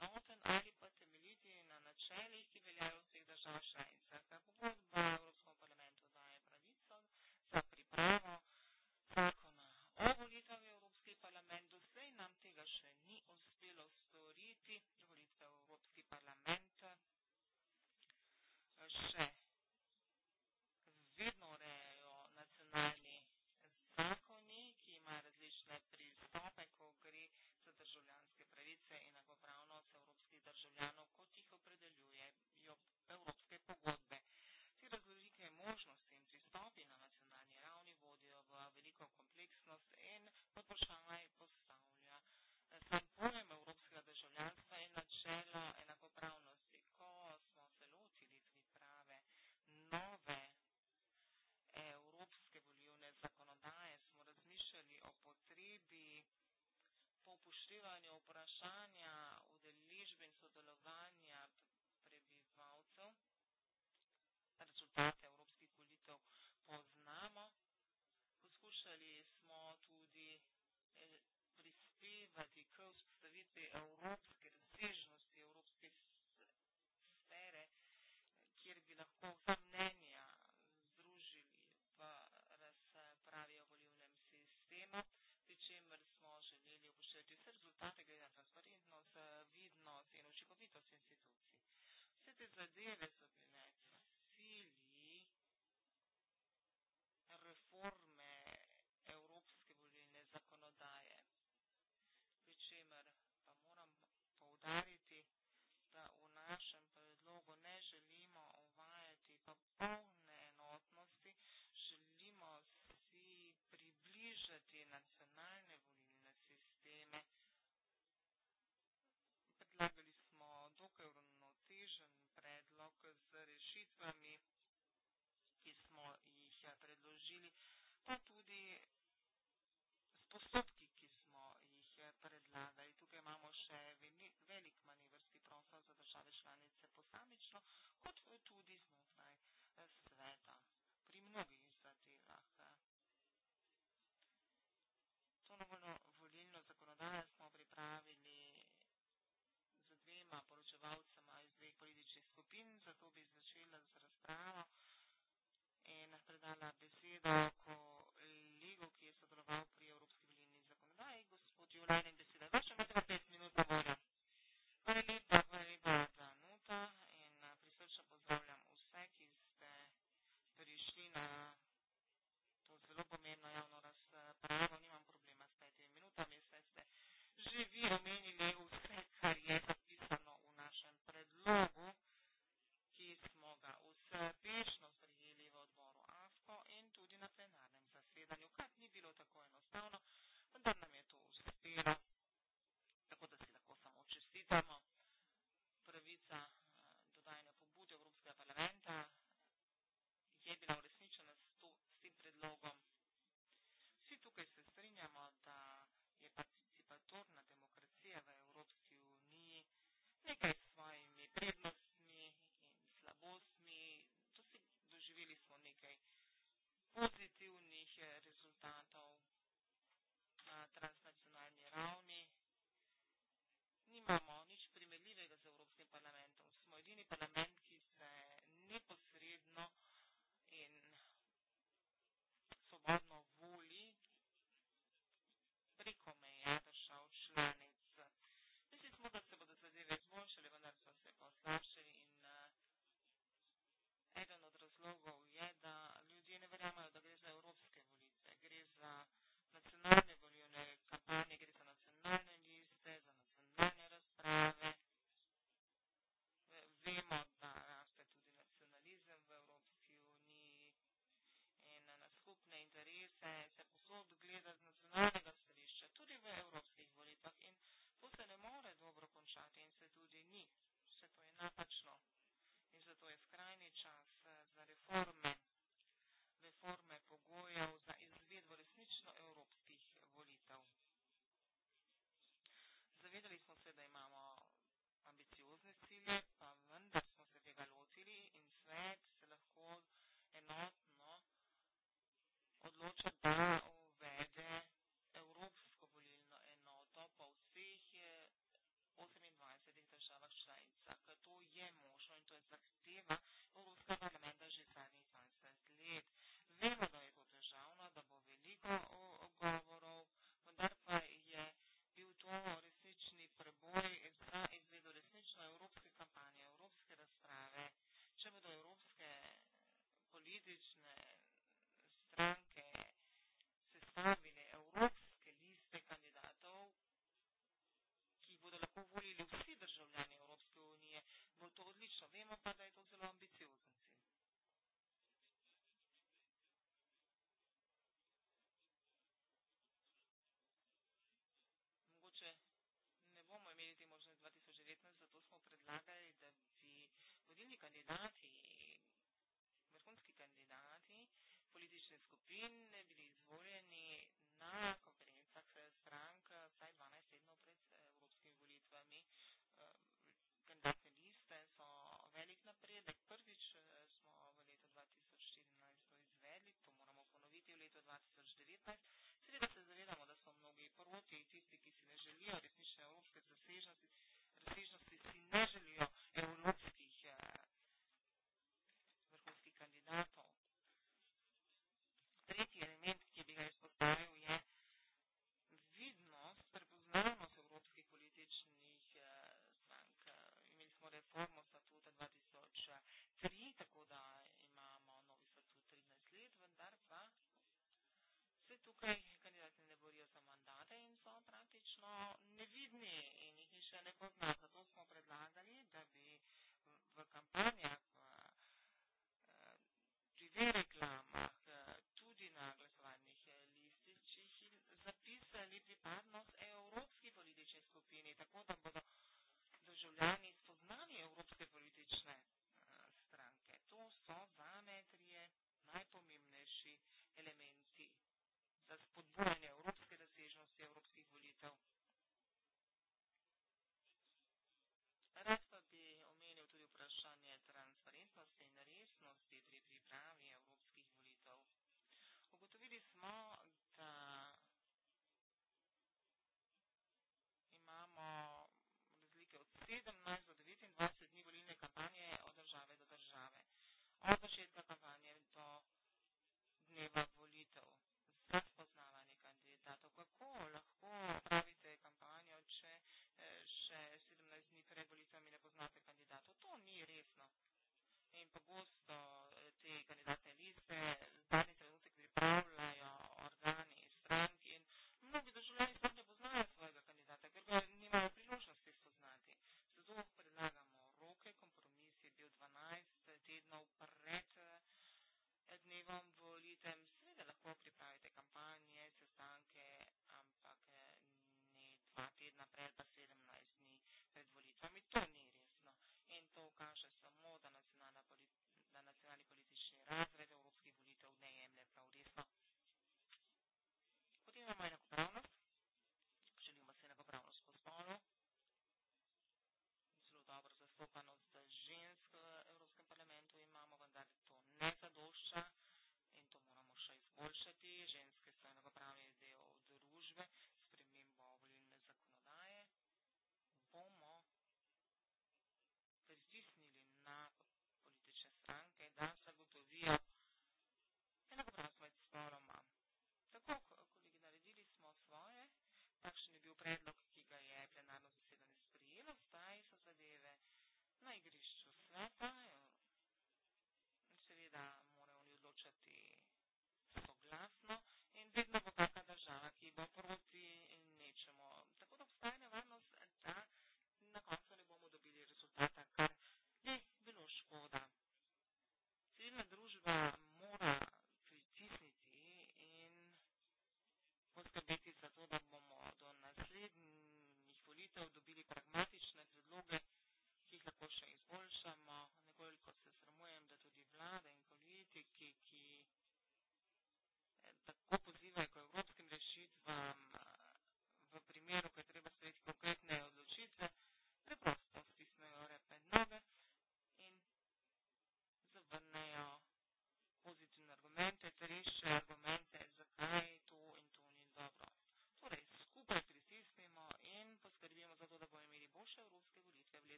vrednoten ali pa temeljiti na načelih, ki veljajo v vseh državah članic. kajti k vzpostavitvi evropske razsežnosti, evropske sfere, kjer bi lahko vsa mnenja združili v razpravi o volivnem sistemu, pri čemer smo želeli upoštevati vse rezultate glede na transparentnost, vidnost in učinkovitost institucij. Vse te zadeve so bile poudariti. posamično, kot tudi znotraj eh, sveta pri mnogih zadevah. Eh. To novo volilno zakonodajo smo pripravili z dvema poročevalcema iz dveh političnih skupin, zato bi začela z razpravo in predala besedo ko Ligo, ki je sodeloval pri Evropski volilni zakonodaji, gospod Jolajn Besedo.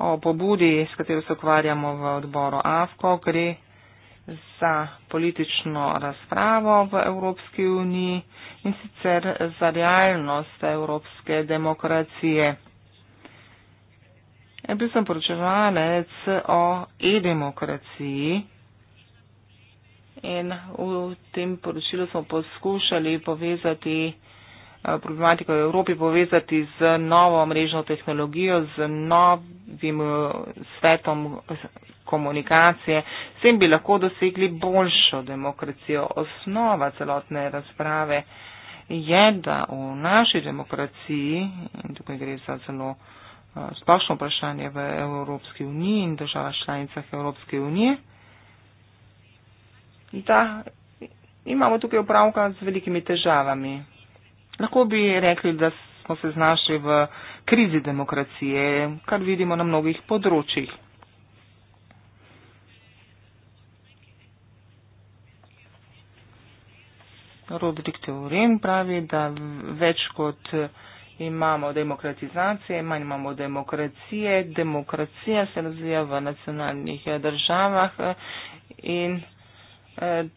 o pobudi, s katero se ukvarjamo v odboru AFKO, gre za politično razpravo v Evropski uniji in sicer za realnost evropske demokracije. Jaz e, bil sem poročevalec o e-demokraciji in v tem poročilu smo poskušali povezati Eh, problematiko v Evropi povezati z novo mrežno tehnologijo, z novim eh, svetom komunikacije. S tem bi lahko dosegli boljšo demokracijo. Osnova celotne razprave je, da v naši demokraciji, in tukaj gre za zelo eh, splošno vprašanje v Evropski uniji in državah članicah Evropske unije, da imamo tukaj opravka z velikimi težavami. Lahko bi rekli, da smo se znašli v krizi demokracije, kar vidimo na mnogih področjih. Rodrik Teorem pravi, da več kot imamo demokratizacije, manj imamo demokracije. Demokracija se razvija v nacionalnih državah in eh,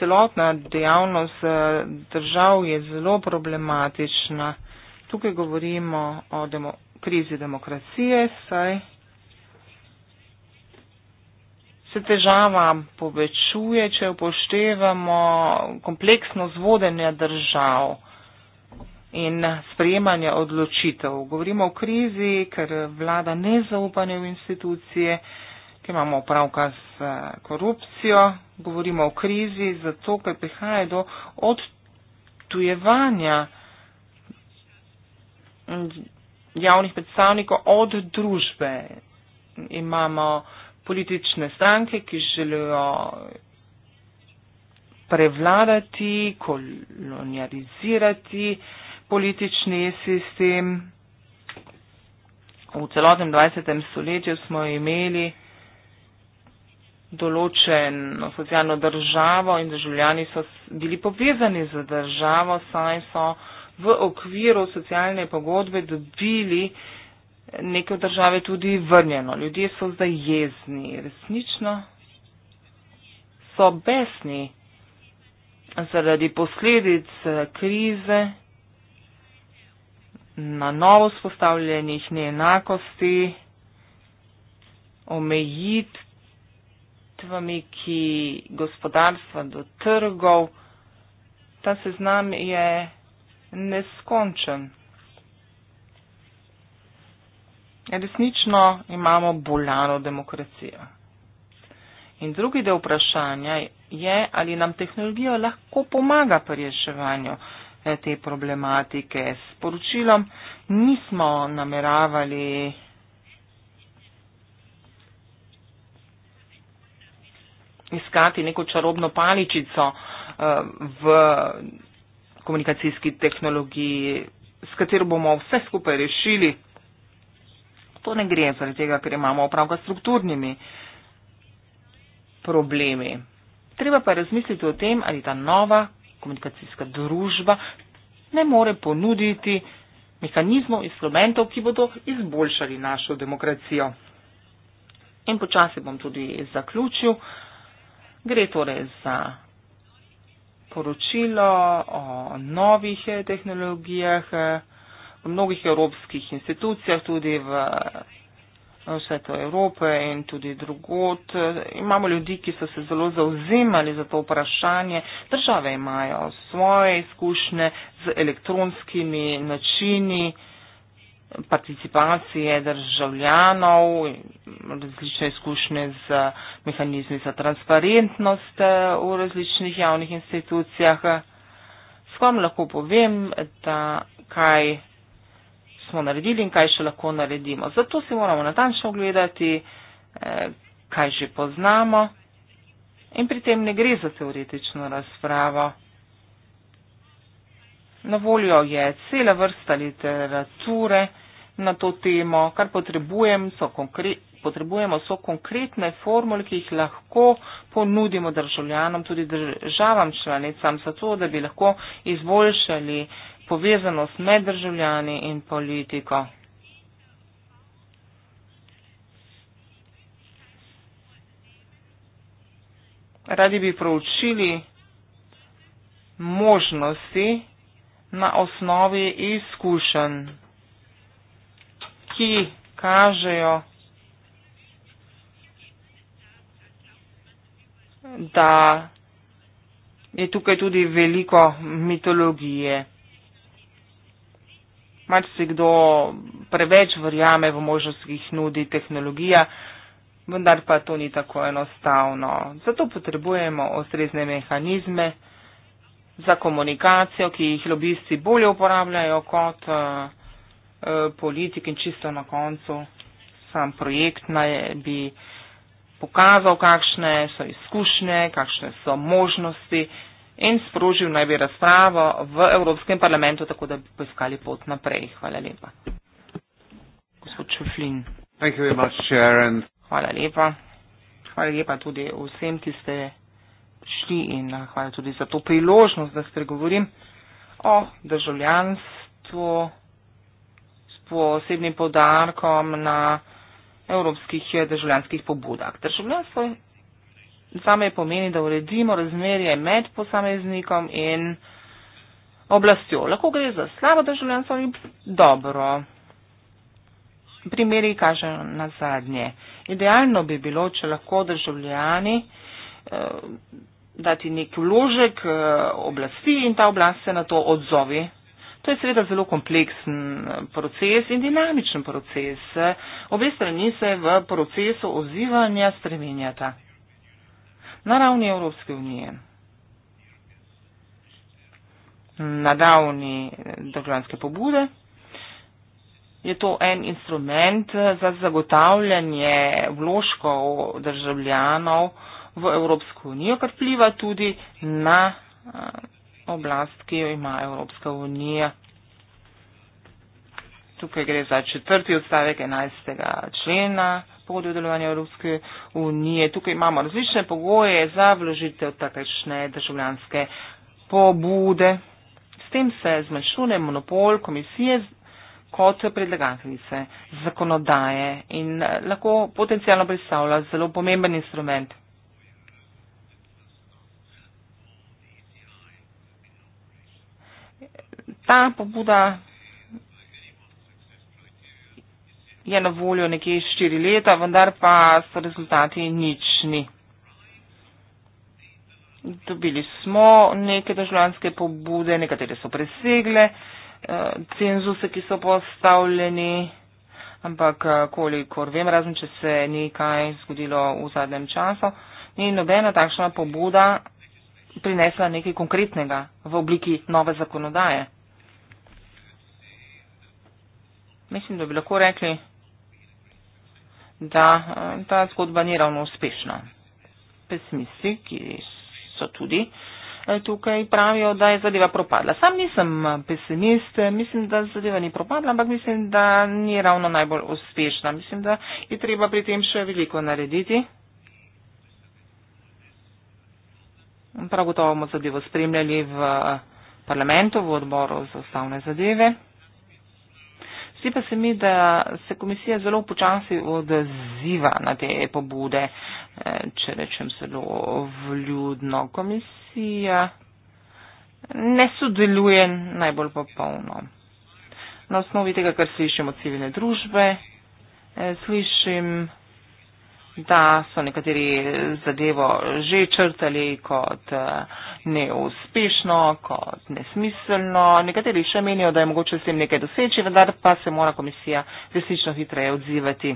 celotna dejavnost eh, držav je zelo problematična. Tukaj govorimo o demo, krizi demokracije, saj se težava povečuje, če upoštevamo kompleksnost vodenja držav in sprejemanja odločitev. Govorimo o krizi, ker vlada nezaupanje v institucije, ki imamo opravka s eh, korupcijo, govorimo o krizi, zato ker prihaja do odtujevanja javnih predstavnikov od družbe. Imamo politične stranke, ki želijo prevladati, kolonializirati politični sistem. V celotnem 20. stoletju smo imeli določeno socialno državo in državljani so bili povezani z državo, saj so v okviru socialne pogodbe dobili neke države tudi vrnjeno. Ljudje so zdaj jezni, resnično so besni zaradi posledic eh, krize na novo spostavljenih neenakosti, omejitev, storitvami, ki gospodarstva do trgov, ta seznam je neskončen. Resnično imamo boljano demokracijo. In drugi del vprašanja je, ali nam tehnologija lahko pomaga pri reševanju eh, te problematike. S poročilom nismo nameravali iskati neko čarobno paličico eh, v komunikacijski tehnologiji, s katero bomo vse skupaj rešili. To ne gre zaradi tega, ker imamo opravka strukturnimi problemi. Treba pa razmisliti o tem, ali ta nova komunikacijska družba ne more ponuditi mehanizmov, instrumentov, ki bodo izboljšali našo demokracijo. In počasi bom tudi zaključil. Uh, Gre torej za poročilo o novih eh, tehnologijah eh, v mnogih evropskih institucijah, tudi v eh, svetu Evrope in tudi drugot. Imamo ljudi, ki so se zelo zauzemali za to vprašanje. Države imajo svoje izkušnje z elektronskimi načini participacije državljanov, različne izkušnje z mehanizmi za transparentnost eh, v različnih javnih institucijah. S kom lahko povem, da kaj smo naredili in kaj še lahko naredimo. Zato si moramo natančno ogledati, eh, kaj že poznamo in pri tem ne gre za teoretično razpravo. Na voljo je cela vrsta literature, na to temo, kar potrebujem, so konkretni. Potrebujemo so konkretne formule, ki jih lahko ponudimo državljanom, tudi državam članicam, zato da bi lahko izboljšali povezanost med državljani in politiko. Radi bi proučili možnosti na osnovi izkušenj ki kažejo, da je tukaj tudi veliko mitologije. Mač si kdo preveč verjame v možnost, ki jih nudi tehnologija, vendar pa to ni tako enostavno. Zato potrebujemo ostrezne mehanizme za komunikacijo, ki jih lobisti bolje uporabljajo kot uh, Eh, politik in čisto na koncu sam projekt naj bi pokazal, kakšne so izkušnje, kakšne so možnosti in sprožil naj bi razpravo v Evropskem parlamentu, tako da bi poiskali pot naprej. Hvala lepa. Gospod Čuflin. Thank you very much, Chair, and... Hvala lepa. Hvala lepa tudi vsem, ki ste prišli in eh, hvala tudi za to priložnost, da spregovorim o državljanstvu posebnim povdarkom na evropskih državljanskih pobudah. Državljanstvo same pomeni, da uredimo razmerje med posameznikom in oblastjo. Lahko gre za slabo državljanstvo in dobro. Primeri kaže na zadnje. Idealno bi bilo, če lahko državljani eh, dati nek vložek eh, oblasti in ta oblast se na to odzovi To je seveda zelo kompleksen eh, proces in dinamičen proces. Obe strani se v procesu ozivanja spremenjata na ravni Evropske unije, na ravni eh, državljanske pobude. Je to en instrument eh, za zagotavljanje vložkov državljanov v Evropsko unijo, kar pliva tudi na oblast, ki jo ima Evropska unija. Tukaj gre za četrti odstavek 11. člena pogodbe o delovanju Evropske unije. Tukaj imamo različne pogoje za vložitev takšne državljanske pobude. S tem se zmanjšuje monopol komisije kot predlagateljice zakonodaje in eh, lahko potencijalno predstavlja zelo pomemben instrument. ta pobuda je na voljo nekje štiri leta, vendar pa so rezultati nični. Dobili smo neke državljanske pobude, nekatere so presegle eh, cenzuse, ki so postavljeni, ampak eh, kolikor vem, razen če se nekaj zgodilo v zadnjem času, ni nobena takšna pobuda prinesla nekaj konkretnega v obliki nove zakonodaje. mislim, da bi lahko rekli, da eh, ta zgodba ni ravno uspešna. Pesmisti, ki so tudi eh, tukaj, pravijo, da je zadeva propadla. Sam nisem eh, pesimist, mislim, da zadeva ni propadla, ampak mislim, da ni ravno najbolj uspešna. Mislim, da je treba pri tem še veliko narediti. Prav gotovo bomo zadevo spremljali v parlamentu, v odboru za ustavne zadeve. Vsi pa se mi, da se komisija zelo počasi odziva na te pobude, eh, če rečem zelo vljudno. Komisija ne sodeluje najbolj popolno. Na osnovi tega, kar slišim od civilne družbe, eh, slišim da so nekateri zadevo že črtali kot eh, neuspešno, kot nesmiselno. Nekateri še menijo, da je mogoče s tem nekaj doseči, vendar pa se mora komisija resnično hitreje odzivati.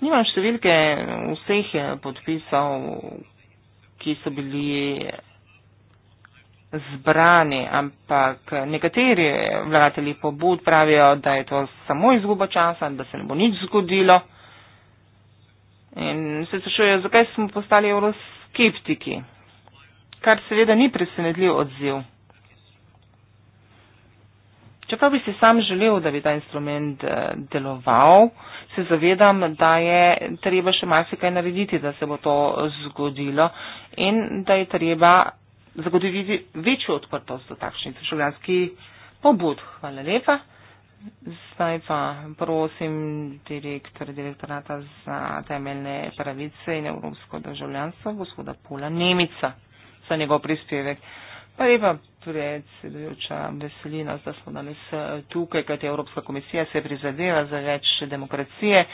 Nimam številke vseh podpisov, ki so bili zbrani, ampak nekateri vladatelji pobud pravijo, da je to samo izguba časa, da se ne bo nič zgodilo. In se sprašujejo, zakaj smo postali euroskeptiki, kar seveda ni presenetljiv odziv. Čeprav bi si sam želel, da bi ta instrument eh, deloval, se zavedam, da je treba še marsikaj narediti, da se bo to zgodilo in da je treba zagotoviti večjo odprtost do takšnih državljanskih pobud. Hvala lepa. Zdaj pa prosim direktor direktorata za temeljne pravice in evropsko državljanstvo, gospoda Pula Nemica, za njegov prispevek. Pa je pa predsedujoča veselina, da smo danes eh, tukaj, kajti Evropska komisija se prizadeva za več demokracije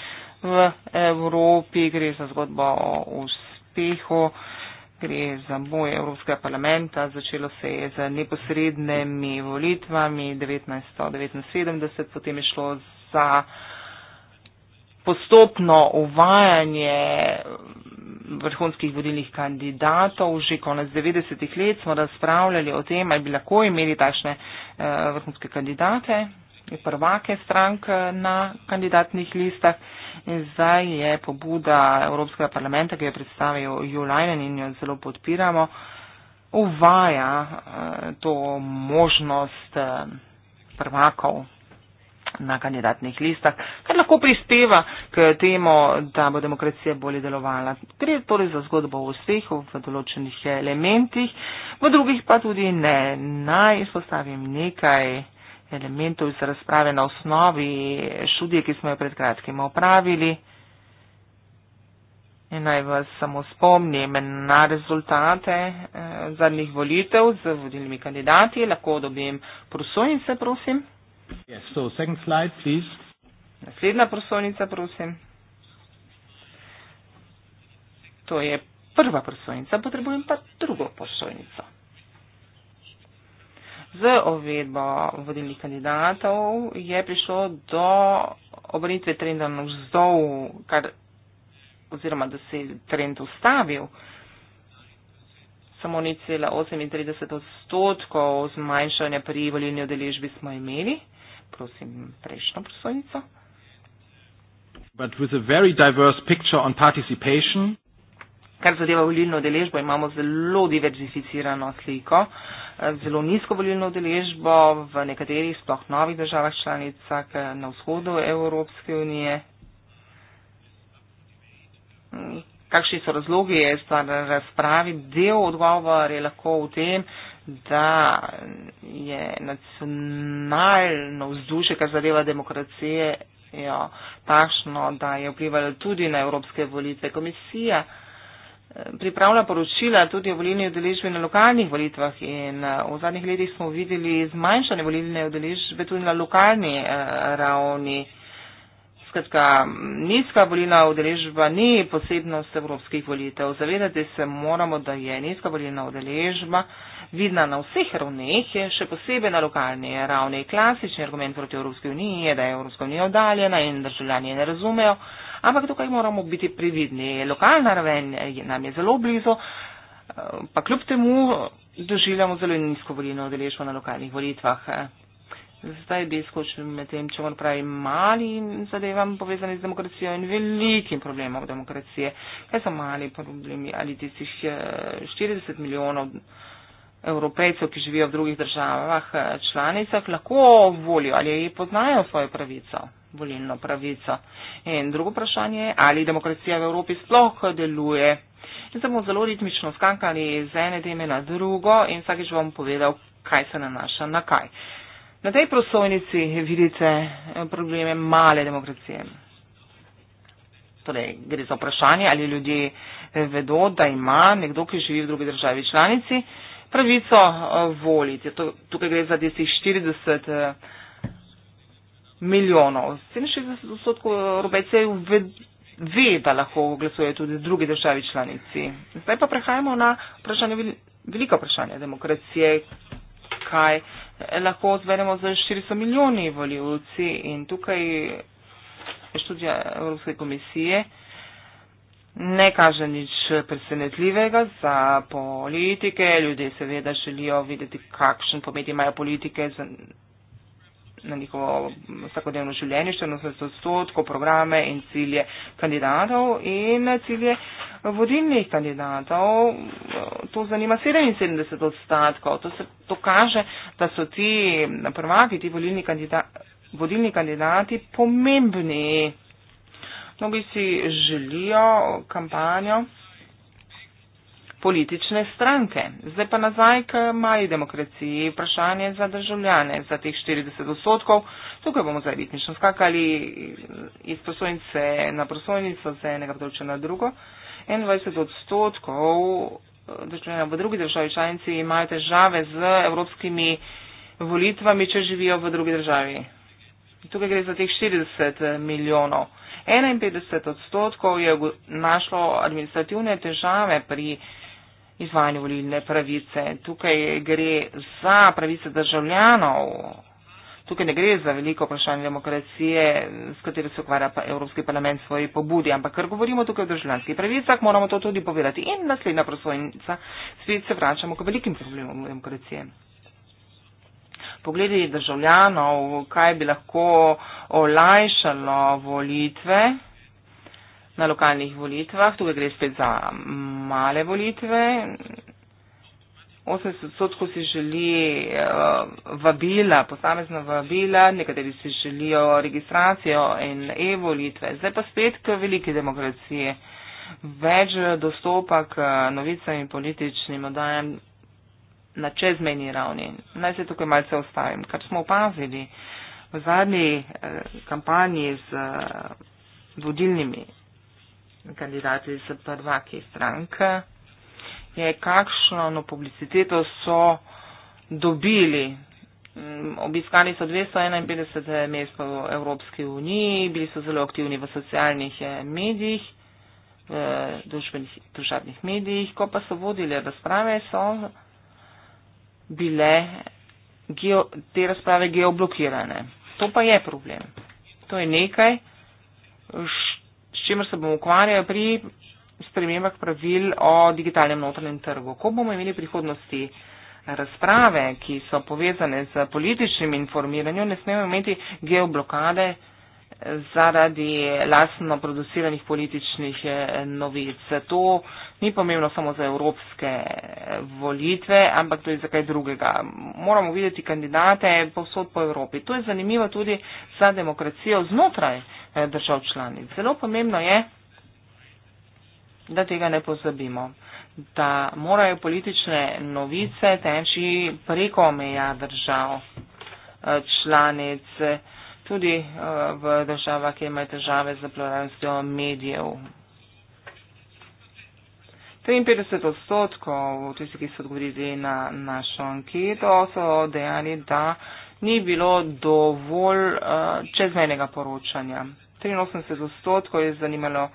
v Evropi, gre za zgodbo o uspehu gre za boj Evropskega parlamenta, začelo se je z neposrednimi volitvami 1979, potem je šlo za postopno uvajanje vrhunskih vodilnih kandidatov. Že konec 90-ih let smo razpravljali o tem, ali bi lahko imeli takšne eh, vrhunske kandidate, prvake strank eh, na kandidatnih listah. In zdaj je pobuda Evropskega parlamenta, ki jo predstavijo Julajnen in jo zelo podpiramo, uvaja eh, to možnost eh, prvakov na kandidatnih listah, kar lahko prispeva k temu, da bo demokracija bolje delovala. Gre torej za zgodbo o uspehu v določenih elementih, v drugih pa tudi ne. Naj izpostavim nekaj elementov iz razprave na osnovi šudije, ki smo jo pred kratkim opravili. In naj vas samo spomnim na rezultate eh, zadnjih volitev z vodilnimi kandidati. Lahko dobim prosojnice, prosim. Yes, so second slide, please. Naslednja prosojnica, prosim. To je prva prosojnica, potrebujem pa drugo prosojnico. Z ovedbo vodilnih kandidatov je prišlo do obrnitve trenda na vzdol, kar, oziroma da se je trend ustavil. Samo ni cela 38 odstotkov zmanjšanja pri volilni odeležbi smo imeli. Prosim, prejšnjo prosojnico. But with a very diverse picture on participation. Kar zadeva volilno deležbo, imamo zelo diverzificirano sliko, eh, zelo nizko volilno deležbo v nekaterih sploh novih državah članicah eh, na vzhodu Evropske unije. Mm, kakšni so razlogi, je stvar razpravi. Del odgovor je lahko v tem, da je nacionalno vzdušje, kar zadeva demokracije, jo, takšno, da je vplivalo tudi na evropske volitve komisije pripravlja poročila tudi o volilni udeležbi na lokalnih volitvah in eh, v zadnjih letih smo videli zmanjšanje volilne udeležbe tudi na lokalni eh, ravni. Skratka, nizka volilna udeležba ni posebnost evropskih volitev. Zavedati se moramo, da je nizka volilna udeležba vidna na vseh ravneh, še posebej na lokalni ravni. Klasični argument proti Evropski uniji je, da je Evropska unija oddaljena in državljani ne razumejo, ampak tukaj moramo biti prividni. Lokalna raven nam je zelo blizu, pa kljub temu doživljamo zelo nizko volilno odeležbo na lokalnih volitvah. Zdaj bi skočil med tem, če moram pravi, mali zadevam povezani z demokracijo in velikim problemom demokracije. Kaj so mali problemi ali tistih 40 eh, milijonov evropejcev, ki živijo v drugih državah, eh, članicah, lahko volijo ali poznajo svojo pravico? volilno pravico. In drugo vprašanje je, ali demokracija v Evropi sploh deluje. In se bomo zelo ritmično skankali iz ene teme na drugo in vsakeč bom povedal, kaj se nanaša na kaj. Na tej prosojnici vidite eh, probleme male demokracije. Torej, gre za vprašanje, ali ljudje eh, vedo, da ima nekdo, ki živi v drugi državi članici, pravico eh, voliti. Tukaj gre za tistih 40 milijonov. 67 odstotkov Evropejcev ve, ve, da lahko glasuje tudi druge države članici. Zdaj pa prehajamo na vprašanje, veliko vprašanje demokracije, kaj lahko zvedemo za 400 milijoni voljivci in tukaj študija Evropske komisije. Ne kaže nič presenetljivega za politike. Ljudje seveda želijo videti, kakšen pomen imajo politike za na njihovo vsakodnevno življenje, 14 odstotkov programe in cilje kandidatov in cilje vodilnih kandidatov. To zanima 77 odstotkov. To, se, to kaže, da so ti prvaki, ti volilni kandidati, vodilni kandidati pomembni. Mnogi si želijo kampanjo politične stranke. Zdaj pa nazaj k mali demokraciji, vprašanje za državljane, za teh 40 odstotkov. Tukaj bomo zdaj ritmično skakali iz prosojnice na prosojnico, z enega področja na drugo. 21 odstotkov eh, državljanov v drugi državi članici imajo težave z evropskimi volitvami, če živijo v drugi državi. Tukaj gre za teh 40 eh, milijonov. 51 odstotkov je našlo administrativne težave pri izvajanju volilne pravice. Tukaj gre za pravice državljanov. Tukaj ne gre za veliko vprašanje demokracije, s katero se ukvarja pa Evropski parlament svoji pobudi, ampak ker govorimo tukaj o državljanskih pravicah, moramo to tudi povedati. In naslednja prosojnica, spet se vračamo k velikim problemom demokracije. Pogledi državljanov, kaj bi lahko olajšalo volitve na lokalnih volitvah. Tukaj gre spet za male volitve. 80 odstotkov si želi uh, vabila, posamezna vabila, nekateri si želijo registracijo in e-volitve. Zdaj pa spet k veliki demokraciji. Več dostopa k eh, novicam in političnim odajam na čezmeni ravni. Naj se tukaj malce ostavim. Kar smo opazili v zadnji uh, kampanji z uh, vodilnimi kandidati iz prvake stranke, je kakšno publiciteto so dobili. Mm, obiskali so 251 mest v Evropski uniji, bili so zelo aktivni v socialnih eh, medijih, v družbenih, družbenih medijih. Ko pa so vodili razprave, so bile geo, te razprave geoblokirane. To pa je problem. To je nekaj, čimer se bomo ukvarjali pri spremembah pravil o digitalnem notranjem trgu. Ko bomo imeli prihodnosti razprave, ki so povezane z političnim informiranjem, ne smemo imeti geoblokade zaradi lasno produciranih političnih eh, novic. To ni pomembno samo za evropske eh, volitve, ampak tudi za kaj drugega. Moramo videti kandidate povsod po Evropi. To je zanimivo tudi za demokracijo znotraj eh, držav članic. Zelo pomembno je, da tega ne pozabimo da morajo politične novice teči preko meja držav članic tudi eh, v državah, kjer imajo težave z pluralnostjo medijev. 53 odstotkov tistih, ki so odgovorili na našo anketo, so dejali, da ni bilo dovolj uh, eh, čezmenega poročanja. 83 odstotkov je zanimalo,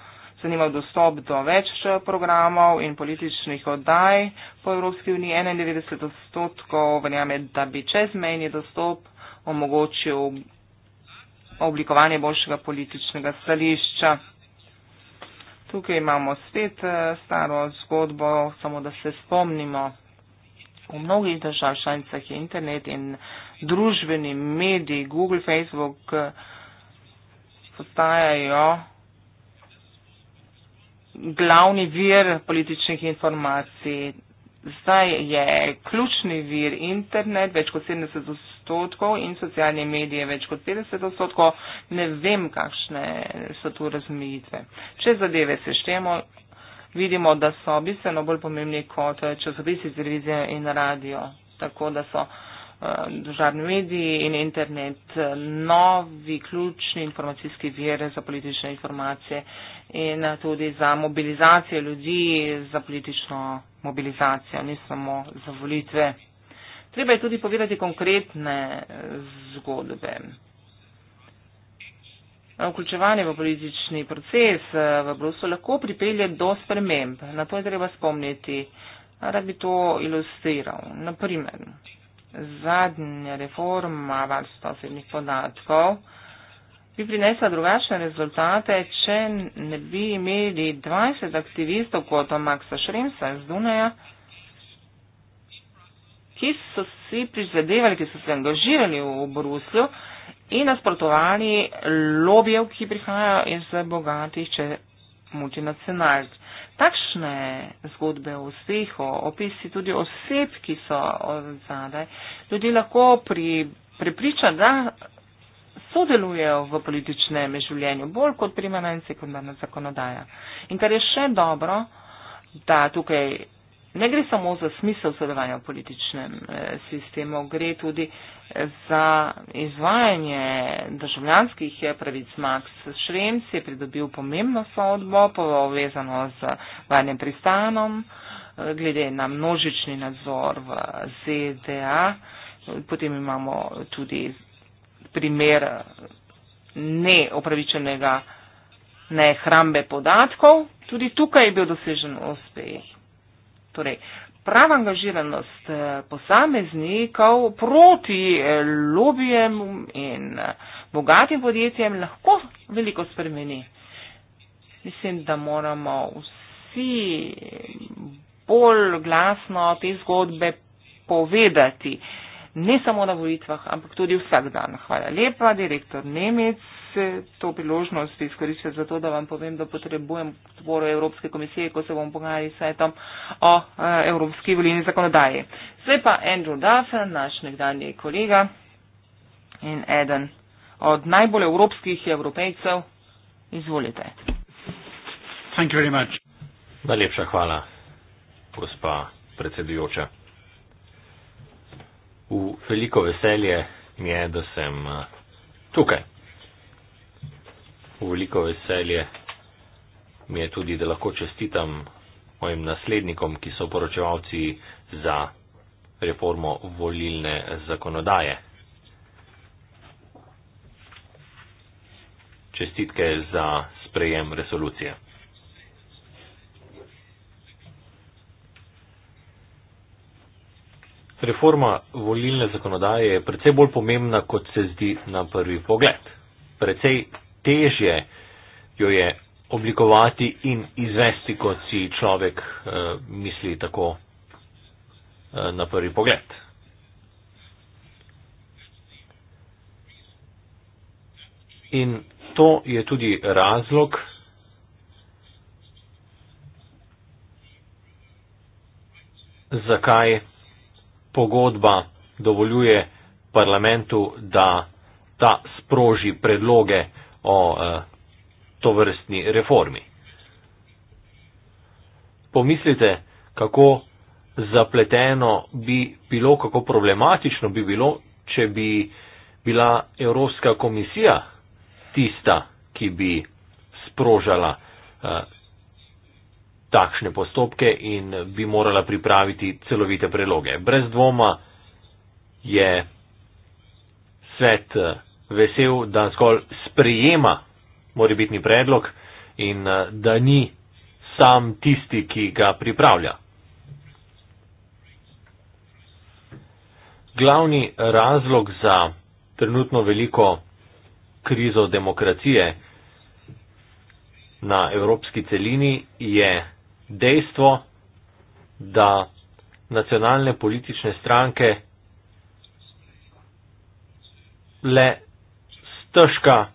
zanimalo dostop do več eh, programov in političnih oddaj po Evropski uniji. 91 odstotkov verjame, da bi čezmenji dostop omogočil oblikovanje boljšega političnega stališča. Tukaj imamo spet eh, staro zgodbo, samo da se spomnimo. V mnogih držav članicah je internet in družbeni mediji, Google, Facebook, eh, postajajo glavni vir političnih informacij. Zdaj je ključni vir internet, več kot 70 odstotkov in socialne medije več kot 50 odstotkov. Ne vem, kakšne so tu razmejitve. Če zadeve seštemo, vidimo, da so bistveno bolj pomembni kot časopisi, televizija in radio. Tako da so uh, eh, državni mediji in internet eh, novi ključni informacijski vir za politične informacije in eh, tudi za mobilizacijo ljudi, za politično mobilizacijo, ne samo za volitve. Treba je tudi povedati konkretne eh, zgodbe. Vključevanje v politični proces eh, v Bruslu lahko pripelje do sprememb. Na to je treba spomniti, da bi to ilustriral. Naprimer, zadnja reforma varstva osebnih podatkov bi prinesla drugačne rezultate, če ne bi imeli 20 aktivistov kot Maksa Šremsa iz Dunaja ki so si prizadevali, ki so se angažirali v Bruslju in nasprotovali lobijev, ki prihajajo iz bogatih, če multinacionalc. Takšne zgodbe o vseh, o opisi tudi oseb, ki so odzadaj, ljudi lahko pri, prepriča, da sodelujejo v političnem življenju bolj kot primarna in sekundarna zakonodaja. In kar je še dobro, da tukaj ne gre samo za smisel sodelovanja v političnem eh, sistemu, gre tudi za izvajanje državljanskih eh, pravic. Max Šremc je pridobil pomembno sodbo, povezano z vanjem pristanom, eh, glede na množični nadzor v ZDA. Potem imamo tudi primer neopravičenega nehrambe podatkov. Tudi tukaj je bil dosežen uspeh. Torej, prava angažiranost eh, posameznikov proti eh, lobijem in eh, bogatim podjetjem lahko veliko spremeni. Mislim, da moramo vsi bolj glasno te zgodbe povedati. Ne samo na volitvah, ampak tudi vsak dan. Hvala lepa, direktor Nemec se to priložnost izkoristiti za to, da vam povem, da potrebujem podporo Evropske komisije, ko se bom pogajali s svetom o e, Evropski volilni zakonodaji. Zdaj pa Andrew Duff, naš nekdanji kolega in eden od najbolj evropskih evropejcev. Izvolite. Najlepša hvala, gospa predsedujoča. V veliko veselje mi je, da sem e, tukaj veliko veselje mi je tudi, da lahko čestitam mojim naslednikom, ki so poročevalci za reformo volilne zakonodaje. Čestitke za sprejem resolucije. Reforma volilne zakonodaje je precej bolj pomembna, kot se zdi na prvi pogled. Precej težje jo je oblikovati in izvesti, kot si človek eh, misli tako eh, na prvi pogled. In to je tudi razlog, zakaj pogodba dovoljuje parlamentu, da ta sproži predloge o eh, tovrstni reformi. Pomislite, kako zapleteno bi bilo, kako problematično bi bilo, če bi bila Evropska komisija tista, ki bi sprožala eh, takšne postopke in bi morala pripraviti celovite preloge. Brez dvoma je svet eh, vesel, da zgolj sprijema mora biti predlog in eh, da ni sam tisti, ki ga pripravlja. Glavni razlog za trenutno veliko krizo demokracije na evropski celini je dejstvo, da nacionalne politične stranke le težka,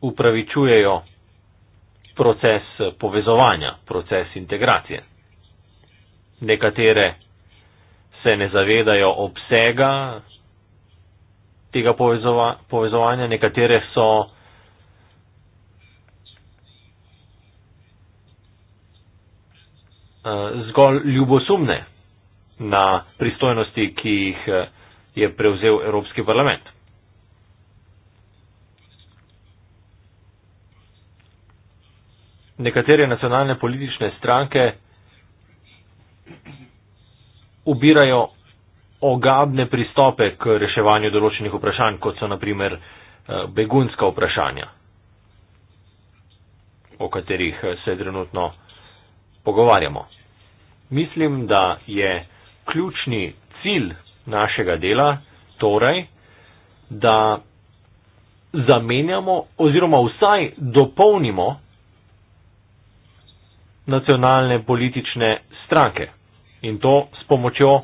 upravičujejo proces povezovanja, proces integracije. Nekatere se ne zavedajo obsega tega povezova, povezovanja, nekatere so uh, zgolj ljubosumne na pristojnosti, ki jih eh, je prevzel Evropski parlament. nekatere nacionalne politične stranke ubirajo ogabne pristope k reševanju določenih vprašanj, kot so naprimer eh, begunska vprašanja, o katerih eh, se trenutno pogovarjamo. Mislim, da je ključni cilj našega dela torej, da zamenjamo oziroma vsaj dopolnimo nacionalne politične stranke in to s pomočjo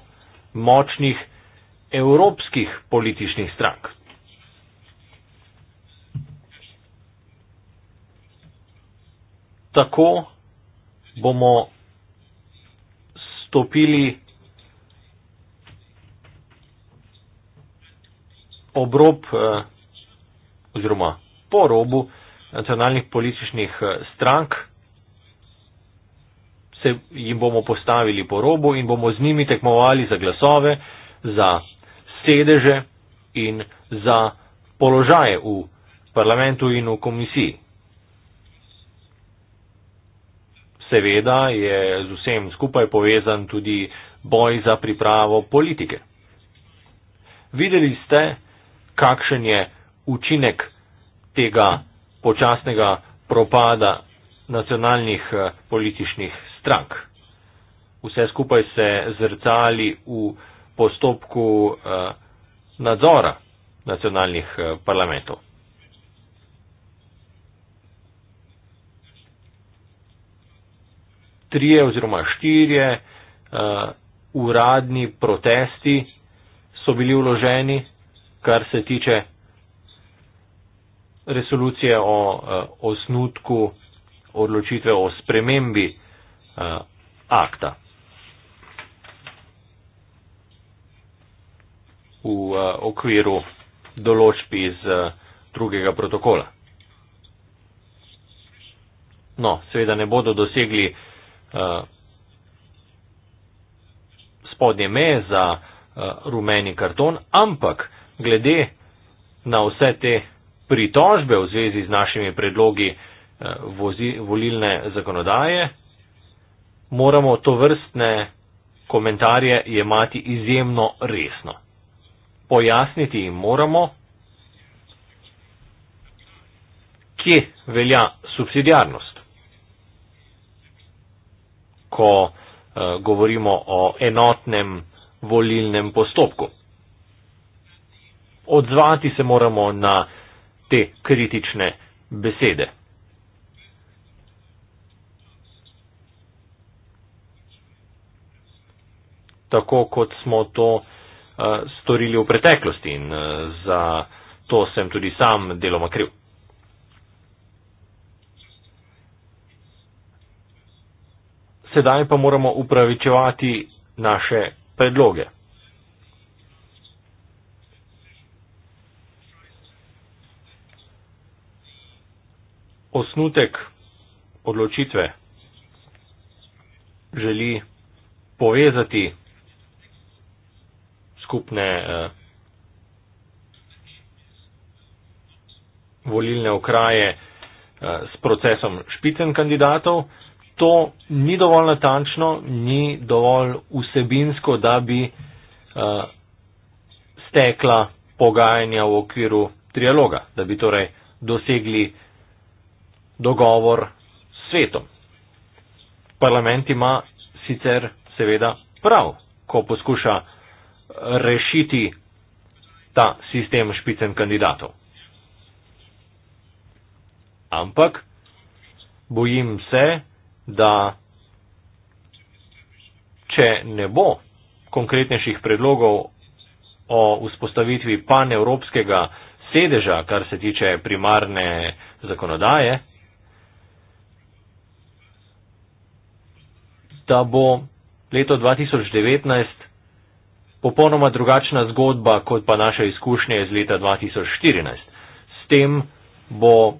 močnih evropskih političnih strank. Tako bomo stopili obrob eh, oziroma po robu nacionalnih političnih eh, strank se jim bomo postavili po robu in bomo z njimi tekmovali za glasove, za sedeže in za položaje v parlamentu in v komisiji. Seveda je z vsem skupaj povezan tudi boj za pripravo politike. Videli ste, kakšen je učinek tega počasnega propada nacionalnih eh, političnih strank. Vse skupaj se zrcali v postopku eh, nadzora nacionalnih eh, parlamentov. Trije oziroma štirje uh, uradni protesti so bili uloženi, kar se tiče resolucije o uh, osnutku odločitve o spremembi uh, akta. V uh, okviru določb iz uh, drugega protokola. No, seveda ne bodo dosegli uh, spodnje meje za uh, rumeni karton, ampak glede na vse te pritožbe v zvezi z našimi predlogi uh, vozi, volilne zakonodaje, moramo to vrstne komentarje jemati izjemno resno. Pojasniti jim moramo, kje velja subsidijarnost. Ko eh, govorimo o enotnem volilnem postopku. Odzvati se moramo na te kritične besede. tako, kot smo to uh, storili v preteklosti in uh, za to sem tudi sam deloma kriv. Sedaj pa moramo upravičevati naše predloge. Osnutek odločitve želi povezati skupne uh, volilne okraje uh, s procesom špicen kandidatov. To ni dovolj natančno, ni dovolj vsebinsko, da bi uh, stekla pogajanja v okviru trialoga, da bi torej dosegli dogovor s svetom. Parlament ima sicer seveda prav, ko poskuša rešiti ta sistem špicem kandidatov. Ampak bojim se, da če ne bo konkretnejših predlogov o vzpostavitvi panevropskega sedeža, kar se tiče primarne zakonodaje, da bo leto 2019 popolnoma drugačna zgodba kot pa naše izkušnje iz leta 2014. S tem bo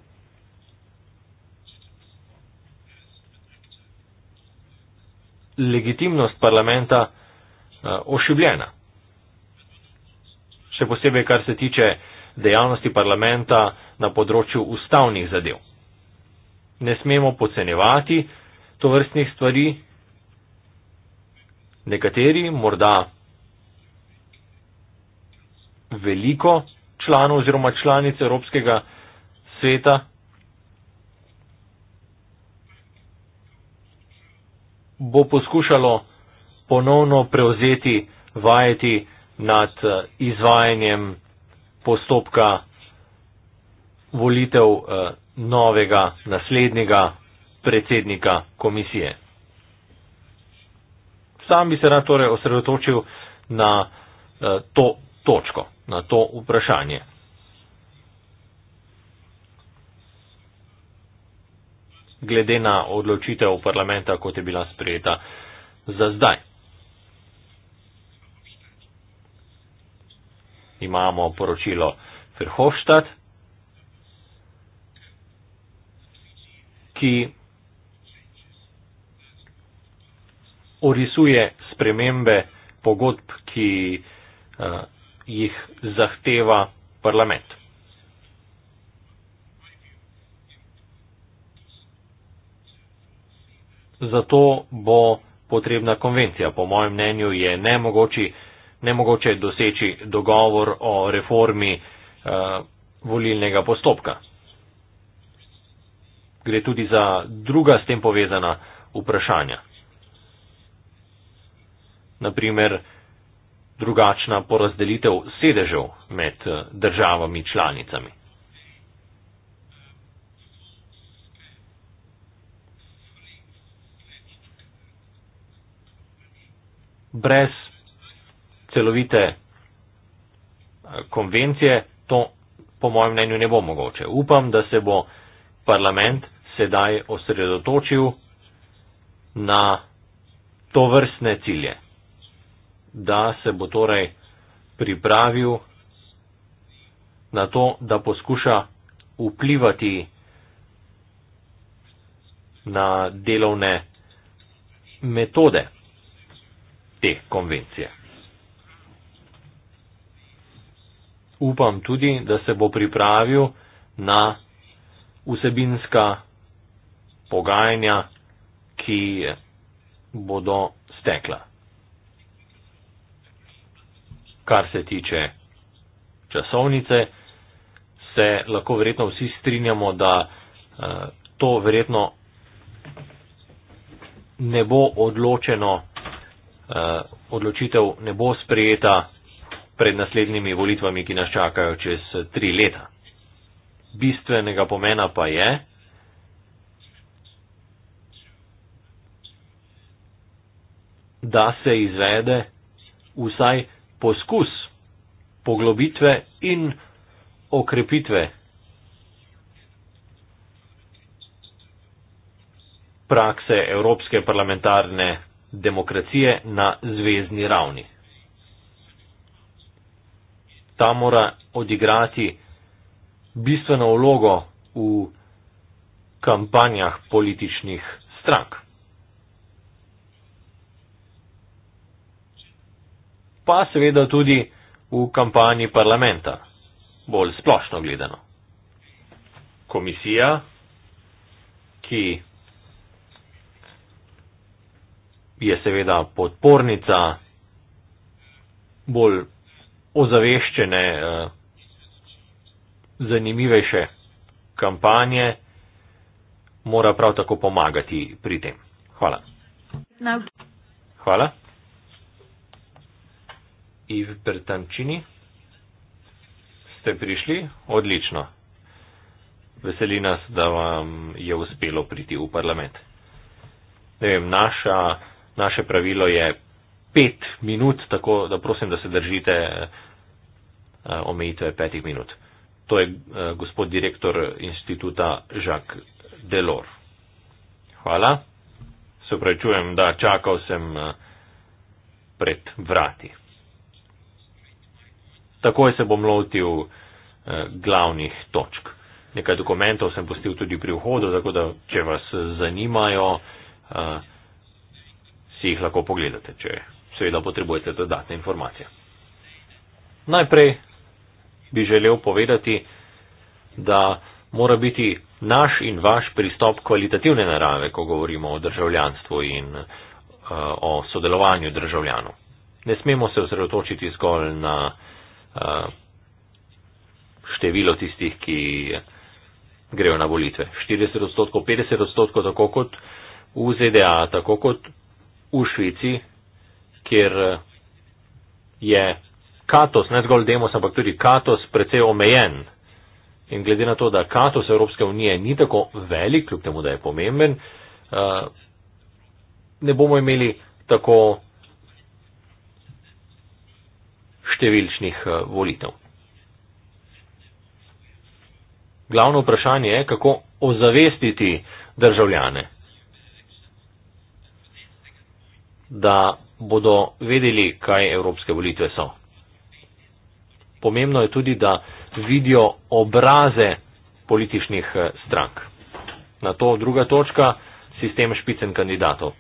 legitimnost parlamenta eh, ošibljena. Še posebej, kar se tiče dejavnosti parlamenta na področju ustavnih zadev. Ne smemo podcenjevati to vrstnih stvari. Nekateri, morda veliko članov oziroma članic Evropskega sveta. bo poskušalo ponovno prevzeti vajeti nad eh, izvajanjem postopka volitev eh, novega naslednjega predsednika komisije. Sam bi se rad torej osredotočil na eh, to točko na to vprašanje. Glede na odločitev parlamenta, kot je bila sprejeta za zdaj. Imamo poročilo Ferhofstadt, ki orisuje spremembe pogodb, ki eh, jih zahteva parlament. Zato bo potrebna konvencija. Po mojem mnenju je nemogoče, nemogoče doseči dogovor o reformi eh, volilnega postopka. Gre tudi za druga s tem povezana vprašanja. Naprimer, drugačna porazdelitev sedežev med eh, državami članicami. Brez celovite eh, konvencije to po mojem mnenju ne bo mogoče. Upam, da se bo parlament sedaj osredotočil na to vrstne cilje da se bo torej pripravil na to, da poskuša vplivati na delovne metode te konvencije. Upam tudi, da se bo pripravil na vsebinska pogajanja, ki bodo stekla kar se tiče časovnice, se lahko verjetno vsi strinjamo, da eh, to verjetno ne bo odločeno, eh, odločitev ne bo sprejeta pred naslednjimi volitvami, ki nas čakajo čez eh, tri leta. Bistvenega pomena pa je, da se izvede vsaj poskus poglobitve in okrepitve. prakse Evropske parlamentarne demokracije na zvezdni ravni. Ta mora odigrati bistveno vlogo v kampanjah političnih strank. pa seveda tudi v kampanji parlamenta, bolj splošno gledano. Komisija, ki je seveda podpornica bolj ozaveščene, eh, zanimivejše kampanje, mora prav tako pomagati pri tem. Hvala. No. Hvala. Iv Pertančini. Ste prišli? Odlično. Veseli nas, da vam je uspelo priti v parlament. Ne vem, naša, naše pravilo je pet minut, tako da prosim, da se držite eh, omejitve petih minut. To je eh, gospod direktor instituta Jacques Delor. Hvala. Se pravi, čujem, da čakal sem eh, pred vrati takoj se bom lotil eh, glavnih točk. Nekaj dokumentov sem postil tudi pri vhodu, tako da če vas eh, zanimajo, eh, si jih lahko pogledate, če seveda potrebujete dodatne informacije. Najprej bi želel povedati, da mora biti naš in vaš pristop kvalitativne narave, ko govorimo o državljanstvu in uh, o sodelovanju državljanov. Ne smemo se osredotočiti zgolj na uh, število tistih, ki grejo na volitve. 40 odstotkov, 50 odstotkov, tako kot v ZDA, tako kot v Švici, kjer je katos, ne zgolj demos, ampak tudi katos precej omejen. In glede na to, da katos Evropske unije ni tako velik, kljub temu, da je pomemben, ne bomo imeli tako številčnih eh, volitev. Glavno vprašanje je, kako ozavestiti državljane, da bodo vedeli, kaj evropske volitve so. Pomembno je tudi, da vidijo obraze političnih eh, strank. Na to druga točka, sistem špicen kandidatov.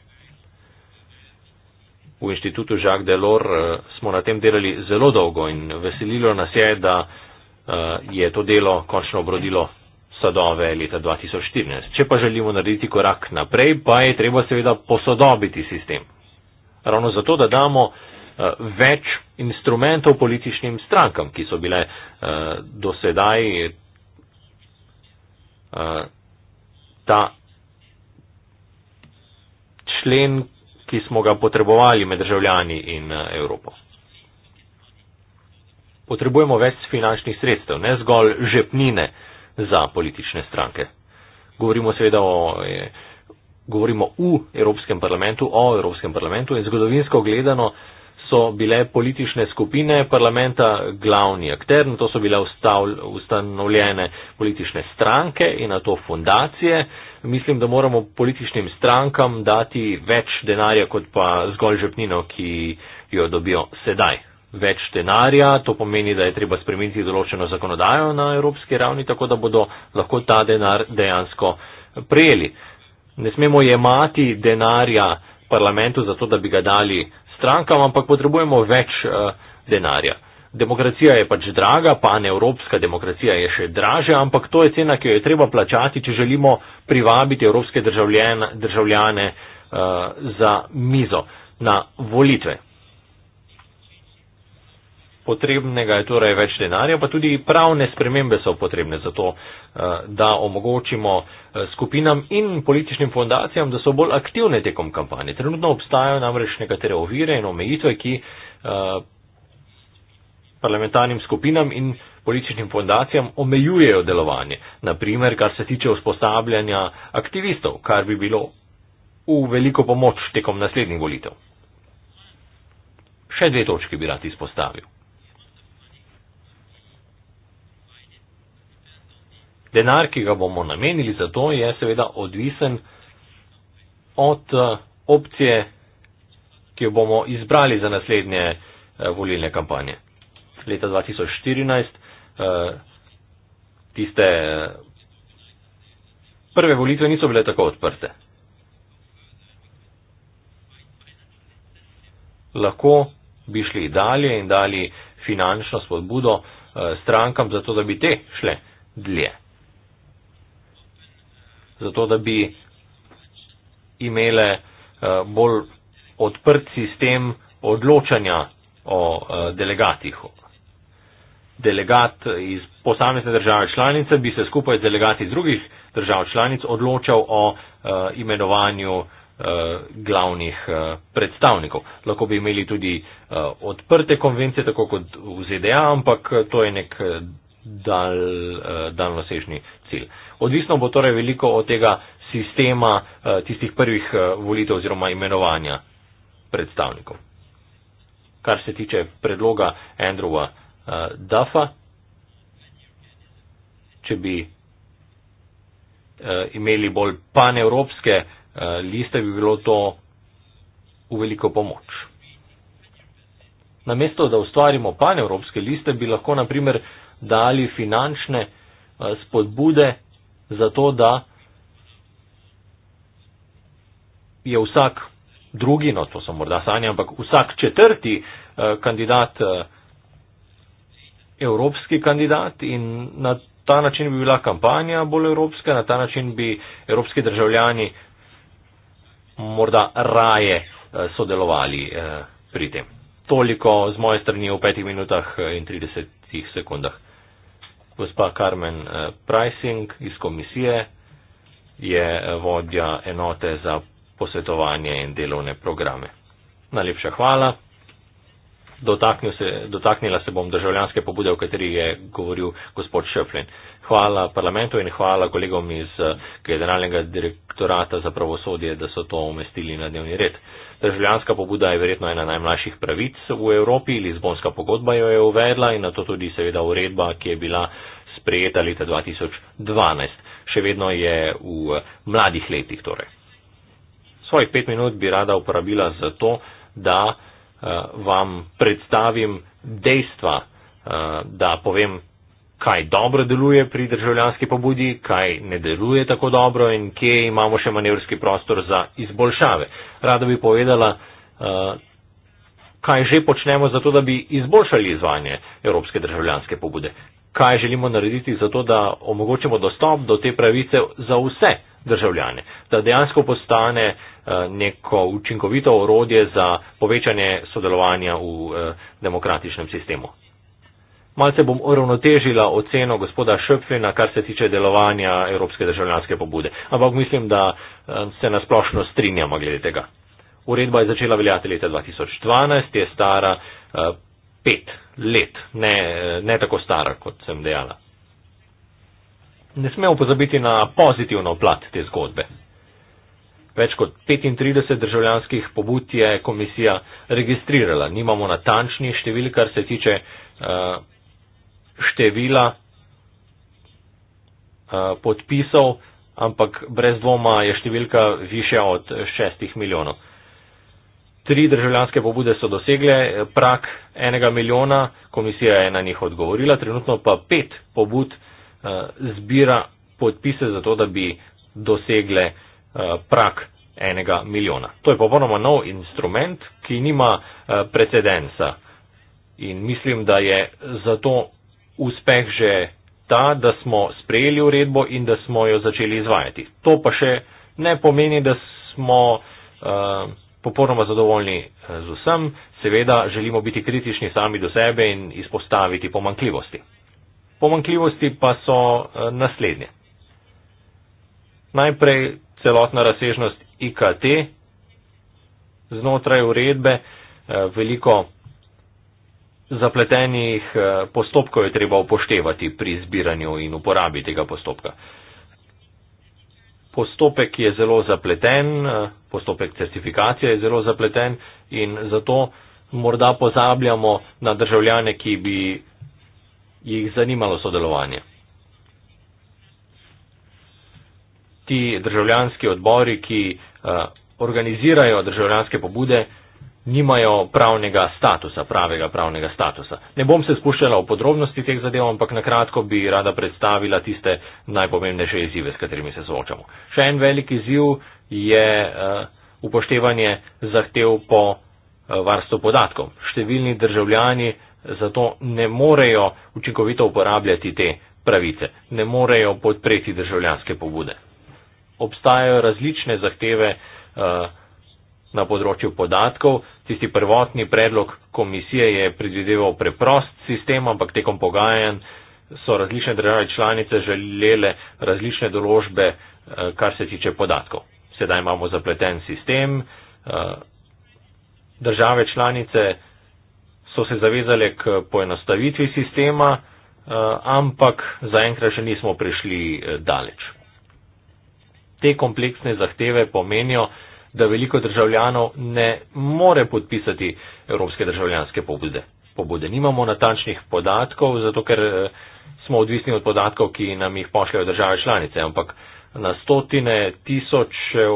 V inštitutu Jacques Delors eh, smo na tem delali zelo dolgo in veselilo nas je, da eh, je to delo končno obrodilo sadove leta 2014. Če pa želimo narediti korak naprej, pa je treba seveda posodobiti sistem. Ravno zato, da damo eh, več instrumentov političnim strankam, ki so bile do sedaj ta člen, ki smo ga potrebovali med državljani in eh, Evropo. Potrebujemo več finančnih sredstev, ne zgolj žepnine za politične stranke. Govorimo seveda o, eh, govorimo v Evropskem parlamentu, o Evropskem parlamentu in zgodovinsko gledano so bile politične skupine parlamenta glavni akter, na to so bile ustanovljene politične stranke in na to fundacije mislim, da moramo političnim strankam dati več denarja kot pa zgolj žepnino, ki jo dobijo sedaj. Več denarja, to pomeni, da je treba spremeniti določeno zakonodajo na evropski ravni, tako da bodo lahko ta denar dejansko prejeli. Ne smemo jemati denarja parlamentu zato, da bi ga dali strankam, ampak potrebujemo več uh, denarja demokracija je pač draga, panevropska demokracija je še draže, ampak to je cena, ki jo je treba plačati, če želimo privabiti evropske državljane, državljane uh, za mizo na volitve. Potrebnega je torej več denarja, pa tudi pravne spremembe so potrebne za to, eh, da omogočimo eh, skupinam in političnim fondacijam, da so bolj aktivne tekom kampanje. Trenutno obstajajo namreč nekatere ovire in omejitve, ki eh, parlamentarnim skupinam in političnim fondacijam omejujejo delovanje, naprimer kar se tiče vzpostavljanja aktivistov, kar bi bilo v veliko pomoč tekom naslednjih volitev. Še dve točke bi rad izpostavil. Denar, ki ga bomo namenili za to, je seveda odvisen od eh, opcije, ki jo bomo izbrali za naslednje eh, volilne kampanje leta 2014 eh, tiste eh, prve volitve niso bile tako odprte. Lahko bi šli dalje in dali finančno spodbudo eh, strankam za to, da bi te šle dlje. Zato, da bi imele bolj odprt sistem odločanja o delegatih, delegat iz posamezne države članice bi se skupaj z delegati iz drugih držav članic odločal o uh, imenovanju uh, glavnih uh, predstavnikov. Lahko bi imeli tudi uh, odprte konvencije, tako kot v ZDA, ampak to je nek dal, uh, daljnosežni cilj. Odvisno bo torej veliko od tega sistema uh, tistih prvih uh, volitev oziroma imenovanja predstavnikov. Kar se tiče predloga Andrewa, uh, eh, Duffa, če bi uh, imeli bolj panevropske uh, liste, bi bilo to v veliko pomoč. Namesto, da ustvarimo panevropske liste, bi lahko naprimer dali finančne uh, spodbude za to, da je vsak drugi, no to sem morda sanja, ampak vsak četrti uh, kandidat uh, evropski kandidat in na ta način bi bila kampanja bolj evropska, na ta način bi evropski državljani morda raje eh, sodelovali eh, pri tem. Toliko z moje strani v petih minutah eh, in 30 sekundah. Gospa Carmen Pricing iz komisije je vodja enote za posvetovanje in delovne programe. Najlepša hvala. Dotaknil se, dotaknila se bom državljanske pobude, o kateri je govoril gospod Šeflin. Hvala parlamentu in hvala kolegom iz eh, generalnega direktorata za pravosodje, da so to umestili na dnevni red. Državljanska pobuda je verjetno ena najmlajših pravic v Evropi, Lizbonska pogodba jo je uvedla in na to tudi seveda uredba, ki je bila sprejeta leta 2012. Še vedno je v eh, mladih letih torej. Svojih pet minut bi rada uporabila za to, da uh, vam predstavim dejstva, uh, da povem, kaj dobro deluje pri državljanski pobudi, kaj ne deluje tako dobro in kje imamo še manevrski prostor za izboljšave. Rada bi povedala, uh, kaj že počnemo za to, da bi izboljšali izvajanje evropske državljanske pobude. Kaj želimo narediti za to, da omogočimo dostop do te pravice za vse državljane. Da dejansko postane eh, neko učinkovito orodje za povečanje sodelovanja v eh, demokratičnem sistemu. Malce bom uravnotežila oceno gospoda Šepfena, kar se tiče delovanja Evropske državljanske pobude. Ampak mislim, da eh, se nasplošno strinjamo glede tega. Uredba je začela veljati leta 2012, je stara uh, pet let, ne, ne tako stara, kot sem dejala ne smemo pozabiti na pozitivno plat te zgodbe. Več kot 35 državljanskih pobud je komisija registrirala. Nimamo natančni števil, kar se tiče uh, števila uh, podpisov, ampak brez dvoma je številka više od 6 milijonov. Tri državljanske pobude so dosegle eh, prak enega milijona, komisija je na njih odgovorila, trenutno pa pet pobud. Eh, zbira podpise za to, da bi dosegle eh, prak enega milijona. To je popolnoma nov instrument, ki nima eh, precedensa. In mislim, da je zato uspeh že ta, da smo sprejeli uredbo in da smo jo začeli izvajati. To pa še ne pomeni, da smo uh, popolnoma zadovoljni z vsem. Seveda želimo biti kritični sami do sebe in izpostaviti pomankljivosti. Pomankljivosti pa so eh, naslednje. Najprej celotna razsežnost IKT znotraj uredbe, eh, veliko zapletenih eh, postopkov je treba upoštevati pri zbiranju in uporabi tega postopka. Postopek je zelo zapleten, postopek certifikacije je zelo zapleten in zato morda pozabljamo na državljane, ki bi jih zanimalo sodelovanje. Ti državljanski odbori, ki eh, organizirajo državljanske pobude, nimajo pravnega statusa, pravega pravnega statusa. Ne bom se spuščala v podrobnosti teh zadev, ampak na kratko bi rada predstavila tiste najpomembnejše izzive, s katerimi se soočamo. Še en velik izziv je eh, upoštevanje zahtev po eh, varstvu podatkov. Številni državljani zato ne morejo učinkovito uporabljati te pravice, ne morejo podpreti državljanske pobude. Obstajajo različne zahteve uh, na področju podatkov. Tisti prvotni predlog komisije je predvideval preprost sistem, ampak tekom pogajanj so različne države članice želele različne določbe, uh, kar se tiče podatkov. Sedaj imamo zapleten sistem. Uh, države članice so se zavezali k poenostavitvi sistema, eh, ampak zaenkrat še nismo prišli eh, daleč. Te kompleksne zahteve pomenijo, da veliko državljanov ne more podpisati evropske državljanske pobude. pobude. Nimamo natančnih podatkov, zato ker eh, smo odvisni od podatkov, ki nam jih pošljajo države članice, ampak na stotine tisočev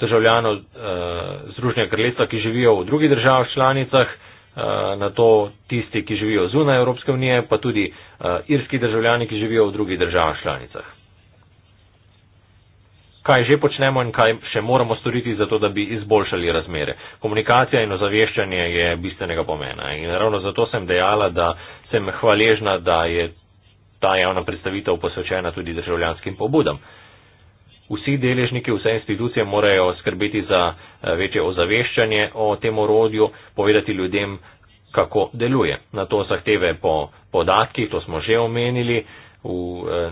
državljanov Združenja kraljestva, ki živijo v drugih državah članicah, Eh, na to tisti, ki živijo zunaj Evropske unije, pa tudi eh, irski državljani, ki živijo v drugih državah članicah. Kaj že počnemo in kaj še moramo storiti, zato da bi izboljšali razmere. Komunikacija in ozaveščanje je bistvenega pomena. In ravno zato sem dejala, da sem hvaležna, da je ta javna predstavitev posvečena tudi državljanskim pobudam. Uh, vsi deležniki, vse institucije morajo skrbeti za eh, večje ozaveščanje o tem orodju, povedati ljudem, kako deluje. Na to zahteve po podatkih, to smo že omenili, v eh,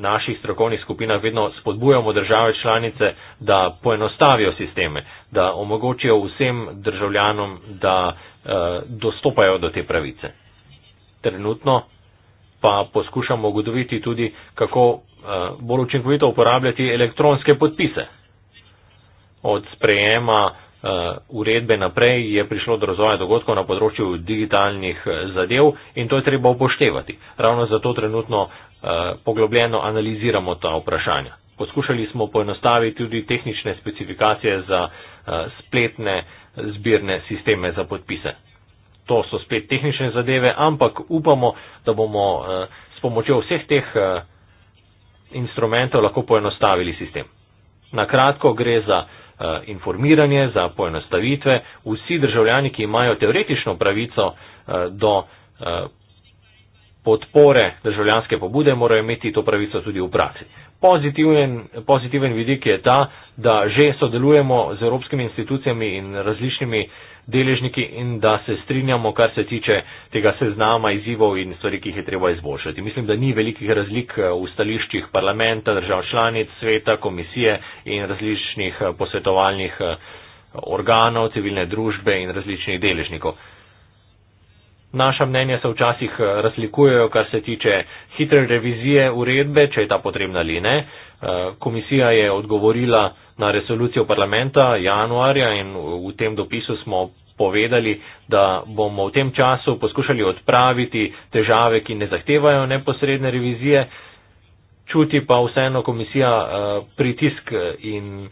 naših strokovnih skupinah vedno spodbujamo države članice, da poenostavijo sisteme, da omogočijo vsem državljanom, da eh, dostopajo do te pravice. Trenutno pa poskušamo ugotoviti tudi, kako Eh, bolj učinkovito uporabljati elektronske podpise. Od sprejema eh, uredbe naprej je prišlo do razvoja dogodkov na področju digitalnih eh, zadev in to je treba upoštevati. Ravno zato trenutno poglobljeno analiziramo ta vprašanja. Poskušali smo poenostaviti tudi tehnične specifikacije za spletne zbirne sisteme za podpise. To so spet tehnične zadeve, ampak upamo, da bomo s pomočjo vseh teh instrumentov lahko poenostavili sistem. Na kratko gre za uh, informiranje, za poenostavitve. Vsi državljani, ki imajo teoretično pravico uh, do uh, podpore državljanske pobude, morajo imeti to pravico tudi v praksi pozitiven, pozitiven vidik je ta, da že sodelujemo z evropskimi institucijami in različnimi deležniki in da se strinjamo, kar se tiče tega seznama izzivov in stvari, ki jih je treba izboljšati. Mislim, da ni velikih razlik eh, v stališčih parlamenta, držav članic, sveta, komisije in različnih eh, posvetovalnih eh, organov, civilne družbe in različnih deležnikov. Naša mnenja se včasih eh, razlikujejo, kar se tiče hitre revizije uredbe, če je ta potrebna ali ne. Eh, komisija je odgovorila na resolucijo parlamenta januarja in v tem dopisu smo povedali, da bomo v tem času poskušali odpraviti težave, ki ne zahtevajo neposredne revizije. Čuti pa vseeno komisija eh, pritisk in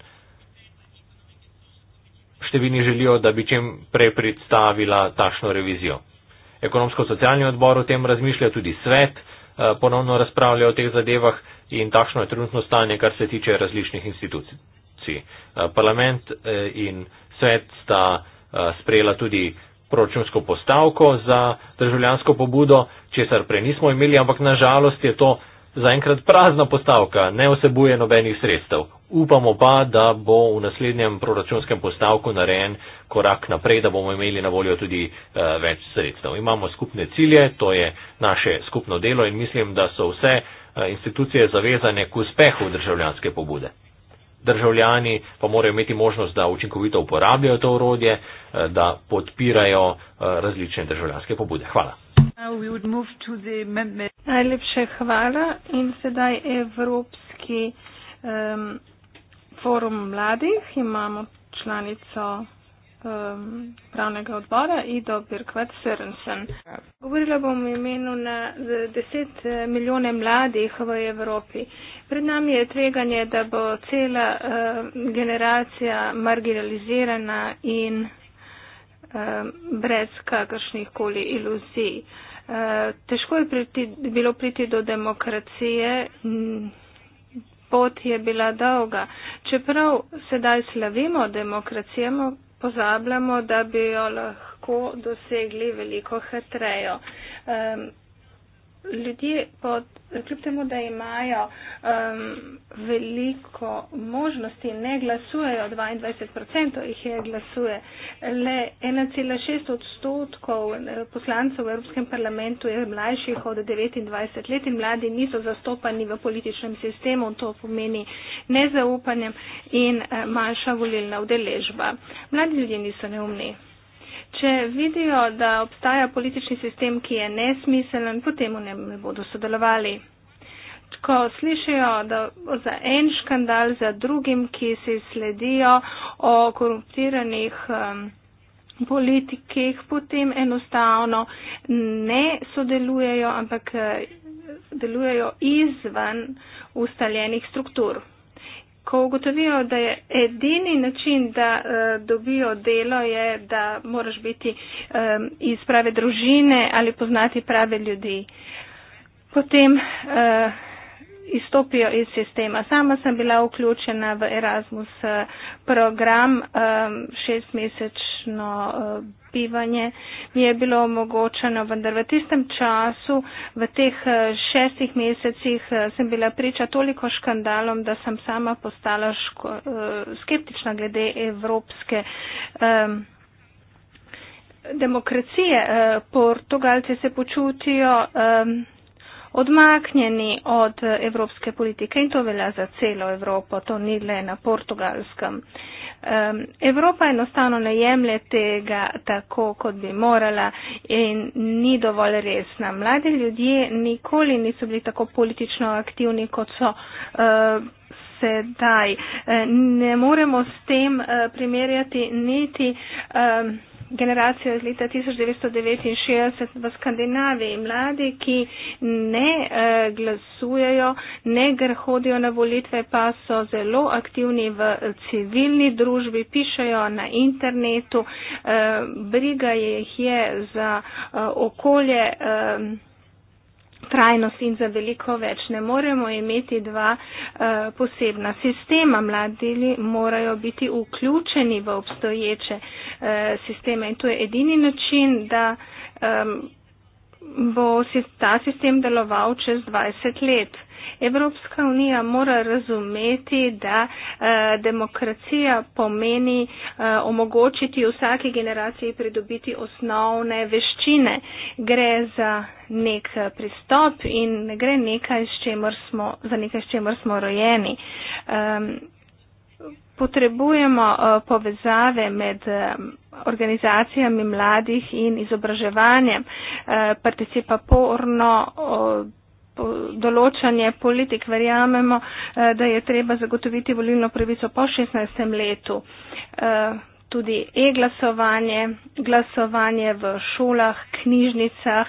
številni želijo, da bi čim prej predstavila takšno revizijo ekonomsko-socialni odbor o tem razmišlja, tudi svet eh, ponovno razpravlja o teh zadevah in takšno je trenutno stanje, kar se tiče različnih institucij. Eh, parlament eh, in svet sta sprejela tudi proračunsko postavko za državljansko pobudo, česar prej nismo imeli, ampak nažalost je to zaenkrat prazna postavka, ne vsebuje nobenih sredstev. Upamo pa, da bo v naslednjem proračunskem postavku narejen korak naprej, da bomo imeli na voljo tudi uh, več sredstev. Imamo skupne cilje, to je naše skupno delo in mislim, da so vse uh, institucije zavezane k uspehu državljanske pobude. Državljani pa morajo imeti možnost, da učinkovito uporabljajo to urodje, uh, eh, da podpirajo uh, različne državljanske pobude. Hvala. Najlepše hvala in sedaj Evropski um, forum mladih. Imamo članico um, pravnega odbora Ido Birkvat Sørensen. Govorila bom o imenu na 10 eh, milijone mladih v Evropi. Pred nami je tveganje, da bo cela uh, generacija marginalizirana in uh, brez kakršnih koli iluzij. Uh, težko je priti, bilo priti do demokracije, pot je bila dolga. Čeprav sedaj slavimo demokracijo, pozabljamo, da bi jo lahko dosegli veliko hitrejo. Um, ljudje, pod, kljub temu, da imajo um, veliko možnosti, ne glasujejo, 22% jih je glasuje, le 1,6 odstotkov eh, poslancev v Evropskem parlamentu je mlajših od 29 let in mladi niso zastopani v političnem sistemu, to pomeni nezaupanjem in eh, manjša volilna udeležba. Mladi ljudje niso neumni. Če vidijo, da obstaja politični sistem, ki je nesmiselen, potem v njem ne bodo sodelovali. Ko slišijo, da za en škandal, za drugim, ki se sledijo o korumpiranih um, politikih, potem enostavno ne sodelujejo, ampak eh, delujejo izvan ustaljenih struktur ko ugotovijo, da je edini način, da uh, dobijo delo, je, da moraš biti um, iz prave družine ali poznati prave ljudi. Potem uh, izstopijo iz sistema. Sama sem bila vključena v Erasmus eh, program, eh, šestmesečno eh, bivanje mi je bilo omogočeno, vendar v tistem času, v teh šestih mesecih sem bila priča toliko škandalom, da sem sama postala ško, skeptična glede evropske. Demokracije, Portugalci se počutijo um, odmaknjeni od evropske politike in to velja za celo Evropo, to ni le na portugalskem. Evropa enostavno ne jemlje tega tako, kot bi morala in ni dovolj resna. Mladi ljudje nikoli niso bili tako politično aktivni, kot so eh, sedaj. Eh, ne moremo s tem eh, primerjati niti generacijo iz leta 1969 v Skandinaviji, mladi, ki ne eh, glasujejo, ne hodijo na volitve, pa so zelo aktivni v civilni družbi, pišajo na internetu, eh, briga jih je za eh, okolje trajnost in za veliko več. Ne moremo imeti dva uh, posebna sistema. Mladi morajo biti vključeni v obstoječe uh, sisteme in to je edini način, da um, bo ta sistem deloval čez 20 let. Evropska unija mora razumeti, da eh, demokracija pomeni eh, omogočiti vsaki generaciji pridobiti osnovne veščine. Gre za nek eh, pristop in ne gre nekaj, smo, za nekaj, s čemer smo rojeni. Um, Potrebujemo eh, povezave med ehm, organizacijami mladih in izobraževanjem, eh, participaporno določanje politik verjamemo, eh, da je treba zagotoviti volilno pravico po 16. letu. Eh, tudi e-glasovanje, glasovanje v šolah, knjižnicah,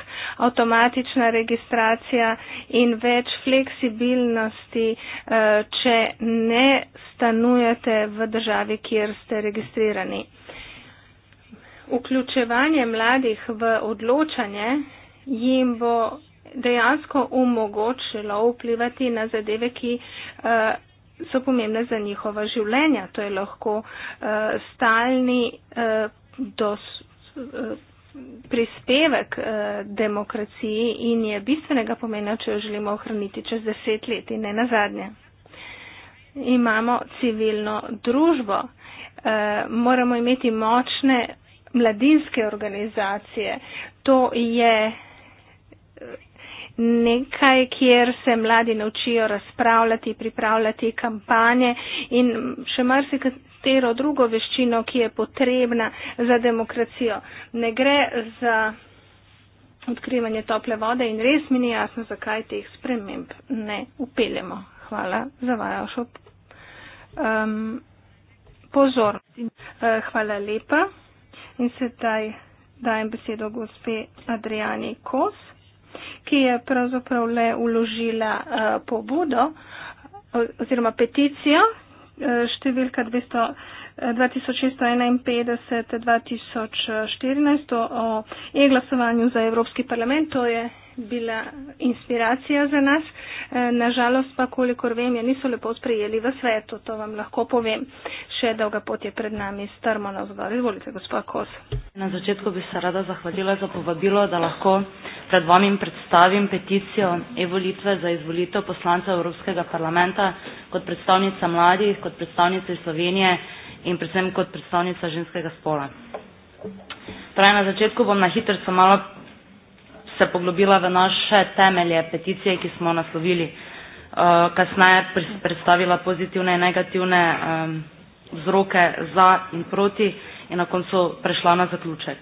avtomatična registracija in več fleksibilnosti, eh, če ne stanujete v državi, kjer ste registrirani. Vključevanje mladih v odločanje jim bo dejansko omogočilo vplivati na zadeve, ki eh, so pomembne za njihova življenja. To je lahko eh, stalni eh, dos, prispevek demokraciji in je bistvenega pomena, če jo želimo ohraniti čez deset let in ne nazadnje. Imamo civilno družbo, moramo imeti močne mladinske organizacije. To je nekaj, kjer se mladi naučijo razpravljati, pripravljati kampanje in še marsikatero drugo veščino, ki je potrebna za demokracijo. Ne gre za odkrivanje tople vode in res mi ni jasno, zakaj teh sprememb ne upeljemo. Hvala za vašo um, pozornost. Uh, hvala lepa. In sedaj dajem besedo gospe Adriani Kos ki je pravzaprav le uložila uh, eh, pobudo oziroma peticijo uh, številka 200, uh, 2651-2014 o e-glasovanju za Evropski parlament. To je bila inspiracija za nas. Eh, Nažalost pa, kolikor vem, je niso lepo sprejeli v svetu. To vam lahko povem. Še dolga pot je pred nami. Strmo na vzgor. Izvolite, gospod Kos. Na začetku bi se rada zahvalila za povabilo, da lahko pred vami predstavim peticijo e-volitve za izvolitev poslanca Evropskega parlamenta kot predstavnica mladih, kot predstavnica Slovenije in predvsem kot predstavnica ženskega spola. Torej, na začetku bom na hitro malo se poglobila v naše temelje peticije, ki smo naslovili uh, kasneje predstavila pozitivne in negativne um, vzroke za in proti in na koncu prešla na zaključek.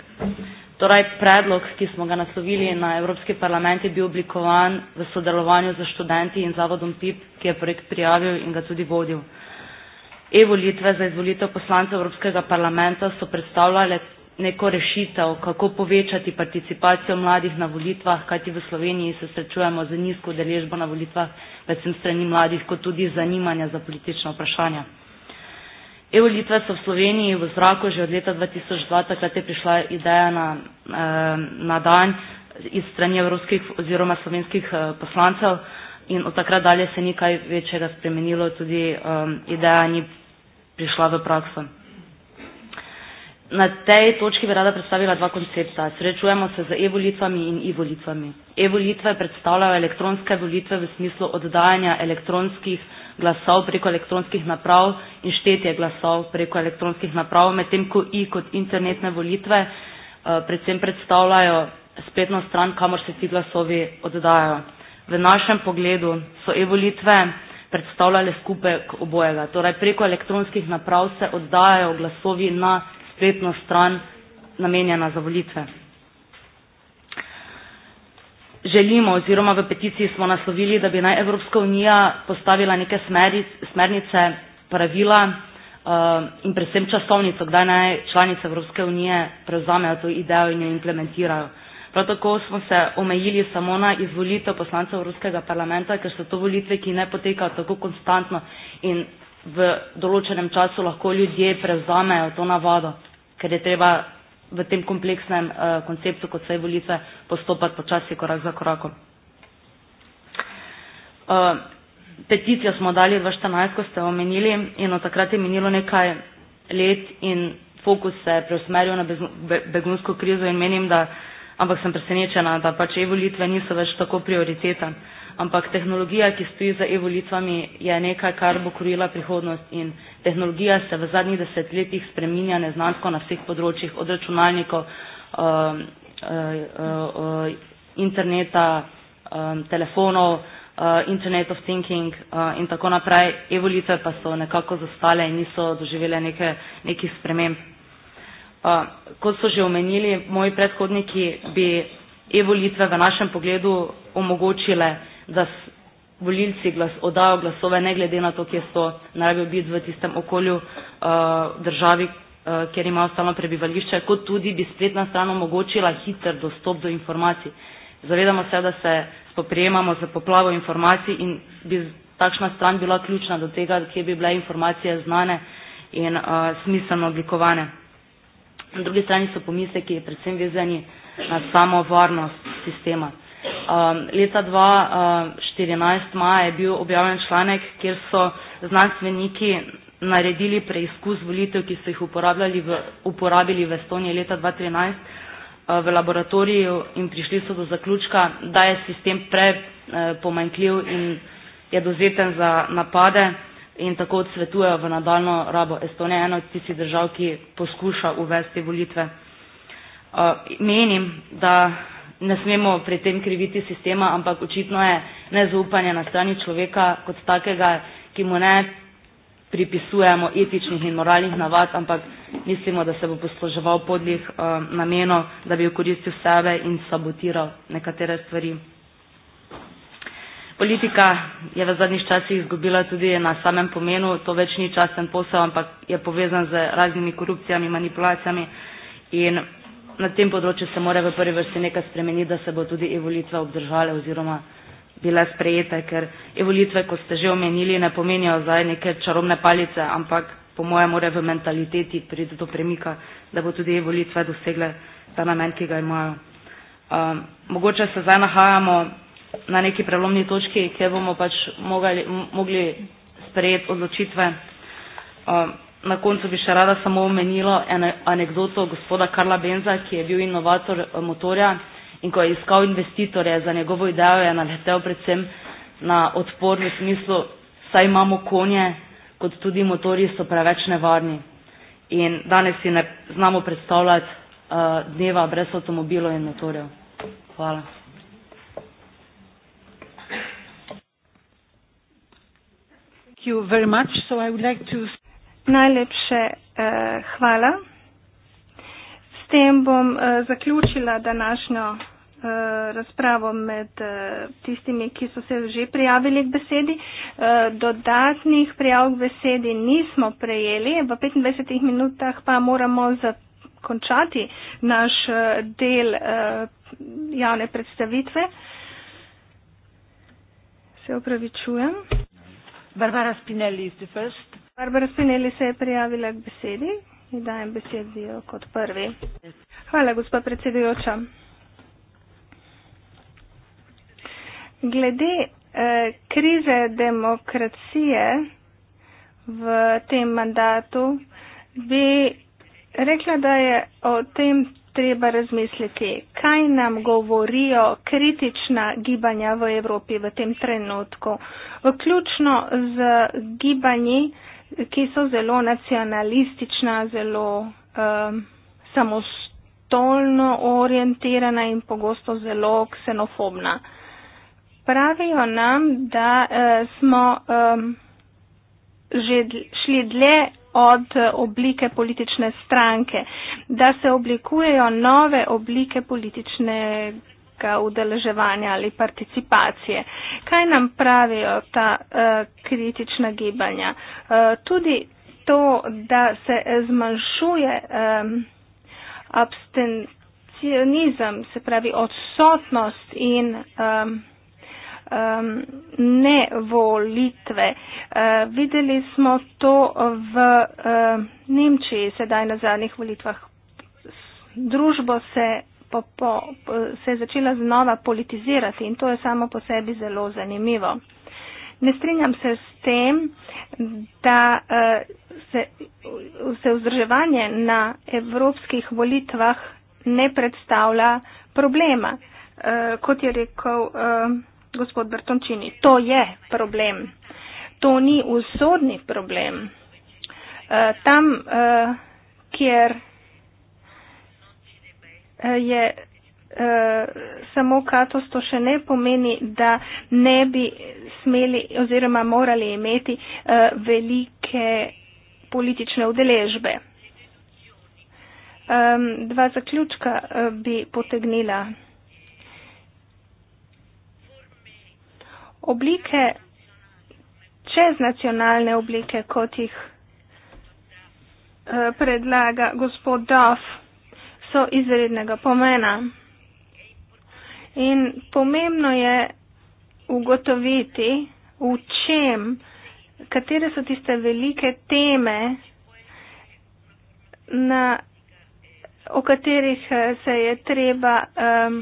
Torej, predlog, ki smo ga naslovili na Evropski parlament, je bil oblikovan v sodelovanju z študenti in zavodom PIP, ki je projekt prijavil in ga tudi vodil. E-volitve za izvolitev poslancev Evropskega parlamenta so predstavljale neko rešitev, kako povečati participacijo mladih na volitvah, kajti v Sloveniji se srečujemo z nizko udeležbo na volitvah, predvsem strani mladih, kot tudi zanimanja za politično vprašanje. E-volitve so v Sloveniji v zraku že od leta 2002, takrat je prišla ideja na, eh, na dan iz strani evropskih oziroma slovenskih eh, poslancev in od takrat dalje se ni kaj večjega spremenilo, tudi um, ideja ni prišla v prakso. Na tej točki bi rada predstavila dva koncepta. Srečujemo se z e-volitvami in e-volitvami. E-volitve predstavljajo elektronske volitve v smislu oddajanja elektronskih glasov preko elektronskih naprav in štetje glasov preko elektronskih naprav, medtem ko i kot internetne volitve eh, predvsem predstavljajo spletno stran, kamor se ti glasovi oddajajo. V našem pogledu so e-volitve predstavljale skupek obojega. Torej, preko elektronskih naprav se oddajajo glasovi na internetne volitve, spletno stran namenjena za volitve. Želimo oziroma v peticiji smo naslovili, da bi naj Evropska unija postavila neke smernice, pravila uh, in predvsem časovnico, kdaj naj članice Evropske unije prevzamejo to idejo in jo implementirajo. Prav tako smo se omejili samo na izvolitev poslancev Evropskega parlamenta, ker so to volitve, ki ne potekajo tako konstantno in v določenem času lahko ljudje prevzamejo to navado ker je treba v tem kompleksnem uh, konceptu, kot so volitve, postopati počasi korak za korakom. Uh, peticijo smo dali v 2014, ko ste omenili in od takrat je minilo nekaj let in fokus se je preusmeril na begunsko krizo in menim, da, ampak sem presenečena, da pač e-volitve niso več tako prioriteta. Uh, ampak tehnologija, ki stoji za evolicami, je nekaj, kar bo krojila prihodnost in tehnologija se v zadnjih desetletjih spreminja neznansko na vseh področjih, od računalnikov, eh, eh, eh, interneta, telefonov, internet of thinking in tako naprej. Evolice pa so nekako zastale in niso doživele neke, nekih sprememb. Kot so že omenili moji predhodniki, bi evolitve v našem pogledu omogočile uh, da volilci glas, oddajo glasove, ne glede na to, kje so, naj biti v tistem okolju uh, državi, uh, kjer imajo stalno prebivališče, kot tudi bi spletna stran omogočila hiter dostop do informacij. Zavedamo se, da se spoprijemamo z poplavo informacij in bi takšna stran bila ključna do tega, kje bi bile informacije znane in uh, smiselno oblikovane. Na drugi strani so pomisleki, predvsem vezani na samo varnost sistema. Um, leta 2014 um, maja je bil objavljen članek, kjer so znanstveniki naredili preizkus volitev, ki so jih uporabljali v, uporabili v Estoniji leta 2013 uh, v laboratoriju in prišli so do zaključka, da je sistem prepomankljiv uh, in je dozeten za napade in tako odsvetujejo v nadaljno rabo Estonije, eno od tistih držav, ki poskuša uvesti volitve. Uh, menim, da ne smemo pri tem kriviti sistema, ampak očitno je nezaupanje na strani človeka kot takega, ki mu ne pripisujemo etičnih in moralnih navad, ampak mislimo, da se bo posloževal podlih uh, eh, namenov, da bi okoristil sebe in sabotiral nekatere stvari. Politika je v zadnjih časih izgubila tudi na samem pomenu, to več ni časten posel, ampak je povezan z raznimi korupcijami, manipulacijami in na tem področju se mora v prvi vrsti nekaj spremeniti, da se bo tudi evolitva obdržala oziroma bila sprejeta, ker evolitve, kot ste že omenili, ne pomenijo zdaj neke čarobne palice, ampak po mojem mora v mentaliteti priti do premika, da bo tudi evolitve dosegle ta namen, ki ga imajo. Um, mogoče se zdaj nahajamo na neki prelomni točki, kjer bomo pač mogli, mogli sprejeti odločitve. Um, Na koncu bi še rada samo omenila anegdoto gospoda Karla Benza, ki je bil inovator eh, motorja in ko je iskal investitorje za njegovo idejo, je naletel predvsem na odpor v smislu, saj imamo konje, kot tudi motori so preveč nevarni. In danes si ne znamo predstavljati uh, dneva brez avtomobilov in motorjev. Hvala. Thank you very much. So I would like to najlepše eh, hvala. S tem bom eh, zaključila današnjo eh, razpravo med eh, tistimi, ki so se že prijavili k besedi. Eh, dodatnih prijav k besedi nismo prejeli, v 25 minutah pa moramo zakončati naš eh, del eh, javne predstavitve. Se opravičujem. Barbara Spinelli is the first. Barbara Spinelli se je prijavila k besedi in dajem besedijo kot prvi. Hvala, gospod predsedujoča. Glede eh, krize demokracije v tem mandatu bi rekla, da je o tem treba razmisliti, kaj nam govorijo kritična gibanja v Evropi v tem trenutku. Vključno z gibanji, ki so zelo nacionalistična, zelo um, samostolno orientirana in pogosto zelo ksenofobna. Pravijo nam, da uh, smo um, že šli dlje od e, oblike politične stranke, da se oblikujejo nove oblike politične vsakega udeleževanja ali participacije. Kaj nam pravijo ta uh, kritična gibanja? Uh, tudi to, da se zmanjšuje um, abstinencija. Se pravi odsotnost in um, um, nevolitve. Uh, videli smo to v uh, Nemčiji, sedaj na zadnjih volitvah. Družbo se po, po, po, se je začela znova politizirati in to je samo po sebi zelo zanimivo. Ne strinjam se s tem, da eh, se, se vzdrževanje na evropskih volitvah ne predstavlja problema. Eh, kot je rekel eh, gospod Bertončini, to je problem. To ni usodni problem. Tam, kjer je eh, samo katosto še ne pomeni, da ne bi smeli oziroma morali imeti eh, velike politične udeležbe. Dva zaključka eh, bi potegnila. Oblike, čeznacionalne oblike, kot jih predlaga gospod Duff, so izrednega pomena. In pomembno je ugotoviti, v čem, katere so tiste velike teme, na, o katerih eh, se je treba um,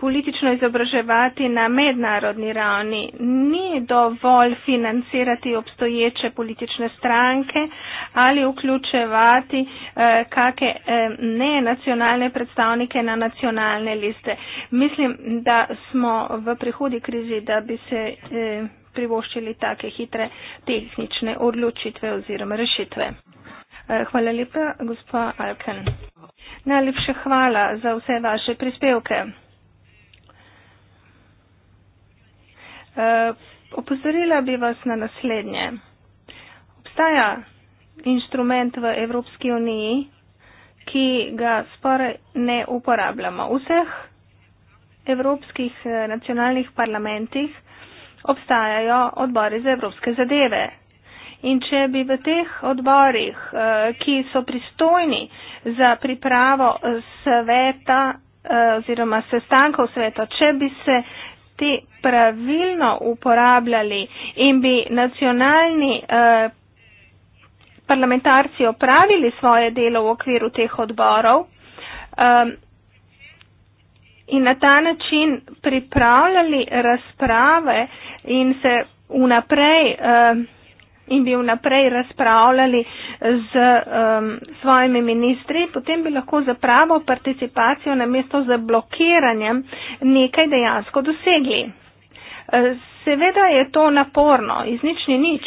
politično izobraževati na mednarodni ravni. Ni dovolj financirati obstoječe politične stranke ali vključevati eh, kake eh, ne nacionalne predstavnike na nacionalne liste. Mislim, da smo v prihodi krizi, da bi se eh, privoščili take hitre tehnične odločitve oziroma rešitve. Eh, hvala lepa, gospod Alken. Najlepša hvala za vse vaše prispevke. Eh, opozorila bi vas na naslednje. Obstaja inštrument v Evropski uniji, ki ga skoraj ne uporabljamo. V vseh evropskih eh, nacionalnih parlamentih obstajajo odbori za evropske zadeve. In če bi v teh odborih, eh, ki so pristojni za pripravo sveta oziroma sestankov sveta, če bi se te pravilno uporabljali in bi nacionalni eh, parlamentarci opravili svoje delo v okviru teh odborov ehm, in na ta način pripravljali razprave in se vnaprej ehm, in bi vnaprej razpravljali z um, svojimi ministri, potem bi lahko za pravo participacijo namesto za blokiranjem nekaj dejansko dosegli. Eh, seveda je to naporno, iz nič ni nič,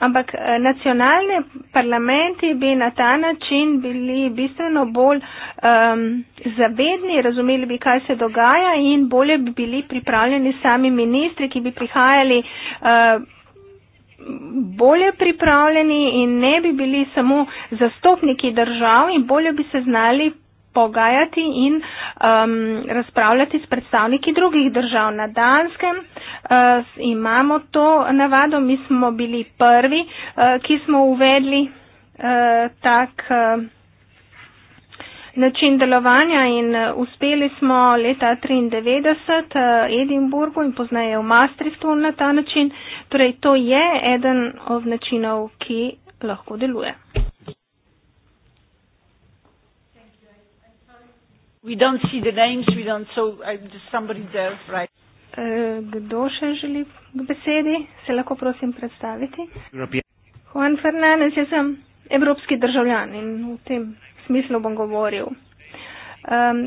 ampak eh, nacionalne parlamenti bi na ta način bili bistveno bolj um, zavedni, razumeli bi, kaj se dogaja in bolje bi bili pripravljeni sami ministri, ki bi prihajali. Uh, bolje pripravljeni in ne bi bili samo zastopniki držav in bolje bi se znali pogajati in um, razpravljati s predstavniki drugih držav. Na Danskem uh, imamo to navado, mi smo bili prvi, uh, ki smo uvedli uh, tak. Uh, način delovanja in eh, uspeli smo leta 1993 v Edinburgu in poznaje v Maastrichtu na ta način. Torej, to je eden od načinov, ki lahko deluje. Uh, eh, kdo še želi k besedi? Se lahko prosim predstaviti? Juan Fernandez, jaz sem evropski državljan in v tem smislu bom govoril.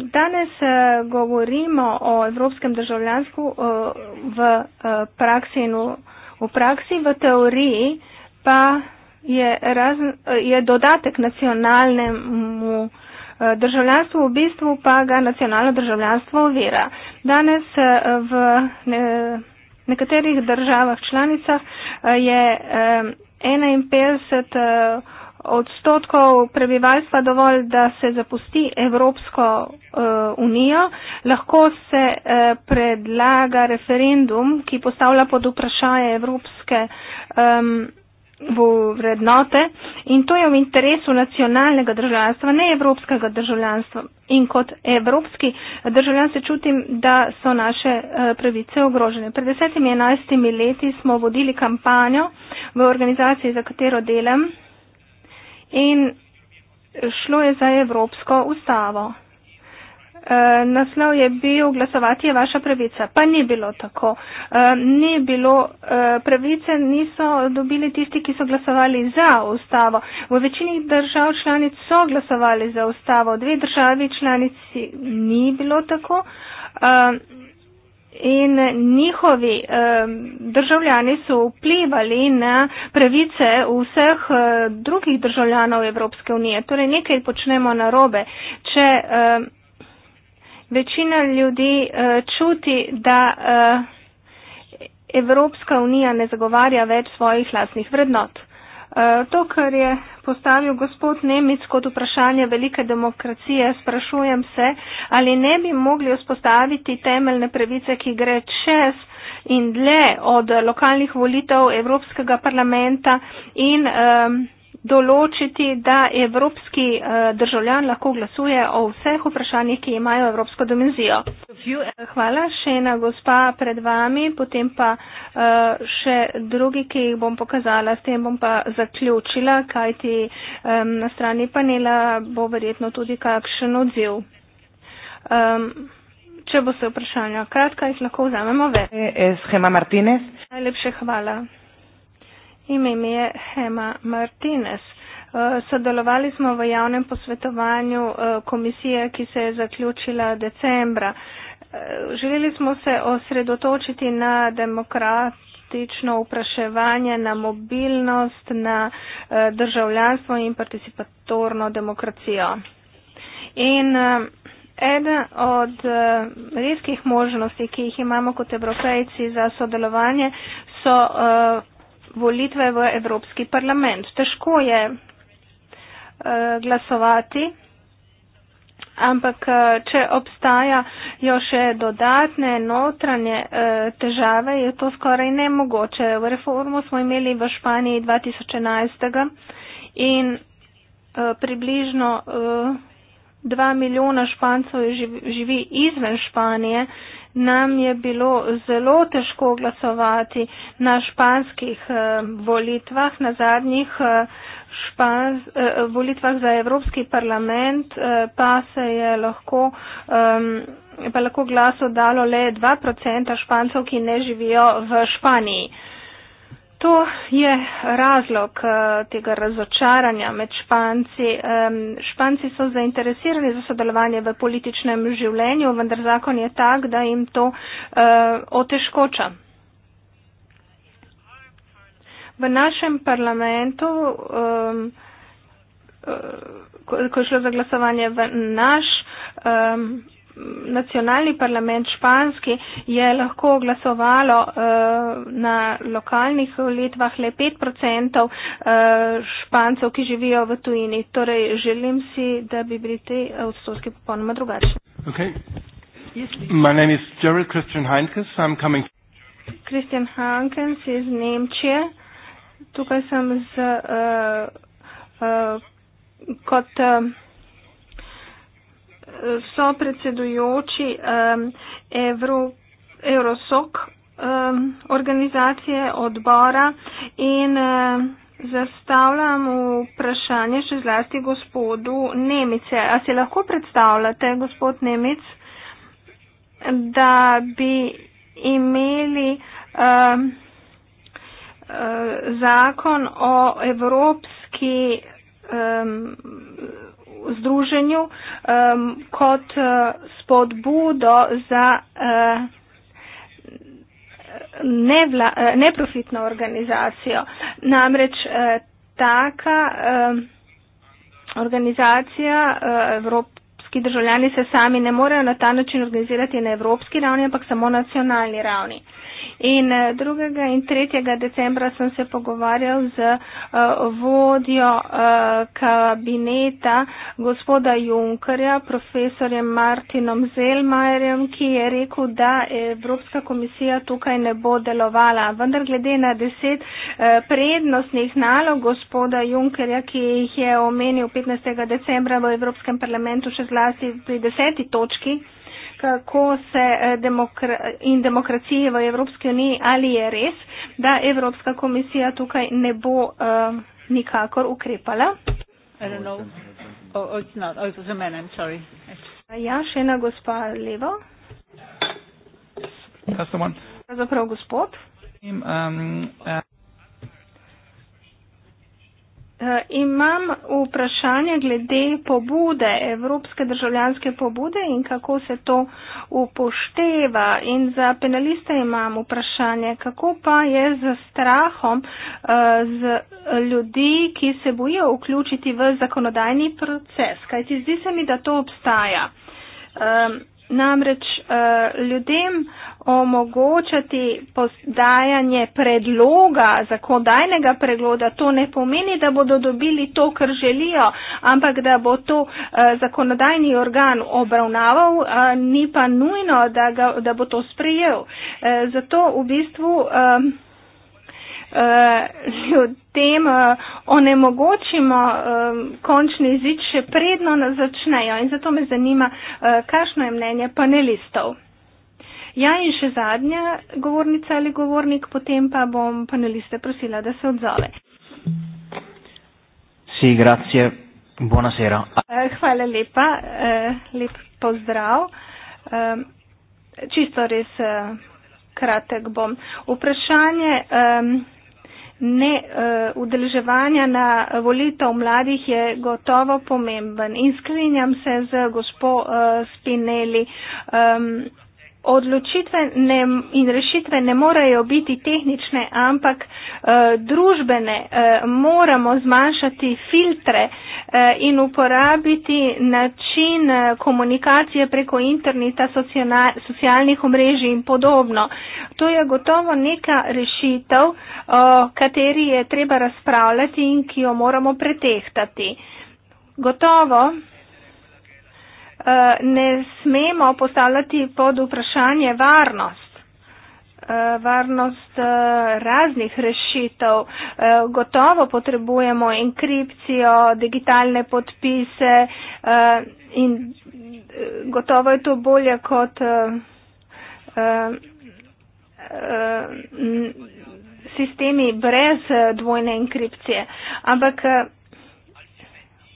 Danes e, govorimo o evropskem državljanstvu e, v e, praksi in v praksi, v teoriji pa je, raz, je dodatek nacionalnemu državljanstvu, v bistvu pa ga nacionalno državljanstvo vira. Danes v nekaterih državah članicah je 51 odstotkov prebivalstva dovolj, da se zapusti Evropsko uh, unijo, lahko se uh, predlaga referendum, ki postavlja pod vprašanje evropske um, vrednote in to je v interesu nacionalnega državljanstva, ne evropskega državljanstva. In kot evropski državljan se čutim, da so naše eh, pravice ogrožene. Pred desetimi enajstimi leti smo vodili kampanjo v organizaciji, za katero delam in šlo je za Evropsko ustavo. E, naslov je bil glasovati je vaša pravica, pa ni bilo tako. E, ni bilo, e, pravice niso dobili tisti, ki so glasovali za ustavo. V večini držav članic so glasovali za ustavo, v dve državi članici ni bilo tako. In njihovi eh, državljani so vplivali na pravice vseh eh, drugih državljanov Evropske unije. Torej nekaj počnemo na robe. Če eh, večina ljudi eh, čuti, da eh, Evropska unija ne zagovarja več svojih lasnih vrednot. Eh, to, kar je postavil gospod Nemec kot vprašanje velike demokracije, sprašujem se, ali ne bi mogli vzpostaviti temeljne pravice, ki gre čez in dlje od lokalnih volitev Evropskega parlamenta in um, določiti, da evropski eh, državljan lahko glasuje o vseh vprašanjih, ki imajo evropsko dimenzijo. Hvala še ena gospa pred vami, potem pa eh, še drugi, ki jih bom pokazala. S tem bom pa zaključila, kajti na strani panela bo verjetno tudi kakšen odziv. Če bo se vprašanja kratka, jih lahko vzamemo več. E e Najlepše hvala. Ime mi je Hema Martinez. Eh, sodelovali smo v javnem posvetovanju eh, komisije, ki se je zaključila decembra. Eh, želeli smo se osredotočiti na demokratično upraševanje, na mobilnost, na državljanstvo in participatorno demokracijo. In eden od redkih možnosti, ki jih imamo kot evropejci za sodelovanje, so volitve v Evropski parlament. Težko je eh, glasovati, ampak eh, če obstajajo še dodatne notranje eh, težave, je to skoraj nemogoče. V reformu smo imeli v Španiji 2011 in približno dva milijona Špancov živi izven Španije nam je bilo zelo težko glasovati na španskih eh, volitvah, na zadnjih eh, špans, eh, volitvah za Evropski parlament, pa se je lahko, pa lahko glaso dalo le 2% špancov, ki ne živijo v Španiji. To je razlog eh, tega razočaranja med Španci. Španci so zainteresirani za sodelovanje v političnem življenju, vendar zakon je tak, da jim to eh, otežkoča. V našem parlamentu, eh, ko je šlo za glasovanje v naš nacionalni parlament španski je lahko glasovalo uh, na lokalnih volitvah le 5% uh, eh, špancev, ki živijo v tujini. Torej, želim si, da bi bili te odstotke popolnoma drugačni. Kristjan Hankens iz Nemčije. Tukaj sem z, uh, uh, kot uh, so predsedujoči um, Evro, Eurosok um, organizacije odbora in um, zastavljam vprašanje še zlasti gospodu Nemice. A se lahko predstavljate, gospod Nemic, da bi imeli um, zakon o evropski um, združenju um, kot uh, spodbudo za uh, neprofitno organizacijo. Namreč uh, taka uh, organizacija uh, Evrope ki državljani se sami ne morejo na ta način organizirati na evropski ravni, ampak samo na nacionalni ravni. Uh, In 2. Eh, in 3. decembra sem se pogovarjal z eh, vodjo eh, kabineta gospoda Junkerja, profesorjem Martinom Zelmajerjem, ki je rekel, da Evropska komisija tukaj ne bo delovala. Vendar glede na deset prednostnih nalog gospoda Junkerja, ki jih je omenil 15. decembra v Evropskem parlamentu še zlasti pri deseti točki, kako se eh, demokra in demokracije v Evropski uniji, ali je res, da Evropska komisija tukaj ne bo uh, nikakor ukrepala. Oh, oh, oh, ja, še ena gospa levo. Pravzaprav gospod. Um, uh, Eh, imam vprašanje glede pobude, evropske državljanske pobude in kako se to upošteva. In za penaliste imam vprašanje, kako pa je z strahom eh, z ljudi, ki se bojijo vključiti v zakonodajni proces. Kajti zdi se mi, da to obstaja namreč uh, ljudem omogočati podajanje predloga, zakodajnega predloga, to ne pomeni, da bodo dobili to, kar želijo, ampak da bo to uh, zakonodajni organ obravnaval, uh, ni pa nujno, da, ga, da bo to sprejel. Uh, zato v bistvu. Uh, ljudem eh, eh, onemogočimo eh, končni izid še predno na začnejo. In zato me zanima, kakšno je mnenje panelistov. Ja in še zadnja govornica ali govornik, potem pa bom paneliste prosila, da se odzove. Si, grazie. Buonasera. Hvala lepa, lep pozdrav. Čisto res kratek bom. Vprašanje neudeleževanja e, uh, na volitev mladih je gotovo pomemben. In skrinjam se z gospo uh, Spinelli. Um, odločitve ne, in rešitve ne morejo biti tehnične, ampak eh, družbene. Eh, moramo zmanjšati filtre eh, in uporabiti način eh, komunikacije preko interneta, socijalna, socialnih omrežij in podobno. To je gotovo neka rešitev, o eh, kateri je treba razpravljati in ki jo moramo pretehtati. Gotovo. Eh, ne smemo postavljati pod vprašanje varnost, eh, varnost eh, raznih rešitev. Gotovo potrebujemo enkripcijo, digitalne podpise in gotovo je to bolje kot sistemi brez dvojne enkripcije. Ampak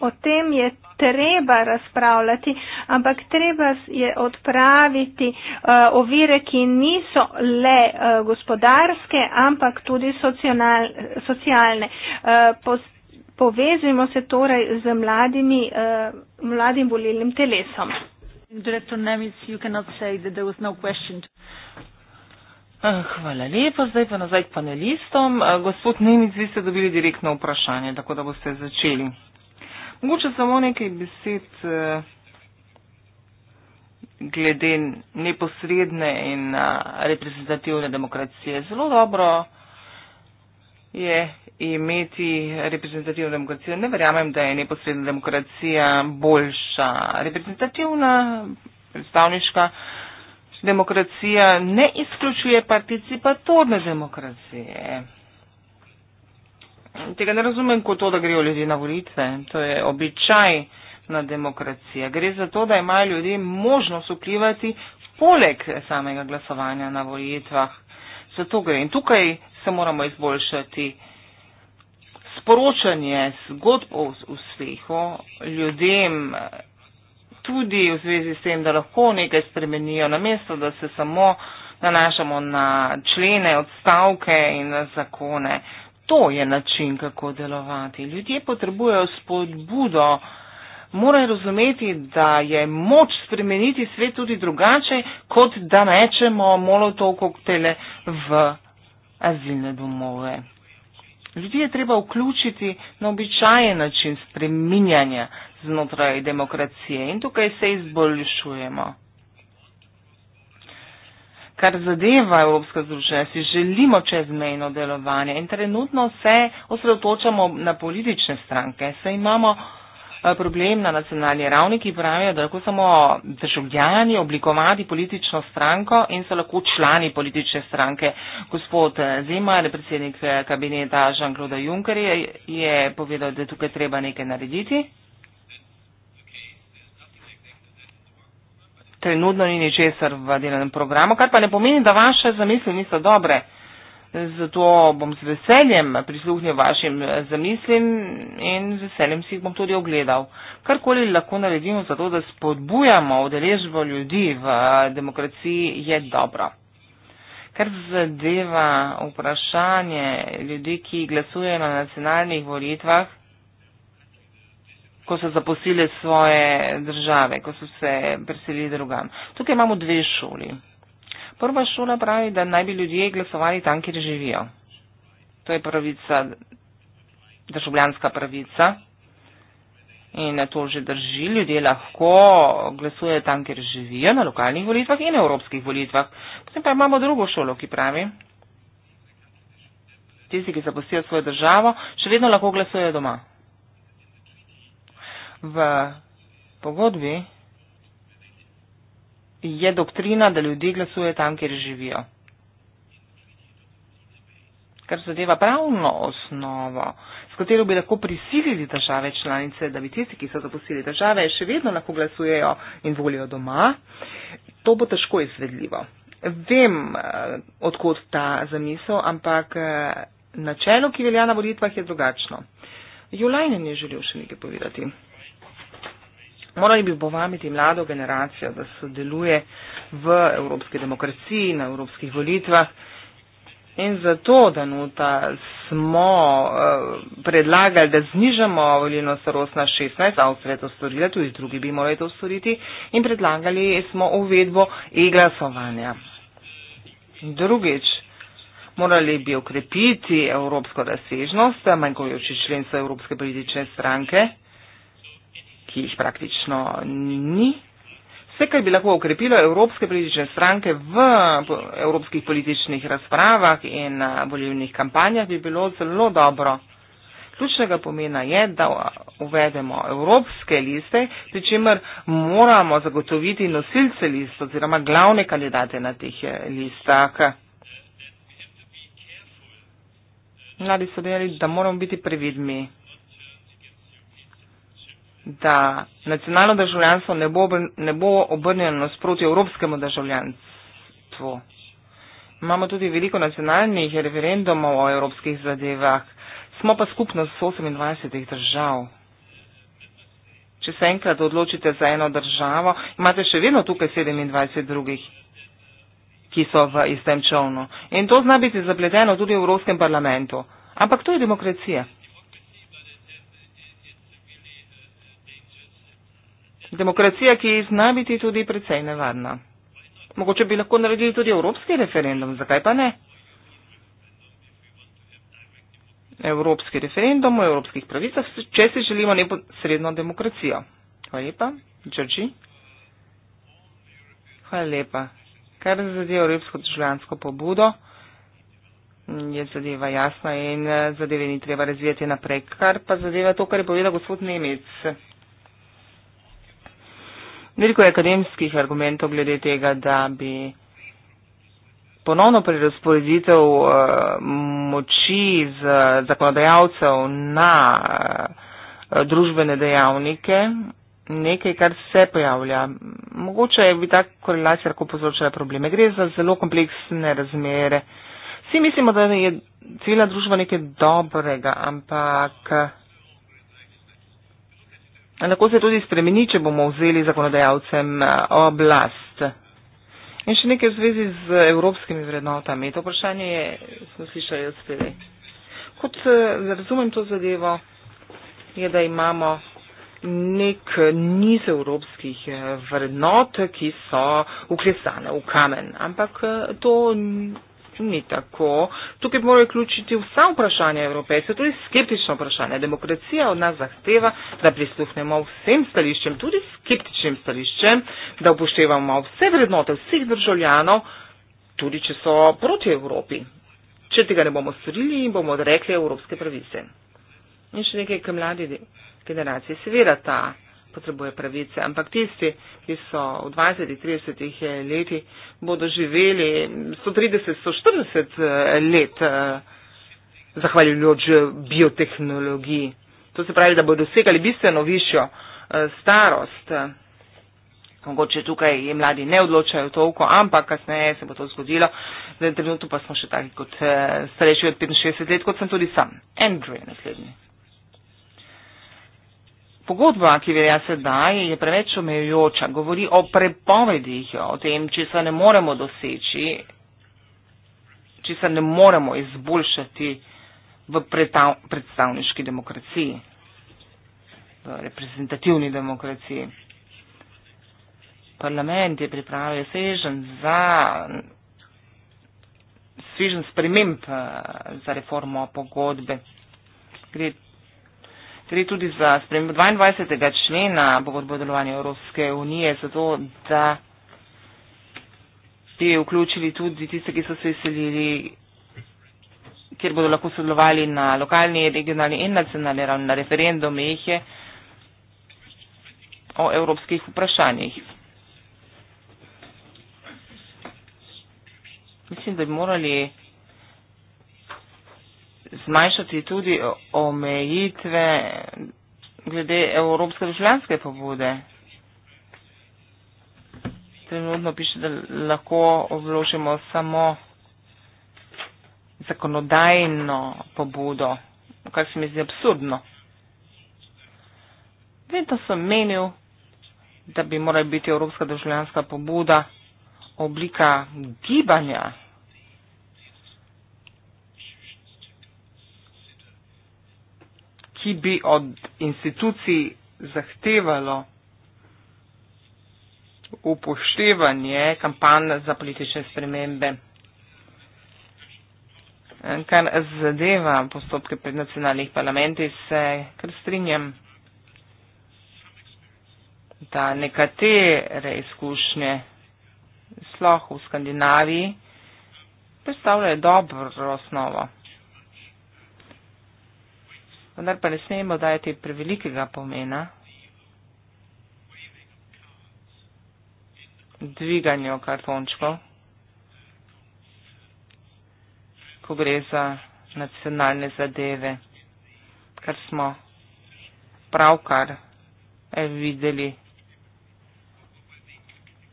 o tem je treba razpravljati, ampak treba je odpraviti uh, ovire, ki niso le uh, gospodarske, ampak tudi socional, socialne. Uh, eh, post, povezimo se torej z mladimi, uh, mladim volilnim telesom. No hvala lepa, zdaj pa nazaj k panelistom. Gospod Nemic, vi ste dobili direktno vprašanje, tako da boste začeli. Mogoče samo nekaj besed eh, glede neposredne in eh, reprezentativne demokracije. Zelo dobro je imeti reprezentativno demokracijo. Ne verjamem, da je neposredna demokracija boljša. Reprezentativna, predstavniška demokracija ne izključuje participatorne demokracije tega ne razumem kot to, da grejo ljudje na volitve. To je običaj na demokracija. Gre za to, da imajo ljudje možnost vplivati poleg samega glasovanja na volitvah. Zato gre. In tukaj se moramo izboljšati sporočanje zgodb o uspehu ljudem, tudi v zvezi s tem, da lahko nekaj spremenijo, namesto da se samo nanašamo na člene, odstavke in na zakone to je način, kako delovati. Ljudje potrebujejo spodbudo, morajo razumeti, da je moč spremeniti svet tudi drugače, kot da mečemo molotov koktele v azilne domove. Ljudje je treba vključiti na običajen način spreminjanja znotraj demokracije in tukaj se izboljšujemo kar zadeva Evropska združenja, si želimo čezmejno delovanje in trenutno se osredotočamo na politične stranke. Se imamo eh, problem na nacionalni ravni, ki pravijo, da lahko samo državljani oblikovati politično stranko in so lahko člani politične stranke. Gospod eh, Zemar, predsednik eh, kabineta Jean-Claude Juncker, je povedal, da je tukaj treba nekaj narediti. trenutno ni ničesar v delovnem programu, kar pa ne pomeni, da vaše zamisli niso dobre. Zato bom z veseljem prisluhnil vašim zamislim in z veseljem si jih bom tudi ogledal. Karkoli lahko naredimo za to, da spodbujamo odeležbo ljudi v demokraciji, je dobro. Kar zadeva vprašanje ljudi, ki glasujejo na nacionalnih volitvah, ko so zaposlili svoje države, ko so se preselili drugam. Tukaj imamo dve šoli. Prva šola pravi, da naj bi ljudje glasovali tam, kjer živijo. To je pravica, državljanska pravica. In to že drži, ljudje lahko glasujejo tam, kjer živijo, na lokalnih volitvah in evropskih volitvah. Potem pa imamo drugo šolo, ki pravi, tisti, ki zaposlijo svojo državo, še vedno lahko glasujejo doma, v pogodbi, je doktrina, da ljudje glasuje tam, kjer živijo. Kar zadeva pravno osnovo, s katero bi lahko prisilili države članice, da bi tisti, ki so zaposlili države, še vedno lahko glasujejo in volijo doma, to bo težko izvedljivo. Vem, eh, odkot ta zamisel, ampak eh, načelo, ki velja na volitvah, je drugačno. Julajnen je želel še nekaj povedati. Morali bi povabiti mlado generacijo, da sodeluje v evropski demokraciji, na evropskih volitvah. In zato, da nota smo eh, predlagali, da znižamo volilno starost na 16, Avstrija je to storila, tudi drugi bi morali to storiti, in predlagali smo uvedbo e-glasovanja. Drugič, morali bi okrepiti evropsko razsežnost, manjkojoči členstvo Evropske politične stranke ki jih praktično ni. Vse, kar bi lahko okrepilo evropske politične stranke v evropskih političnih razpravah in volivnih kampanjah, bi bilo zelo dobro. Ključnega pomena je, da uvedemo evropske liste, pri čemer moramo zagotoviti nosilce list oziroma glavne kandidate na teh eh, listah. Mladi so dejali, da moramo biti previdni da nacionalno državljanstvo ne bo, ne bo obrnjeno sproti evropskemu državljanstvu. Imamo tudi veliko nacionalnih referendumov o evropskih zadevah, smo pa skupnost 28 držav. Če se enkrat odločite za eno državo, imate še vedno tukaj 27 drugih, ki so v istem čovnu. In to zna biti zapleteno tudi v Evropskem parlamentu. Ampak to je demokracija. Demokracija, ki zna biti tudi precej nevarna. Mogoče bi lahko naredili tudi evropski referendum, zakaj pa ne? Evropski referendum o evropskih pravicah, če si želimo neposredno demokracijo. Hvala lepa, Džrži. Hvala lepa. Kar zadeva evropsko državljansko pobudo, je zadeva jasna in eh, zadeve ni treba razvijati naprej. Kar pa zadeva to, kar je povedal gospod Nemec. Veliko je akademskih argumentov glede tega, da bi ponovno prerasporeditev uh, moči z zakonodajalcev na uh, družbene dejavnike nekaj, kar se pojavlja. Mogoče bi ta korelacija lahko povzročala probleme. Gre za zelo kompleksne razmere. Vsi mislimo, da je cela družba nekaj dobrega, ampak. Uh, Lahko se tudi spremeni, če bomo vzeli zakonodajalcem eh, oblast. In še nekaj v zvezi z evropskimi vrednotami. To vprašanje je, smo slišali od spede. Kot eh, razumem to zadevo, je, da imamo nek niz evropskih eh, vrednot, ki so uklesane v kamen. Ampak to ni tako. Tukaj bi morali vključiti vsa vprašanja evropejcev, tudi skeptična vprašanja. Demokracija od nas zahteva, da prisluhnemo vsem stališčem, tudi skeptičnim stališčem, da upoštevamo vse vrednote vseh državljanov, tudi če so proti Evropi. Če tega ne bomo storili, jim bomo odrekli evropske pravice. In še nekaj k mladi generaciji. Seveda ta potrebuje pravice. Ampak tisti, ki so v 20-30 leti, bodo živeli 130-140 eh, let eh, zahvaljujoč biotehnologiji. To se pravi, da bodo dosegali bistveno višjo eh, starost. Mogoče tukaj mladi ne odločajo toliko, ampak kasneje se bo to zgodilo. Zdaj trenutno pa smo še taki kot starejši od 65 let, kot sem tudi sam. Andrew je naslednji. Pogodba, ki velja sedaj, je preveč omejujoča, govori o prepovedih, o tem, če se ne moremo doseči, če se ne moremo izboljšati v predstavniški demokraciji, v reprezentativni demokraciji. Parlament je pripravil svežen za svežen sprememb eh, za reformo pogodbe. Gre Gre tudi za spremembo 22. člena pogodbo delovanja Evropske unije, zato da bi vključili tudi tiste, ki so se izselili, kjer bodo lahko sodelovali na lokalni, regionalni in nacionalni ravni, na referendumih o evropskih vprašanjih. Mislim, da bi morali zmanjšati tudi omejitve glede evropske državljanske pobude. Trenutno piše, da lahko obložimo samo zakonodajno pobudo, kar se mi zdi absurdno. Vedno sem menil, da bi morala biti evropska državljanska pobuda oblika gibanja ki bi od institucij zahtevalo upoštevanje kampanj za politične spremembe. Kar zadeva postopke pred nacionalnih parlamenti, se kar strinjam, da nekatere izkušnje, sloh v Skandinaviji, predstavljajo dobro osnovo vendar pa ne smemo dajati prevelikega pomena dviganju kartončkov, ko gre za nacionalne zadeve, kar smo pravkar videli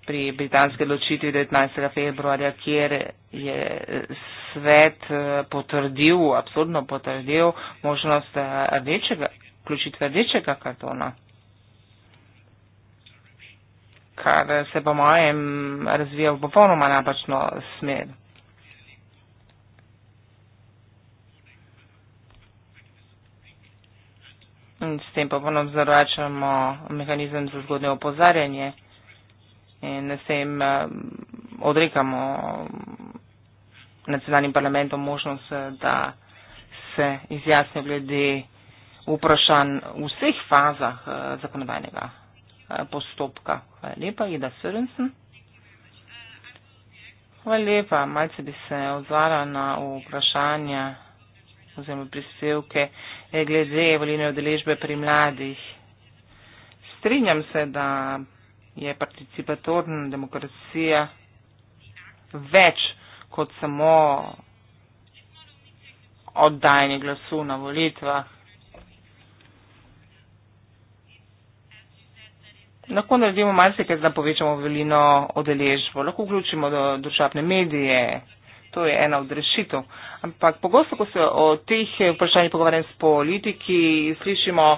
pri britanske ločitvi 19. februarja, kjer je s svet eh, potrdil, absurdno potrdil možnost eh, rdečega, vključitve rdečega kartona. Kar se po mojem razvija v popolnoma napačno smer. In s tem popolnom zaračamo mehanizem za zgodnje opozarjanje in s tem eh, odrekamo nacionalnim parlamentom možnost, eh, da se izjasnijo glede vprašanj v vseh fazah eh, zakonodajnega eh, postopka. Hvala lepa, Ida Sørensen. Hvala lepa, malce bi se odzvala na vprašanja oziroma prispevke glede volilne odeležbe pri mladih. Strinjam se, da je participatorna demokracija več kot samo oddajanje glasu na volitvah. Lahko naredimo marsikaj, da povečamo veliko odeležbo, lahko vključimo družabne medije, to je ena od rešitev. Ampak pogosto, ko se o teh vprašanjih pogovarjam s politiki, slišimo,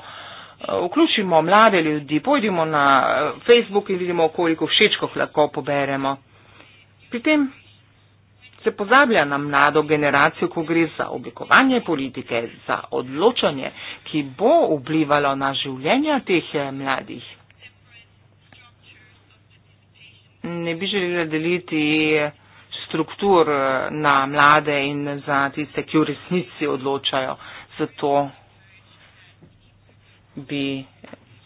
eh, vključimo mlade ljudi, pojdimo na eh, Facebook in vidimo, koliko všečkov lahko poberemo. Pri tem se pozablja na mlado generacijo, ko gre za oblikovanje politike, za odločanje, ki bo vplivalo na življenja teh eh, mladih. Ne bi želela deliti eh, struktur eh, na mlade in za tiste, ki v resnici odločajo. Zato bi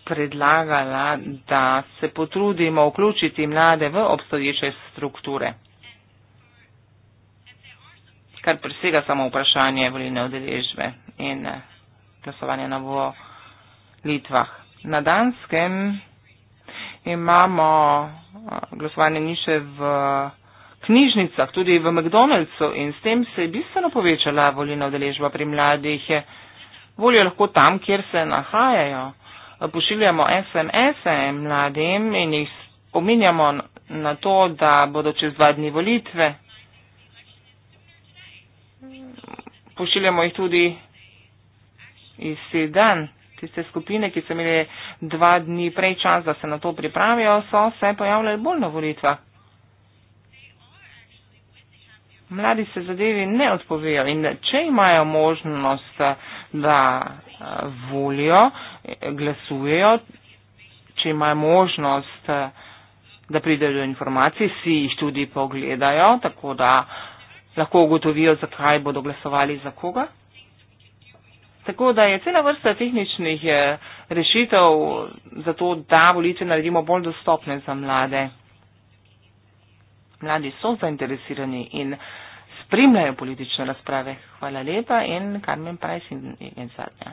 predlagala, da se potrudimo vključiti mlade v obstoječe strukture kar presega samo vprašanje volilne udeležbe in eh, glasovanja na bo Litvah. Na Danskem imamo eh, glasovanje niše v knjižnicah, tudi v McDonald'su in s tem se je bistveno povečala volilna udeležba pri mladih. Volijo lahko tam, kjer se nahajajo. Pošiljamo SMS-e mladim in jih spominjamo na to, da bodo čez dva dni volitve pošiljamo jih tudi iz sedan. Tiste skupine, ki so imeli dva dni prej čas, da se na to pripravijo, so se pojavljali bolj na volitva. Mladi se zadevi ne odpovejo in če imajo možnost, da eh, volijo, eh, glasujejo, če imajo možnost, eh, da pridejo do informacij, si jih tudi pogledajo, tako da uh, lahko ugotovijo, zakaj bodo glasovali za koga. Tako da je cela vrsta tehničnih eh, rešitev za to, da volitve naredimo bolj dostopne za mlade. Mladi so zainteresirani in spremljajo politične razprave. Hvala lepa in Karmen Price in, in zadnja.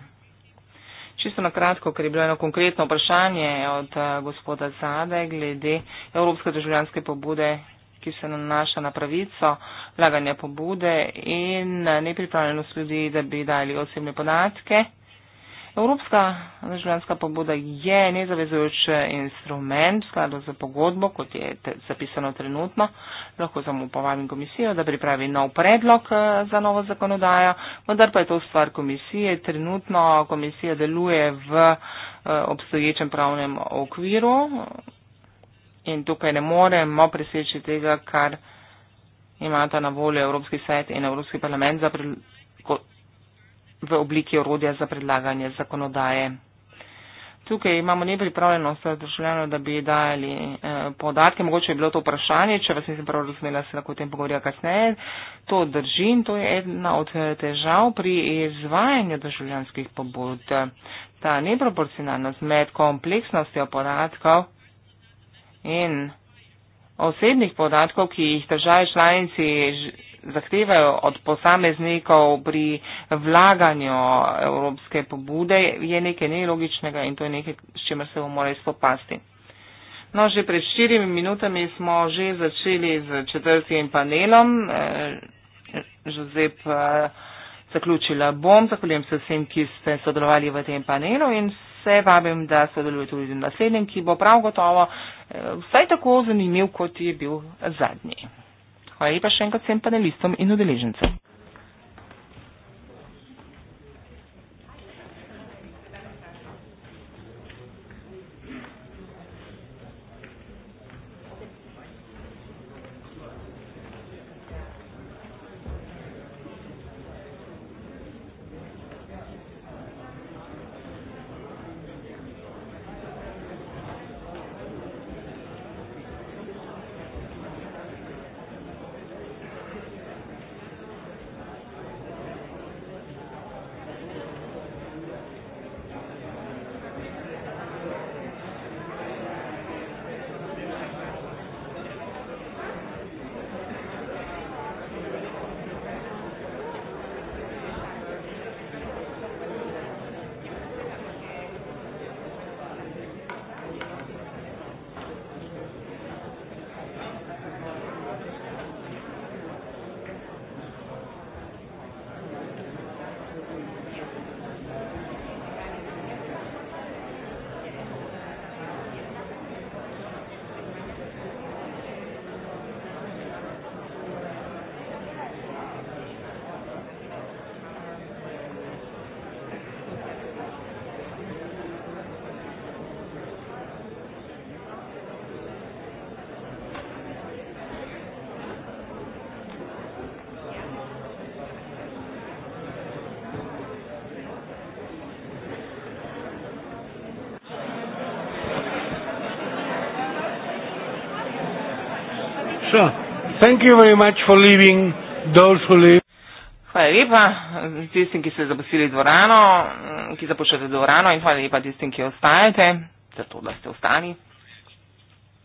Čisto na kratko, ker je bilo eno konkretno vprašanje od eh, gospoda Zade glede Evropske državljanske pobude ki se nanaša na pravico laganja pobude in nepripravljenost ljudi, da bi dali osebne podatke. Evropska državljanska pobuda je nezavezujoč instrument v skladu z pogodbo, kot je zapisano trenutno. Lahko samo povabim komisijo, da pripravi nov predlog eh, za novo zakonodajo, vendar pa je to stvar komisije. Trenutno komisija deluje v eh, obstoječem pravnem okviru, in tukaj ne moremo preseči tega, kar imata na voljo Evropski svet in Evropski parlament pre, ko, v obliki orodja za predlaganje zakonodaje. Tukaj imamo nepripravljenost državljanov, da bi dajali eh, podatke. Mogoče je bilo to vprašanje, če vas nisem prav razumela, se lahko o tem pogovorila kasneje. To držim, to je ena od eh, težav pri izvajanju državljanskih pobud. Ta neproporcionalnost med kompleksnostjo podatkov in osebnih podatkov, ki jih države članici zahtevajo od posameznikov pri vlaganju evropske pobude, je nekaj nelogičnega in to je nekaj, s čimer se bomo morali spopasti. No, že pred štirimi minutami smo že začeli z četrtim panelom. Žozep, eh, eh, zaključila bom. Zahvaljujem se vsem, ki ste sodelovali v tem panelu in vse vabim, da sodelujete tudi v naslednjem, ki bo prav gotovo eh, vsaj tako zanimiv, kot je bil zadnji. Hvala lepa še enkrat vsem panelistom in udeležencem. Hvala lepa tistim, ki ste zapustili dvorano, mm, ki zapuščate dvorano in hvala lepa tistim, ki ostajate, zato da ste ostali.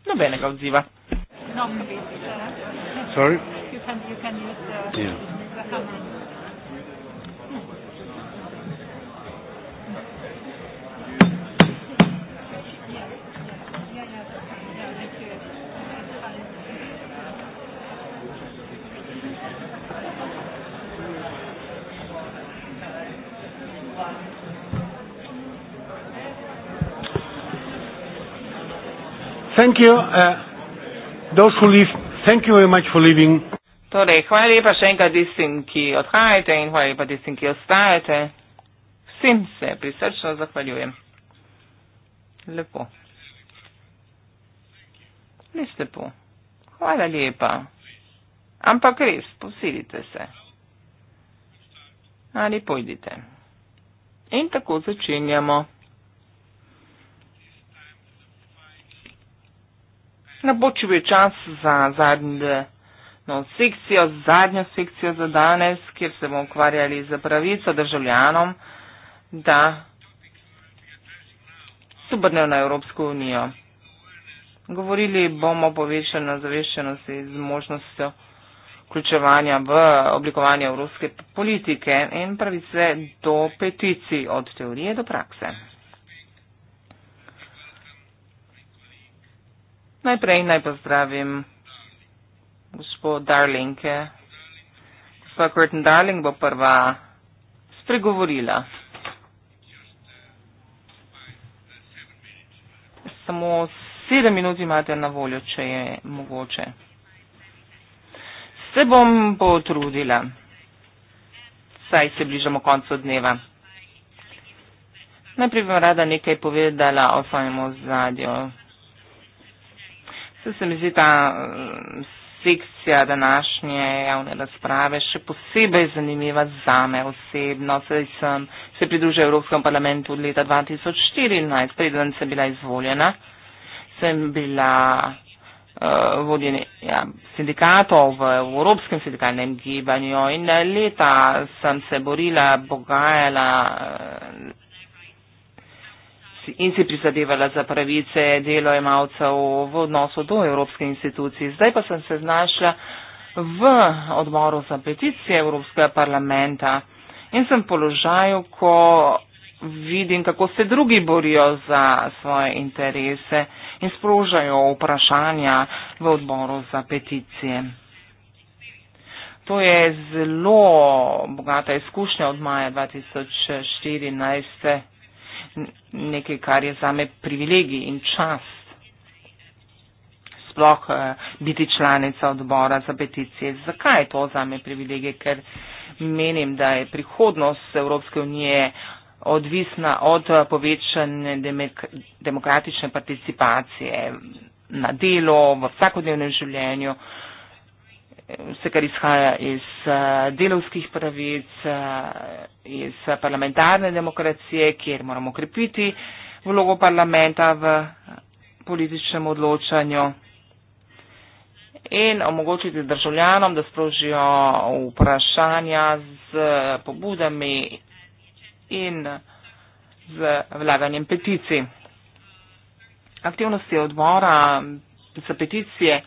Nobenega odziva. No, Sorry. You can, you can use, uh, yeah. Thank you. Uh, those who leave, thank you very much for leaving. Torej, hvala lepa še enkrat tistim, ki odhajate in hvala lepa tistim, ki ostajate. Vsem se prisrčno zahvaljujem. Lepo. Res lepo. Hvala lepa. Ampak res, posilite se. Ali pojdite. In tako začenjamo. ne bo, če bi čas za zadnjo no, sekcijo, zadnjo sekcijo za danes, kjer se bomo ukvarjali za pravico državljanom, da se obrnejo na Evropsko unijo. Govorili bomo o povečanju zaveščenosti z možnostjo vključevanja v oblikovanje evropske politike in pravice do peticij od teorije do prakse. Najprej naj pozdravim gospod Darlinke. Gospa Curtin Darling bo prva spregovorila. Samo sedem minut imate na voljo, če je mogoče. Se bom potrudila, saj se bližamo koncu dneva. Najprej bi vam rada nekaj povedala o svojem ozadju. Se, se mi zdi ta eh, sekcija današnje javne razprave še posebej zanimiva za me osebno, saj sem se pridružila Evropskemu parlamentu od leta 2014, preden sem bila izvoljena. Sem bila uh, eh, vodjena ja, sindikatov v Evropskem sindikalnem gibanju in eh, leta sem se borila, bogajala. Uh, in si prizadevala za pravice delojemalcev v odnosu do Evropske institucije. Zdaj pa sem se znašla v odboru za peticije Evropskega parlamenta in sem v položaju, ko vidim, kako se drugi borijo za svoje interese in sprožajo vprašanja v odboru za peticije. To je zelo bogata izkušnja od maja 2014 nekaj, kar je zame privilegij in čas sploh eh, biti članica odbora za peticije. Zakaj je to zame privilegij? Ker menim, da je prihodnost Evropske unije odvisna od eh, povečane demokratične participacije na delo, v vsakodnevnem življenju, vse, kar izhaja iz eh, delovskih pravic, eh, iz parlamentarne demokracije, kjer moramo krepiti vlogo parlamenta v političnem odločanju in omogočiti državljanom, da sprožijo vprašanja z pobudami in z vlaganjem peticij. Aktivnosti odbora za peticije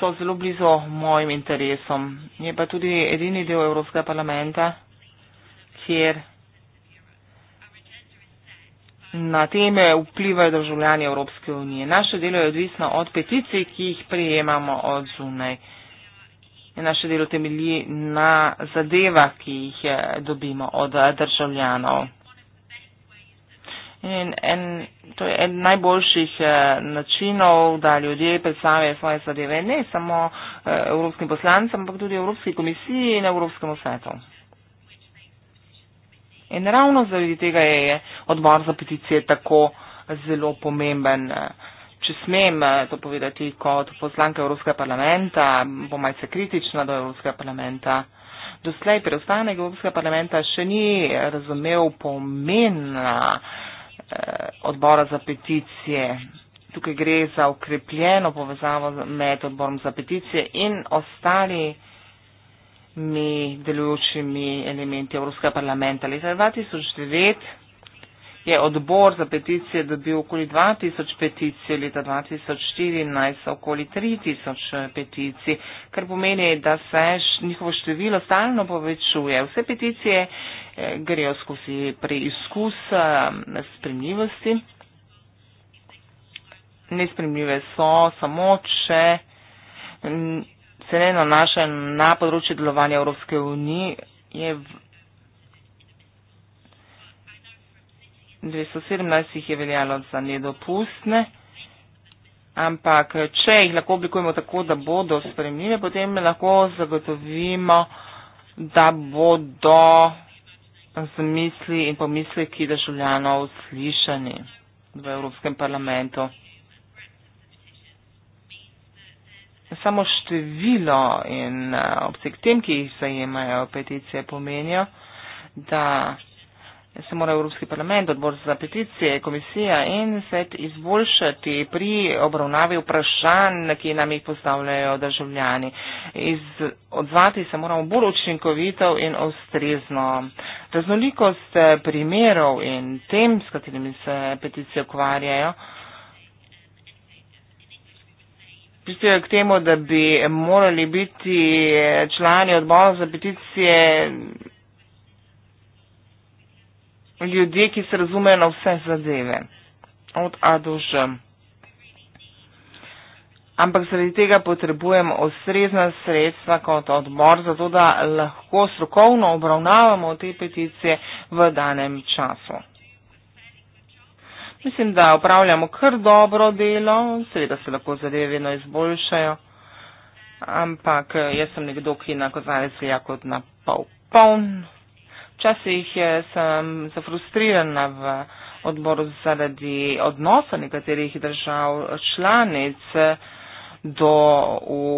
so zelo blizu mojim interesom. Je pa tudi edini del Evropskega parlamenta, kjer na teme vplivajo državljani Evropske unije. Naše delo je odvisno od peticij, ki jih prijemamo od zunaj. Naše delo temelji na zadevah, ki jih eh, dobimo od eh, državljanov. In en, to je en najboljših eh, načinov, da ljudje predstavijo svoje zadeve ne samo eh, evropskim poslancem, ampak tudi Evropski komisiji in Evropskemu svetu. In ravno zaradi tega je odbor za peticije tako zelo pomemben. Eh. Če smem eh, to povedati kot poslanka Evropskega parlamenta, bom malce kritična do Evropskega parlamenta. Doslej preostanek Evropskega parlamenta še ni razumel pomena uh, Eh, odbora za peticije. Tukaj gre za ukrepljeno povezavo med odborom za peticije in ostalimi delujočimi elementi Evropskega parlamenta. Leta 2009 je odbor za peticije dobil okoli 2000 peticij, leta 2014 so okoli 3000 eh, peticij, kar pomeni, da se njihovo število stalno povečuje. Vse peticije eh, grejo skozi preizkus eh, spremljivosti. Nespremljive so samo, če mm, se ne nanašajo na področje delovanja Evropske unije. 217 jih je veljalo za nedopustne, ampak če jih lahko oblikujemo tako, da bodo spremljive, potem lahko zagotovimo, da bodo zamisli in pomisleki državljanov slišani v Evropskem parlamentu. Samo število in eh, obseg tem, ki jih zajemajo peticije, pomenijo, da se mora Evropski parlament, odbor za peticije, komisija in svet izboljšati pri obravnavi vprašanj, ki nam jih postavljajo državljani. Iz, odzvati se moramo bolj učinkovito in ustrezno. Raznolikost primerov in tem, s katerimi se peticije ukvarjajo, prispeva k temu, da bi morali biti člani odbora za peticije ljudje, ki se razumejo na vse zadeve, od A do Ž. Ampak zaradi tega potrebujemo ustrezna sredstva kot odbor, zato da lahko strokovno obravnavamo te peticije v danem času. Mislim, da upravljamo kar dobro delo, seveda se lahko zadeve vedno izboljšajo, ampak eh, jaz sem nekdo, ki na kozarec je kot na pol poln, Včasih eh, sem zafrustrirana v odboru zaradi odnosa nekaterih držav članic eh, do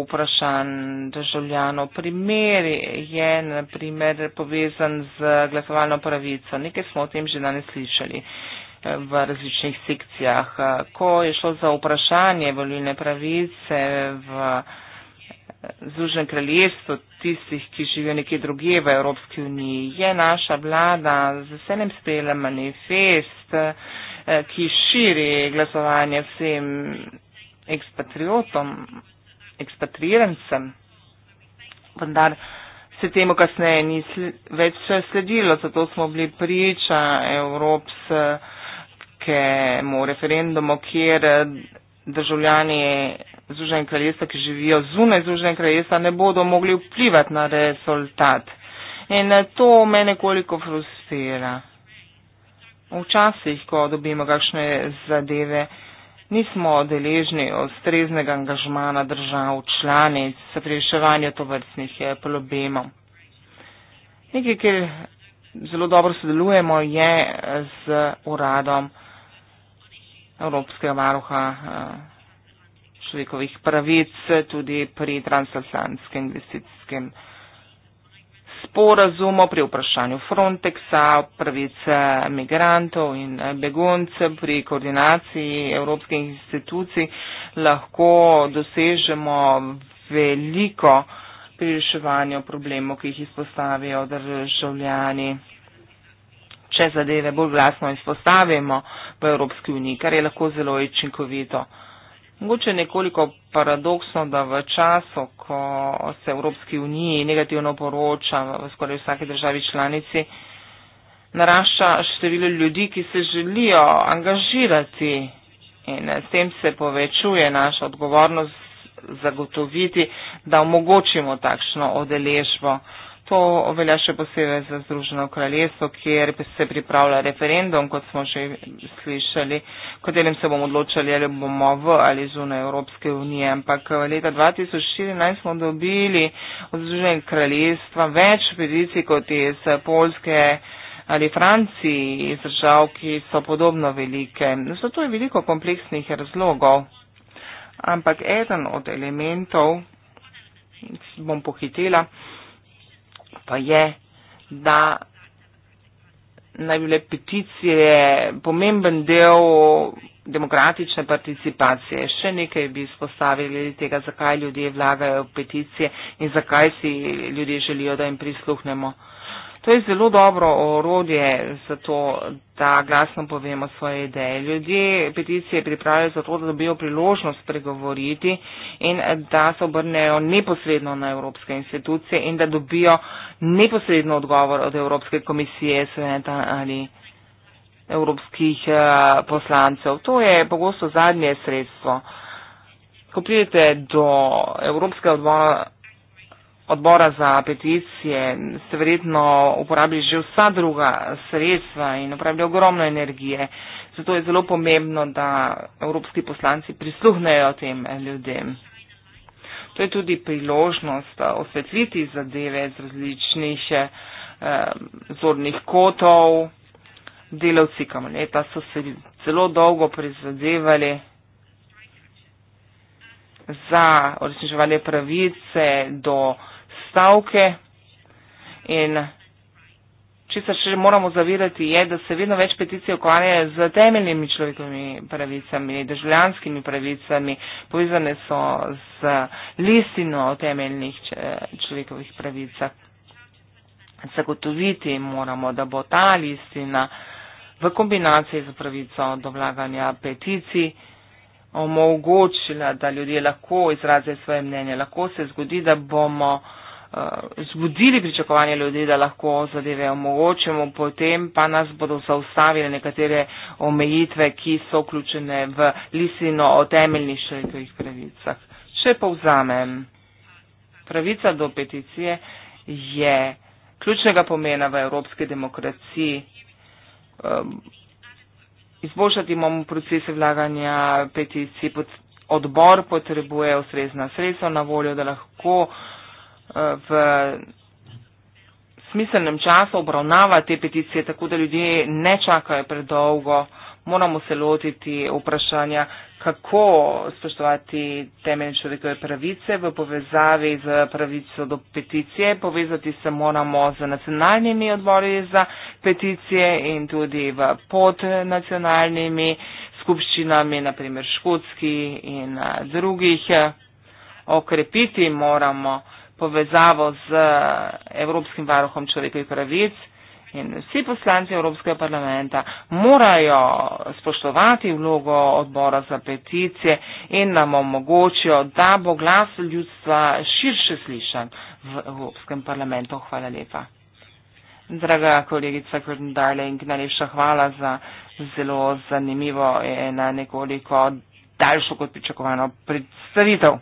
vprašanj državljanov. Primer je naprimer povezan z glasovalno pravico. Nekaj smo o tem že danes slišali eh, v različnih sekcijah. Ko je šlo za vprašanje volilne pravice v. Združenem kraljestvu, tistih, ki živijo nekje druge v Evropski uniji, je naša vlada z veseljem sprejela manifest, eh, ki širi glasovanje vsem ekspatriotom, ekspatrirancem, vendar se temu kasneje ni več sledilo, zato smo bili priča evropskemu referendumu, kjer državljani Združenega kraljestva, ki živijo zunaj Združenega kraljestva, ne bodo mogli vplivati na rezultat. In eh, to me nekoliko frustrira. Včasih, ko dobimo kakšne zadeve, nismo deležni ustreznega angažmana držav članic za reševanje tovrstnih eh, problemov. Nekaj, kjer zelo dobro sodelujemo, je eh, z uradom Evropskega varuha človekovih pravic, tudi pri transatlantskem investicijskem sporazumu, pri vprašanju Frontexa, pravice eh, migrantov in eh, beguncev, pri koordinaciji evropskih institucij lahko dosežemo veliko pri reševanju problemov, ki jih izpostavijo državljani če zadeve bolj glasno izpostavimo v Evropski uniji, kar je lahko zelo učinkovito. Mogoče je nekoliko paradoksno, da v času, ko se Evropski uniji negativno poroča v skoraj vsaki državi članici, narašča število ljudi, ki se želijo angažirati in s tem se povečuje naša odgovornost zagotoviti, da omogočimo takšno odeležbo. To velja še posebej za Združeno kraljestvo, kjer se pripravlja referendum, kot smo že slišali, katerim se bomo odločali, ali bomo v ali zunaj Evropske unije. Ampak leta 2014 smo dobili od Združenega kraljestva več peticij kot iz Polske ali Franciji, iz držav, ki so podobno velike. Zato je veliko kompleksnih razlogov. Ampak eden od elementov, bom pohitela, pa je, da naj bile peticije pomemben del demokratične participacije. Še nekaj bi izpostavili tega, zakaj ljudje vlagajo peticije in zakaj si ljudje želijo, da jim prisluhnemo. To je zelo dobro orodje za to, da glasno povemo svoje ideje. Ljudje peticije pripravljajo zato, da dobijo priložnost pregovoriti in da se obrnejo neposredno na evropske institucije in da dobijo neposredno odgovor od Evropske komisije, sveta ali evropskih eh, poslancev. To je pogosto zadnje sredstvo. Ko pridete do Evropskega odbora odbora za peticije, ste verjetno uporabili že vsa druga sredstva in uporabili ogromno energije. Zato je zelo pomembno, da evropski poslanci prisluhnejo tem ljudem. To je tudi priložnost eh, osvetliti zadeve z različnih eh, zornih kotov. Delavci kamneta so se zelo dolgo prizadevali za uresničevanje pravice do stavke in če se še moramo zavedati, je, da se vedno več peticij ukvarja z temeljnimi človekovimi pravicami, državljanskimi pravicami, povezane so z listino o temeljnih človekovih pravicah. Zagotoviti moramo, da bo ta listina v kombinaciji z pravico do vlaganja peticij omogočila, da ljudje lahko izrazijo svoje mnenje. Lahko se zgodi, da bomo uh, Eh, zbudili pričakovanje ljudi, da lahko zadeve omogočimo, potem pa nas bodo zaustavile nekatere omejitve, ki so vključene v listino o temeljnih človekovih pravicah. Če povzamem, pravica do peticije je ključnega pomena v evropski demokraciji. Izboljšati imamo procese vlaganja peticij, odbor potrebuje ustrezna sredstva na voljo, da lahko uh, v smiselnem času obravnava te peticije, tako da ljudje ne čakajo predolgo. Moramo se lotiti vprašanja, kako spoštovati temeljne človekove pravice v povezavi z pravico do peticije. Povezati se moramo z nacionalnimi odbori za peticije in tudi v podnacionalnimi skupščinami, naprimer škotski in eh, drugih. Okrepiti moramo povezavo z eh, Evropskim varuhom človekovih pravic in vsi poslanci Evropskega parlamenta morajo spoštovati vlogo odbora za peticije in nam omogočijo, da bo glas ljudstva širše slišan v Evropskem parlamentu. Hvala lepa. Draga kolegica Gordon Darling, najlepša hvala za zelo zanimivo in nekoliko daljšo kot pričakovano predstavitev.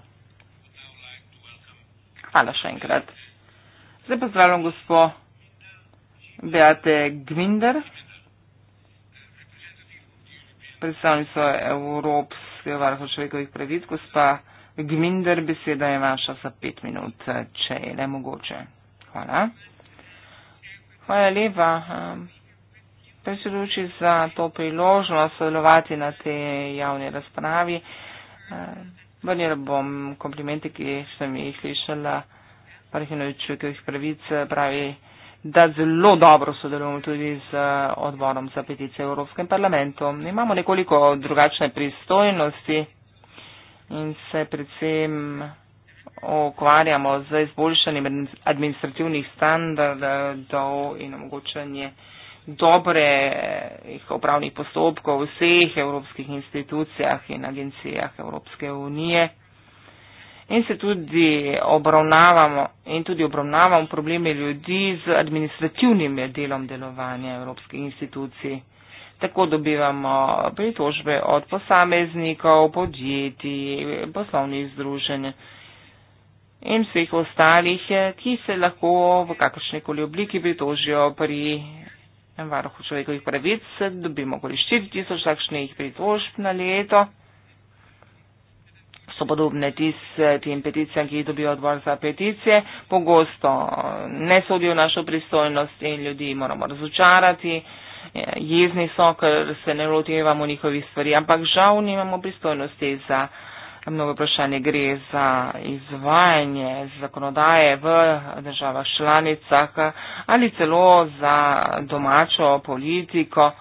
Hvala še enkrat. Zdaj pozdravljam gospo Beate Gwinder, predstavnico Evropske varho človekovih pravic. Gospa Gwinder, beseda je vaša za pet minut, če je le mogoče. Hvala. Hvala lepa. Ehm, predsedujoči za to priložnost sodelovati na tej javni razpravi. Ehm, vrnila bom komplimenti, ki sem jih slišala, Parihinoviču, ki jih pravic pravi, da zelo dobro sodelujemo tudi z odborom za peticije v Evropskem parlamentu. Imamo nekoliko drugačne pristojnosti in se predvsem ukvarjamo z izboljšanjem administrativnih standardov in omogočanje dobrih eh, upravnih postopkov v vseh evropskih institucijah in agencijah Evropske unije. In se tudi obravnavamo, in tudi obravnavamo probleme ljudi z administrativnim delom delovanja evropskih institucij. Tako dobivamo pritožbe od posameznikov, podjetij, poslovnih združenj in vseh ostalih, ki se lahko v kakršnekoli obliki pritožijo pri varuhu človekovih pravic, dobimo okoli 4000 takšnih pritožb na leto. So podobne tis, tem peticijam, ki jih dobijo odbor za peticije. Pogosto ne sodijo našo pristojnost in ljudi moramo razočarati. Jezni so, ker se ne lotevamo njihovih stvari, ampak žal nimamo pristojnosti za mnogo vprašanje gre za izvajanje zakonodaje v državah članicah ali celo za domačo politiko.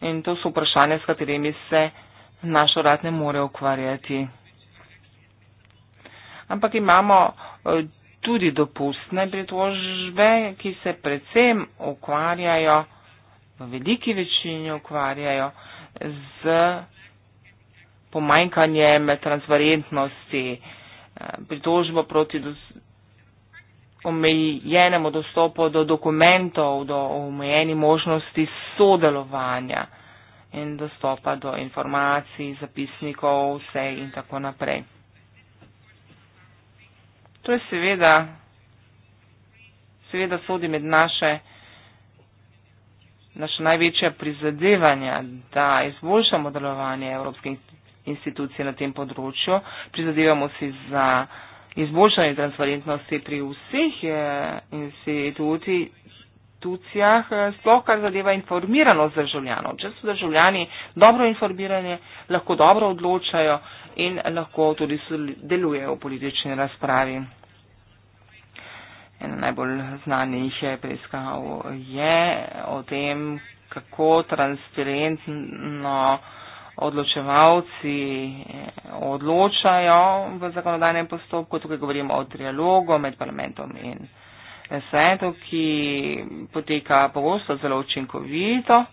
In to so vprašanje, s katerimi se naš urad ne more ukvarjati. Ampak imamo eh, tudi dopustne pritožbe, ki se predvsem ukvarjajo, v veliki večini ukvarjajo z pomanjkanje transparentnosti, eh, pritožbo proti omejenemu dostopu do dokumentov, do omejeni možnosti sodelovanja in dostopa do informacij, zapisnikov, vse in tako naprej. To je seveda, seveda sodi med naše, naše največje prizadevanja, da izboljšamo delovanje evropskih institucij institucije na tem področju. Prizadevamo si za izboljšanje transparentnosti pri vseh eh, institucijah, eh, sploh kar zadeva informiranost državljanov. Če so državljani dobro informirani, lahko dobro odločajo in lahko tudi delujejo v politični razpravi. En najbolj znanih je eh, preiskav je o tem, kako transparentno odločevalci eh, odločajo v zakonodajnem postopku, tukaj govorimo o trialogu med parlamentom in eh, svetu, ki poteka pogosto zelo učinkovito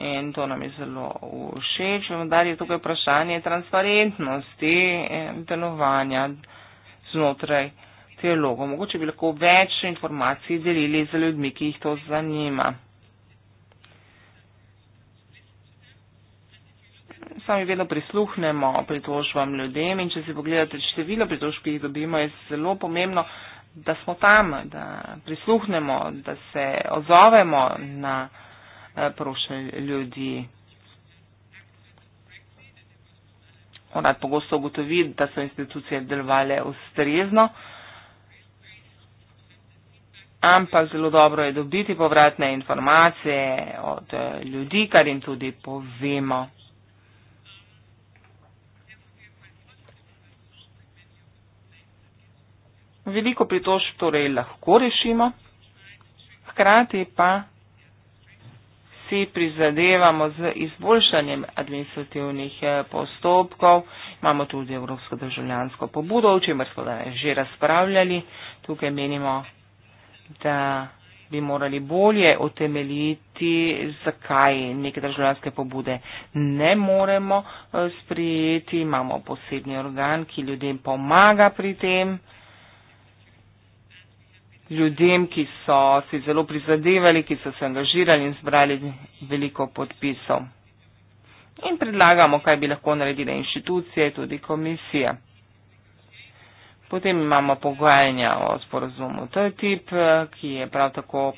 in to nam je zelo všeč, vendar je tukaj vprašanje transparentnosti eh, delovanja znotraj trialogu. Mogoče bi lahko več informacij delili z ljudmi, ki jih to zanima. sami vedno prisluhnemo pritožbam ljudem in če si pogledate število pritožb, ki jih dobimo, je zelo pomembno, da smo tam, da prisluhnemo, da se ozovemo na eh, prošnje ljudi. Rad pogosto ugotovi, da so institucije delovale ustrezno, ampak zelo dobro je dobiti povratne informacije od eh, ljudi, kar jim tudi povemo. Veliko pritožb torej lahko rešimo, hkrati pa si prizadevamo z izboljšanjem administrativnih eh, postopkov. Imamo tudi Evropsko državljansko pobudo, o čemer smo danes že razpravljali. Tukaj menimo, da bi morali bolje otemeljiti, zakaj neke državljanske pobude ne moremo eh, sprijeti. Imamo posebni organ, ki ljudem pomaga pri tem ljudem, ki so si zelo prizadevali, ki so se angažirali in zbrali veliko podpisov. In predlagamo, kaj bi lahko naredile inštitucije, tudi komisije. Potem imamo pogajanja o sporozumu TTIP, ki je prav tako,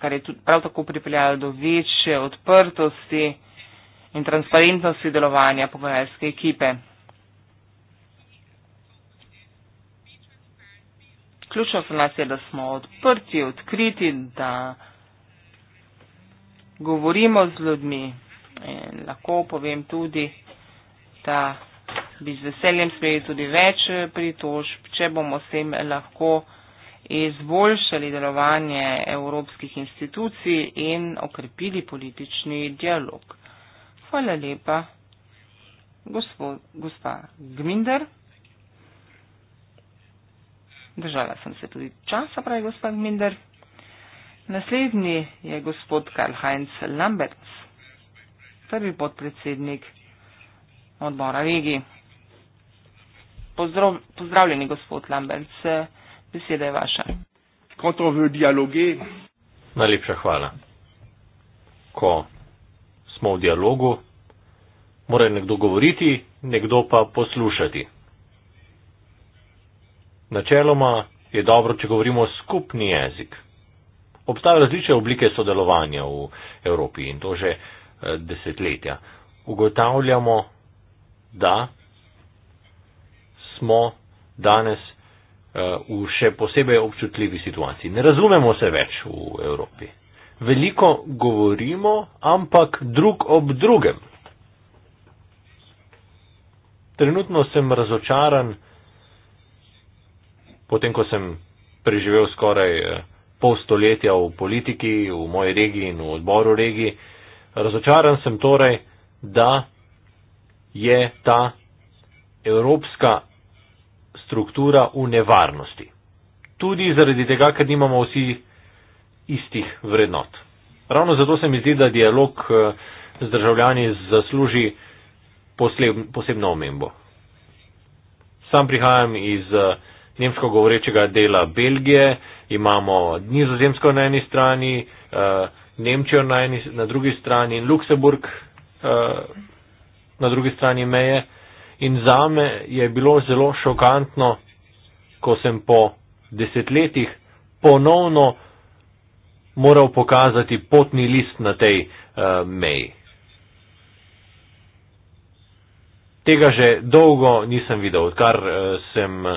kar je tudi prav tako pripeljalo do večje odprtosti in transparentnosti delovanja pogajalske ekipe. ključno za nas je, da smo odprti, odkriti, da govorimo z ljudmi. In lahko povem tudi, da bi z veseljem sprejeli tudi več pritožb, če bomo s tem lahko izboljšali delovanje evropskih institucij in okrepili politični dialog. Hvala lepa, gospod, gospa Gminder. Držala sem se tudi časa, pravi gospod Minder. Naslednji je gospod Karl-Heinz Lamberts, prvi podpredsednik odbora Regi. Pozdrav, pozdravljeni, gospod Lamberts, beseda je vaša. Najlepša hvala. Ko smo v dialogu, mora nekdo govoriti, nekdo pa poslušati. Načeloma je dobro, če govorimo skupni jezik. Obstajajo različne oblike sodelovanja v Evropi in to že eh, desetletja. Ugotavljamo, da smo danes eh, v še posebej občutljivi situaciji. Ne razumemo se več v Evropi. Veliko govorimo, ampak drug ob drugem. Trenutno sem razočaran, potem ko sem preživel skoraj eh, pol stoletja v politiki, v moji regiji in v odboru regiji, razočaran sem torej, da je ta evropska struktura v nevarnosti. Tudi zaradi tega, ker nimamo vsi istih vrednot. Ravno zato se mi zdi, da dialog eh, z državljani zasluži posebno omembo. Sam prihajam iz eh, nemško govorečega dela Belgije, imamo Nizozemsko na eni strani, uh, Nemčijo na, eni, na drugi strani in Luksemburg uh, na drugi strani meje. In zame je bilo zelo šokantno, ko sem po desetletjih ponovno moral pokazati potni list na tej uh, meji. Tega že dolgo nisem videl, odkar uh, sem. Uh,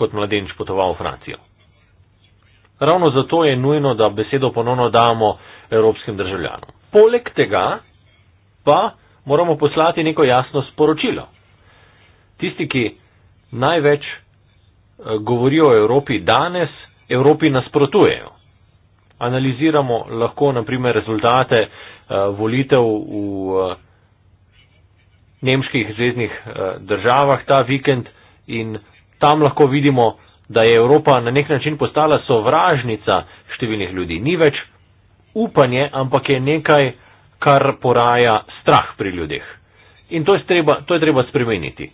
kot mladenč potoval v Francijo. Ravno zato je nujno, da besedo ponovno damo evropskim državljanom. Poleg tega pa moramo poslati neko jasno sporočilo. Tisti, ki največ eh, govorijo o Evropi danes, Evropi nasprotujejo. Analiziramo lahko naprimer rezultate eh, volitev v eh, nemških zvezdnih državah ta vikend in tam lahko vidimo, da je Evropa na nek način postala sovražnica številnih ljudi. Ni več upanje, ampak je nekaj, kar poraja strah pri ljudeh. In to je treba, to je treba spremeniti.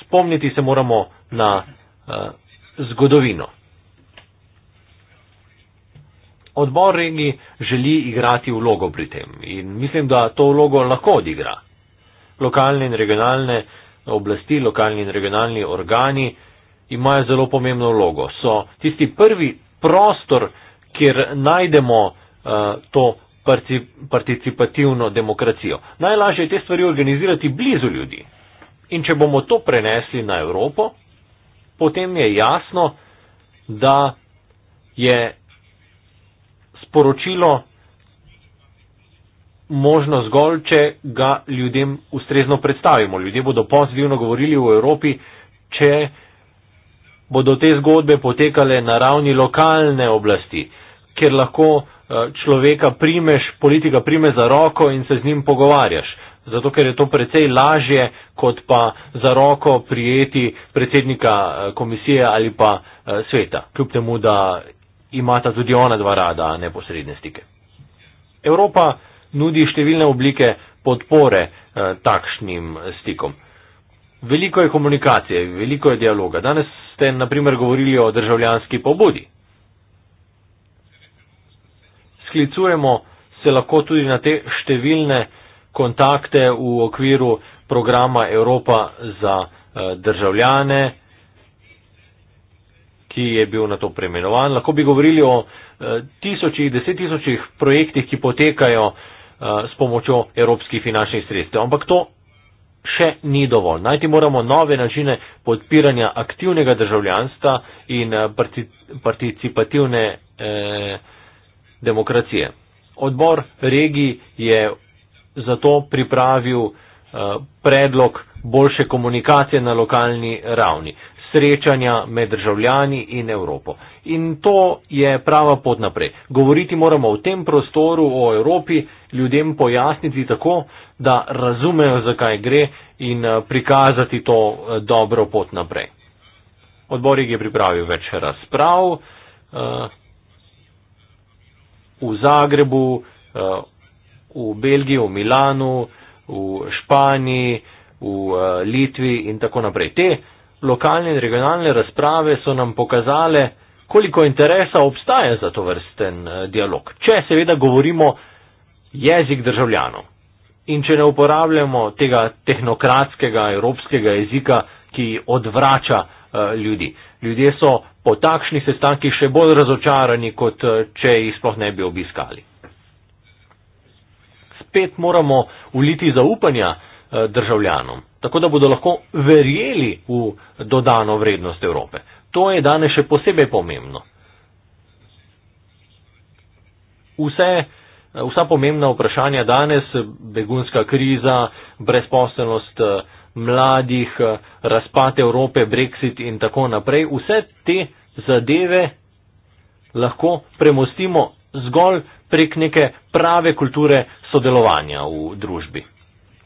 Spomniti se moramo na uh, zgodovino. Odbor regi želi igrati vlogo pri tem in mislim, da to vlogo lahko odigra. Lokalne in regionalne oblasti, lokalni in regionalni organi uh, imajo zelo pomembno vlogo. So tisti prvi prostor, kjer najdemo uh, to participativno demokracijo. Najlažje je te stvari organizirati blizu ljudi. In če bomo to prenesli na Evropo, potem je jasno, da je sporočilo možno zgolj, če ga ljudem ustrezno predstavimo. Ljudje bodo pozitivno govorili v Evropi, če bodo te zgodbe potekale na ravni lokalne oblasti, kjer lahko eh, človeka primeš, politika prime za roko in se z njim pogovarjaš. Zato, ker je to precej lažje, kot pa za roko prijeti predsednika eh, komisije ali pa eh, sveta, kljub temu, da imata tudi ona dva rada neposredne stike. Evropa nudi številne oblike podpore takšnim stikom. Veliko je komunikacije, veliko je dialoga. Danes ste, na primer, govorili o državljanski pobudi. Sklicujemo se lahko tudi na te številne kontakte v okviru programa Evropa za eh, državljane, ki je bil na to premenovan. Lahko bi govorili o eh, tisočih, desetisočih projektih, ki potekajo eh, s pomočjo evropskih finančnih sredstev. Ampak to še ni dovolj. Najti moramo nove načine podpiranja aktivnega državljanstva in eh, participativne eh, demokracije. Odbor regij je zato pripravil eh, predlog boljše komunikacije na lokalni ravni, srečanja med državljani in Evropo. In to je prava pot naprej. Govoriti moramo v tem prostoru, o Evropi, eh, ljudem pojasniti tako, da razumejo, zakaj gre in eh, prikazati to eh, dobro pot naprej. Odborik je pripravil več razprav eh, v Zagrebu, v Belgiji, v Milanu, v Španiji, v Litvi in tako naprej. Te lokalne in regionalne razprave so nam pokazale, koliko interesa obstaja za to vrsten dialog. Če seveda govorimo jezik državljanov. In če ne uporabljamo tega tehnokratskega evropskega jezika, ki odvrača uh, ljudi. Ljudje so po takšnih sestankih še bolj razočarani, kot eh, če jih sploh ne bi obiskali. Spet moramo uliti zaupanja uh, državljanom, tako da bodo lahko verjeli v dodano vrednost Evrope. To je danes še posebej pomembno. Vse uh, vsa pomembna vprašanja danes, begunska kriza, brezposelnost eh, mladih, eh, razpad Evrope, Brexit in tako naprej, vse te zadeve lahko premostimo zgolj prek neke prave kulture sodelovanja v družbi.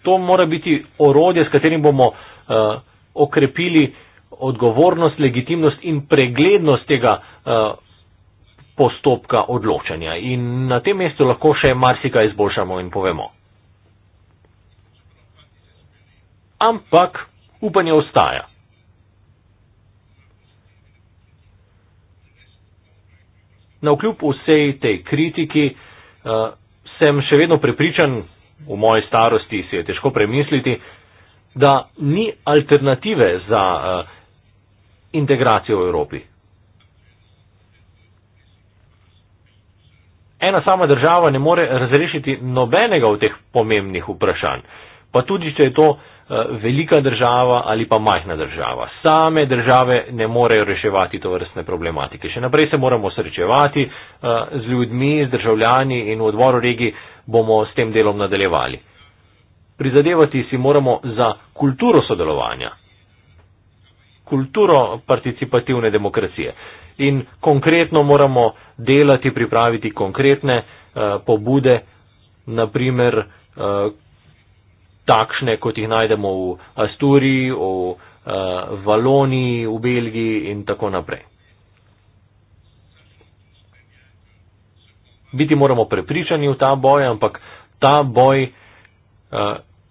To mora biti orodje, s katerim bomo uh, okrepili odgovornost, legitimnost in preglednost tega uh, postopka odločanja. In na tem mestu lahko še marsikaj izboljšamo in povemo. Ampak upanje ostaja. Na vkljub vsej tej kritiki uh, sem še vedno prepričan, v moji starosti si je težko premisliti, da ni alternative za uh, integracijo v Evropi. ena sama država ne more razrešiti nobenega od teh pomembnih vprašanj. Pa tudi, če je to eh, velika država ali pa majhna država. Same države ne morejo reševati to vrstne problematike. Še naprej se moramo srečevati eh, z ljudmi, z državljani in v odboru regi bomo s tem delom nadaljevali. Prizadevati si moramo za kulturo sodelovanja, kulturo participativne demokracije in konkretno moramo delati, pripraviti konkretne uh, pobude, naprimer uh, eh, takšne, kot jih najdemo v Asturiji, v uh, eh, Valoniji, v Belgiji in tako naprej. Biti moramo prepričani v ta boj, ampak ta boj,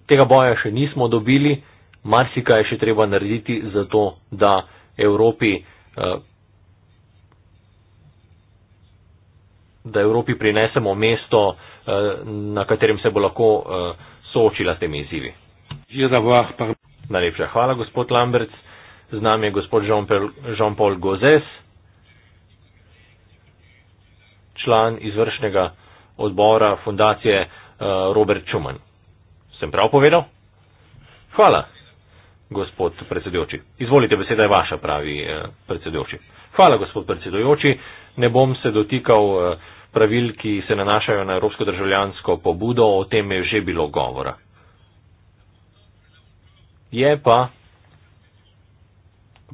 tega boja še nismo dobili, marsikaj še treba narediti za to, da Evropi da Evropi prinesemo mesto, eh, na katerem se bo lahko eh, soočila temi izzivi. Najlepša hvala, gospod Lamberts. Z nami je gospod Jean-Paul Gozes, član izvršnega odbora fundacije eh, Robert Schuman. Sem prav povedal? Hvala, gospod predsedujoči. Izvolite, beseda je vaša, pravi predsedujoči. Hvala, gospod predsedujoči ne bom se dotikal eh, pravil, ki se nanašajo na evropsko državljansko pobudo, o tem je že bilo govora. Je pa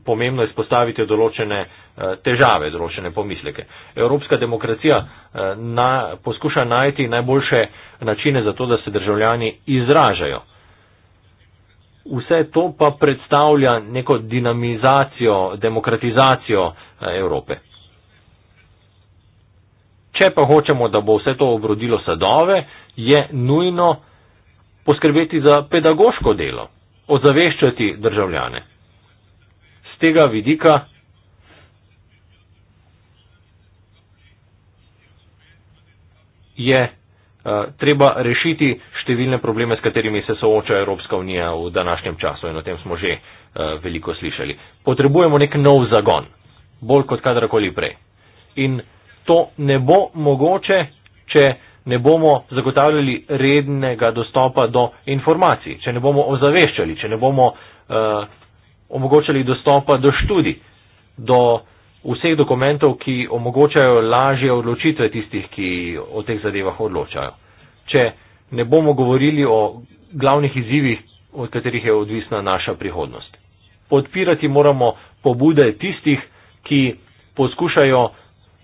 pomembno izpostaviti določene eh, težave, določene pomisleke. Evropska demokracija eh, na, poskuša najti najboljše načine za to, da se državljani izražajo. Vse to pa predstavlja neko dinamizacijo, demokratizacijo Evrope. Če pa hočemo, da bo vse to obrodilo sadove, je nujno poskrbeti za pedagoško delo, ozaveščati državljane. Z tega vidika je uh, treba rešiti številne probleme, s katerimi se sooča Evropska unija v današnjem času in o tem smo že uh, veliko slišali. Potrebujemo nek nov zagon, bolj kot kadarkoli prej. In to ne bo mogoče, če ne bomo zagotavljali rednega dostopa do informacij, če ne bomo ozaveščali, če ne bomo uh, omogočali dostopa do študij, do vseh dokumentov, ki omogočajo lažje odločitve tistih, ki o teh zadevah odločajo. Če ne bomo govorili o glavnih izzivih, od katerih je odvisna naša prihodnost. Podpirati moramo pobude tistih, ki poskušajo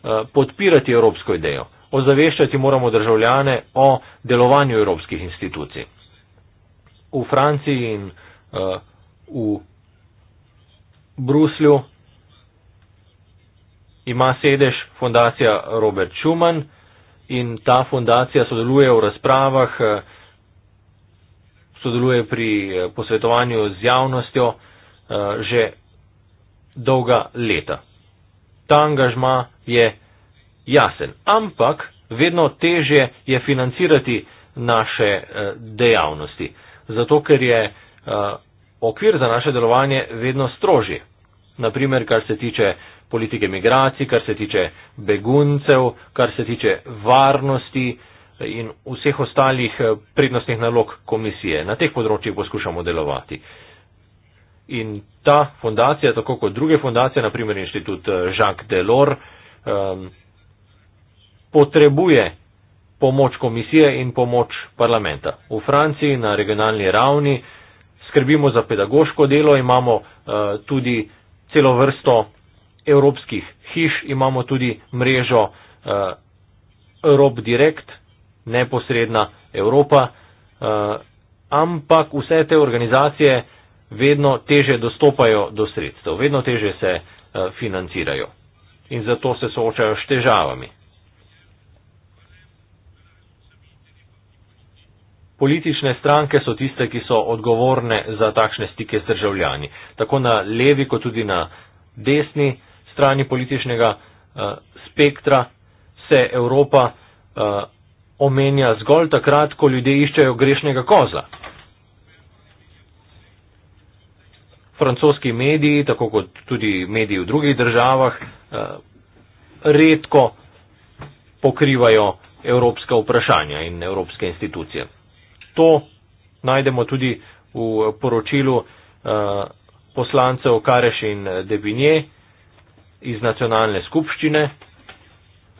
Eh, podpirati evropsko idejo, ozaveščati moramo državljane o delovanju evropskih institucij. V Franciji in uh, v Bruslju ima sedež fundacija Robert Schuman in ta fundacija sodeluje v razpravah, eh, sodeluje pri posvetovanju z javnostjo uh, že dolga leta ta angažma je jasen. Ampak vedno težje je financirati naše eh, dejavnosti, zato ker je eh, okvir za naše delovanje vedno strožji. Naprimer, kar se tiče politike migracij, kar se tiče beguncev, kar se tiče varnosti eh, in vseh ostalih prednostnih nalog komisije. Na teh področjih poskušamo delovati. In ta fondacija, tako kot druge fondacije, naprimer inštitut eh, Jacques Delors, um, potrebuje pomoč komisije in pomoč parlamenta. V Franciji na regionalni ravni skrbimo za pedagoško delo, imamo uh, tudi celo vrsto evropskih hiš, imamo tudi mrežo uh, Europe Direct, neposredna Evropa, uh, ampak vse te organizacije uh, vedno teže dostopajo do sredstev, vedno teže se eh, financirajo in zato se soočajo s težavami. Politične stranke so tiste, ki so odgovorne za takšne stike z državljani. Tako na levi, kot tudi na desni strani političnega uh, spektra se Evropa uh, omenja zgolj takrat, ko ljudje iščejo grešnega koza. francoski mediji, tako kot tudi mediji v drugih državah, eh, redko pokrivajo evropska vprašanja in evropske institucije. To najdemo tudi v poročilu eh, poslancev Kareš in Debinje iz nacionalne skupščine.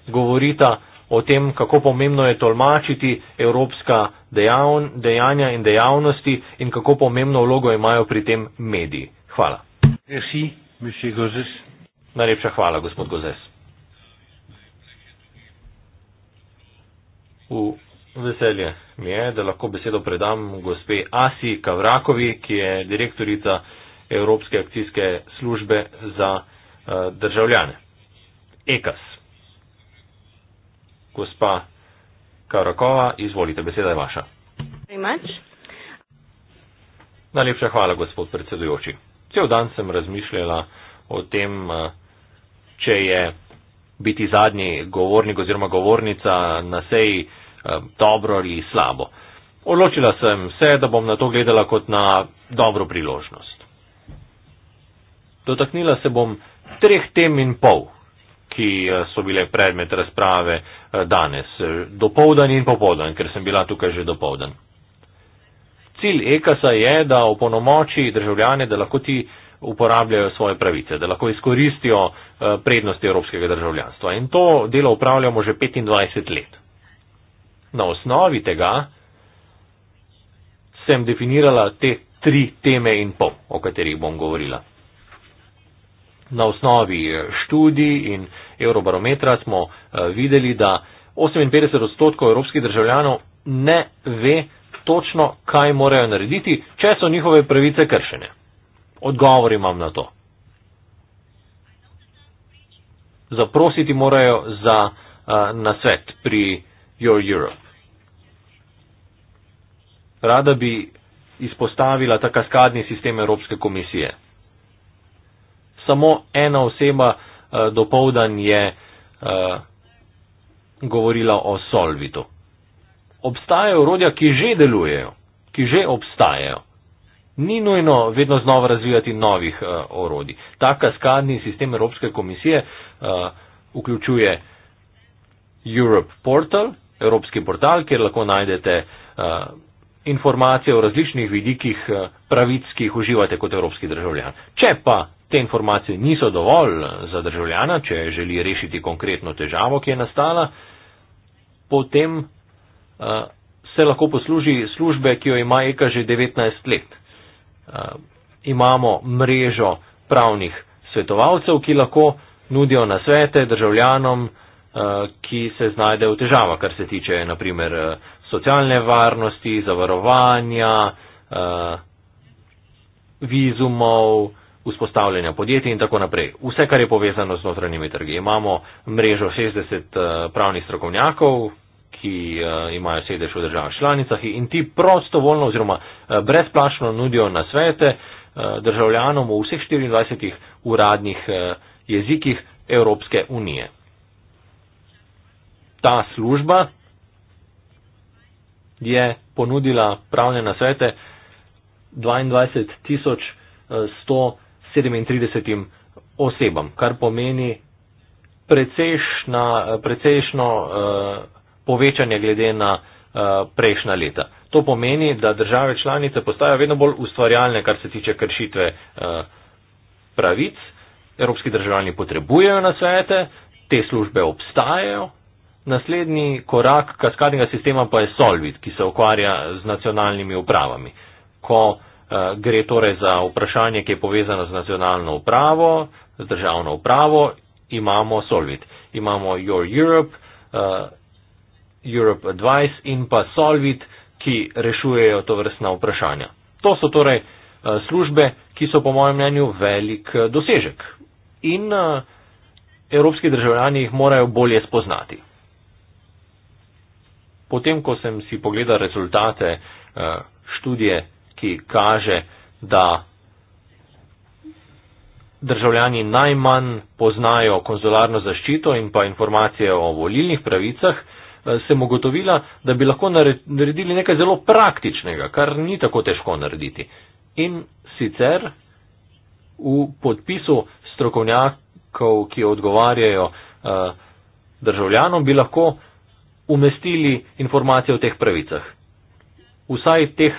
Govorita o tem, kako pomembno je tolmačiti evropska dejavn, dejanja in dejavnosti in kako pomembno vlogo imajo pri tem mediji. Hvala. Merci, Najlepša hvala, gospod Gozes. V veselje mi je, da lahko besedo predam gospe Asi Kavrakovi, ki je direktorica Evropske akcijske službe za uh, državljane. EKAS. Gospa Karakova, izvolite, beseda je vaša. Najlepša hvala, gospod predsedujoči. Cel dan sem razmišljala o tem, eh, če je biti zadnji govornik oziroma govornica na seji eh, dobro ali slabo. Odločila sem se, da bom na to gledala kot na dobro priložnost. Dotaknila se bom treh tem in pol, ki eh, so bile predmet razprave eh, danes, eh, dopovdan in popovdan, ker sem bila tukaj že dopovdan. Cilj EKAS-a je, da opolnomoči državljane, da lahko ti uporabljajo svoje pravice, da lahko izkoristijo prednosti evropskega državljanstva. In to delo upravljamo že 25 let. Na osnovi tega sem definirala te tri teme in pol, o katerih bom govorila na osnovi študij in eurobarometra smo eh, videli, da 58 odstotkov evropskih državljanov ne ve točno, kaj morajo narediti, če so njihove pravice kršene. Odgovor imam na to. Zaprositi morajo za uh, nasvet pri Your Europe. Rada bi izpostavila ta kaskadni sistem Evropske komisije samo ena oseba uh, eh, dopovdan je uh, govorila o solvitu. Obstajajo urodja, ki že delujejo, ki že obstajajo. Ni nujno vedno znova razvijati novih uh, orodij. Ta kaskadni sistem Evropske komisije uh, vključuje Europe Portal, Evropski portal, kjer lahko najdete uh, informacije o različnih vidikih uh, pravic, ki jih uživate kot evropski državljan. Če pa Te informacije niso dovolj eh, za državljana, če želi rešiti konkretno težavo, ki je nastala, potem uh, se lahko posluži službe, ki jo ima EKA že 19 let. Uh, imamo mrežo pravnih svetovalcev, ki lahko nudijo na svete državljanom, uh, ki se znajdejo v težavah, kar se tiče naprimer socialne varnosti, zavarovanja, uh, vizumov, vzpostavljanja podjetij in tako naprej. Vse, kar je povezano z notranjimi trgi. Imamo mrežo 60 eh, pravnih strokovnjakov, ki eh, imajo sedež v državah članicah in ti prostovoljno oziroma eh, brezplačno nudijo na svete državljanom v vseh 24 uradnih jezikih Evropske unije. Ta služba je ponudila pravne nasvete 22 100 37 osebam, kar pomeni precejšno eh, povečanje glede na eh, prejšnja leta. To pomeni, da države članice postajajo vedno bolj ustvarjalne, kar se tiče kršitve eh, pravic. Evropski državljani potrebujejo na svete, te službe obstajajo. Naslednji korak kaskadnega sistema pa je Solvit, ki se ukvarja z nacionalnimi upravami. Ko uh, Eh, gre torej za vprašanje, ki je povezano z nacionalno upravo, z državno upravo, imamo Solvit, imamo Your Europe, uh, Europe Advice in pa Solvit, ki rešujejo to vrstna vprašanja. To so torej uh, službe, ki so po mojem mnenju velik dosežek in uh, evropski državljani jih morajo bolje spoznati. Potem, ko sem si pogledal rezultate uh, študije ki kaže, da državljani najmanj poznajo konzularno zaščito in pa informacije o volilnih pravicah, eh, sem ugotovila, da bi lahko naredili nekaj zelo praktičnega, kar ni tako težko narediti. In sicer v podpisu strokovnjakov, ki odgovarjajo eh, državljanom, bi lahko umestili informacije o teh pravicah vsaj teh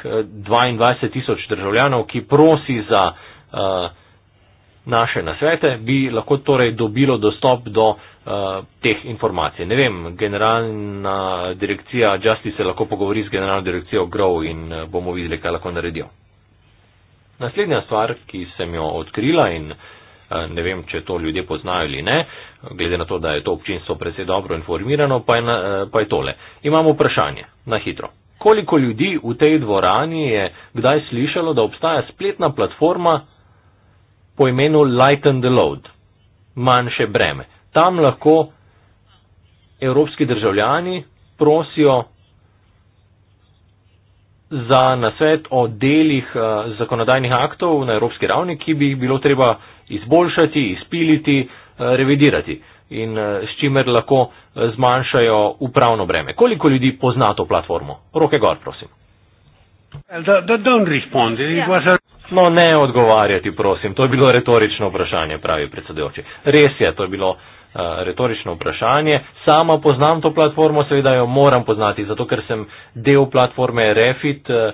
22 eh, tisoč državljanov, ki prosi za uh, naše nasvete, bi lahko torej dobilo dostop do uh, teh informacij. Ne vem, generalna direkcija Justice lahko pogovori z generalno direkcijo Grow in bomo videli, kaj lahko naredijo. Naslednja stvar, ki sem jo odkrila in ne vem, če to ljudje poznajo ali ne, glede na to, da je to občinstvo precej dobro informirano, pa je, pa je tole. Imamo vprašanje na hitro. Koliko ljudi v tej dvorani je kdaj slišalo, da obstaja spletna platforma po imenu Lighten the Load, manjše breme. Tam lahko evropski državljani prosijo za nasvet o delih uh, zakonodajnih aktov na evropski ravni, ki bi jih bilo treba izboljšati, izpiliti, uh, revidirati. Uh, in eh, s čimer lahko eh, zmanjšajo upravno breme. Koliko ljudi pozna to platformo? Roke gor, prosim. Ja. No, ne odgovarjati, prosim. To je bilo retorično vprašanje, pravi predsedujoči. Res je, to je bilo uh, retorično vprašanje. Sama poznam to platformo, seveda jo moram poznati, zato ker sem del platforme Refit, uh,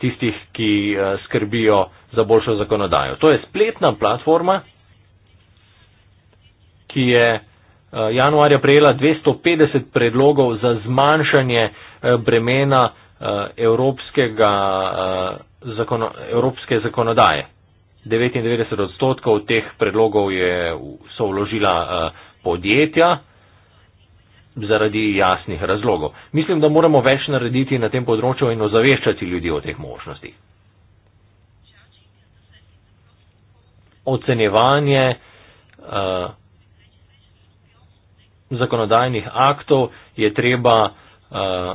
tistih, ki uh, skrbijo za boljšo zakonodajo. To je spletna platforma, ki je eh, januarja prejela 250 predlogov za zmanjšanje eh, bremena eh, evropskega, evropske zakonodaje. 99 odstotkov teh predlogov je, so vložila podjetja zaradi jasnih razlogov. Mislim, da moramo več narediti na tem področju in ozaveščati ljudi o teh možnostih. Ocenjevanje zakonodajnih aktov je treba uh,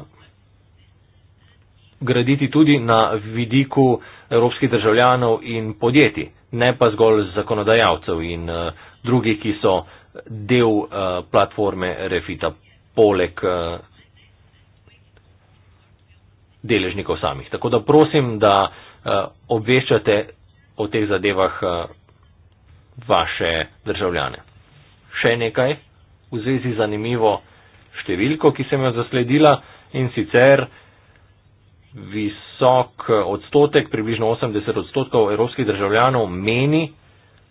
graditi tudi na vidiku evropskih državljanov in podjetij, ne pa zgolj zakonodajalcev in uh, eh, drugih, ki so del uh, platforme Refita, poleg uh, deležnikov samih. Tako da prosim, da uh, obveščate o teh zadevah uh, vaše državljane. Še nekaj? v zvezi z zanimivo številko, ki sem jo zasledila in sicer visok odstotek, približno 80 odstotkov evropskih državljanov meni,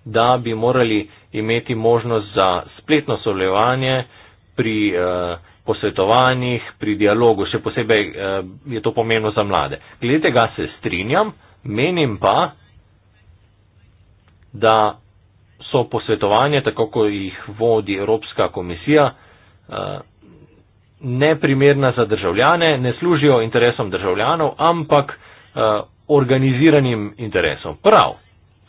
da bi morali imeti možnost za spletno sodelovanje pri eh, posvetovanjih, pri dialogu, še posebej eh, je to pomembno za mlade. Glede tega se strinjam, menim pa, da so posvetovanje, tako kot jih vodi Evropska komisija, eh, neprimerna za državljane, ne služijo interesom državljanov, ampak eh, organiziranim interesom. Prav,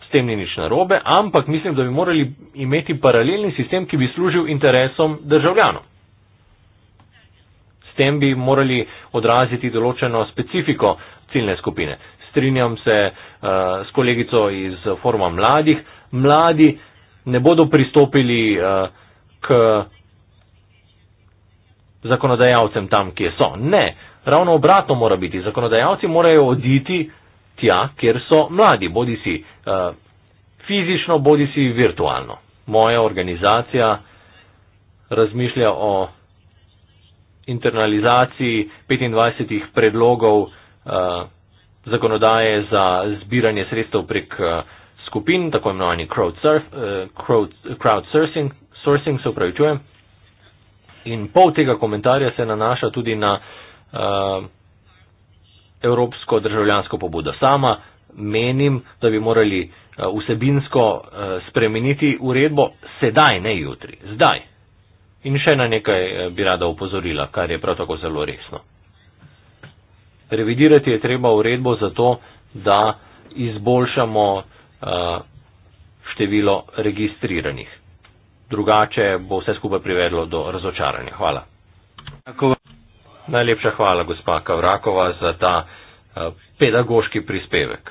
s tem ni nič narobe, ampak mislim, da bi morali imeti paralelni sistem, ki bi služil interesom državljanov. S tem bi morali odraziti določeno specifiko ciljne skupine. Strinjam se uh, s kolegico iz Foruma mladih, uh, mladi ne bodo pristopili eh, k zakonodajalcem tam, kje so. Ne, ravno obratno mora biti. Zakonodajalci morajo oditi tja, kjer so mladi, bodi si eh, fizično, bodi si virtualno. Moja organizacija razmišlja o internalizaciji 25 predlogov uh, zakonodaje za zbiranje sredstev prek uh, skupin, tako imenovani crowdsourcing, eh, sourcing, se upravičujem. In pol tega komentarja se nanaša tudi na uh, evropsko državljansko pobudo. Sama menim, da bi morali uh, vsebinsko uh, spremeniti uredbo sedaj, ne jutri, zdaj. In še na nekaj bi rada upozorila, kar je prav tako zelo resno. Revidirati je treba uredbo zato, da izboljšamo Eh, število registriranih. Drugače bo vse skupaj privedlo do razočaranja. Hvala. Najlepša hvala, gospa Kavrakova, za ta eh, pedagoški prispevek.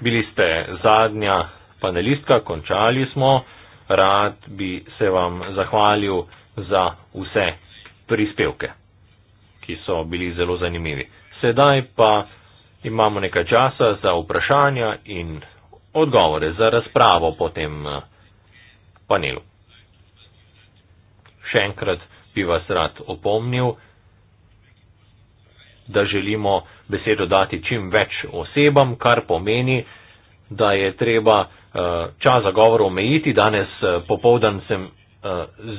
Bili ste zadnja panelistka, končali smo. Rad bi se vam zahvalil za vse prispevke, ki so bili zelo zanimivi. Sedaj pa imamo nekaj časa za vprašanja in odgovore za razpravo po tem eh, panelu. Še enkrat bi vas rad opomnil, da želimo besedo dati čim več osebam, kar pomeni, da je treba eh, čas za govor omejiti. Danes eh, popovdan sem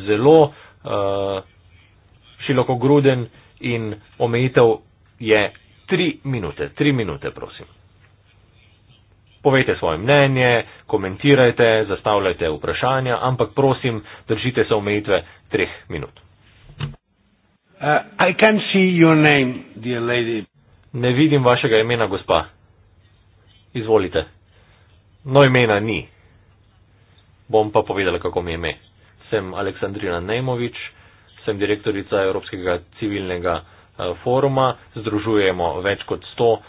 zelo široko gruden in omejitev je tri minute. Tri minute, prosim. Povejte svoje mnenje, komentirajte, zastavljajte vprašanja, ampak prosim, držite se omejitve treh minut. Uh, name, ne vidim vašega imena, gospa. Izvolite. No imena ni. Bom pa povedala, kako mi je ime. Sem Aleksandrina Nemovič, sem direktorica Evropskega civilnega. Eh, foruma združujemo več kot 100 eh,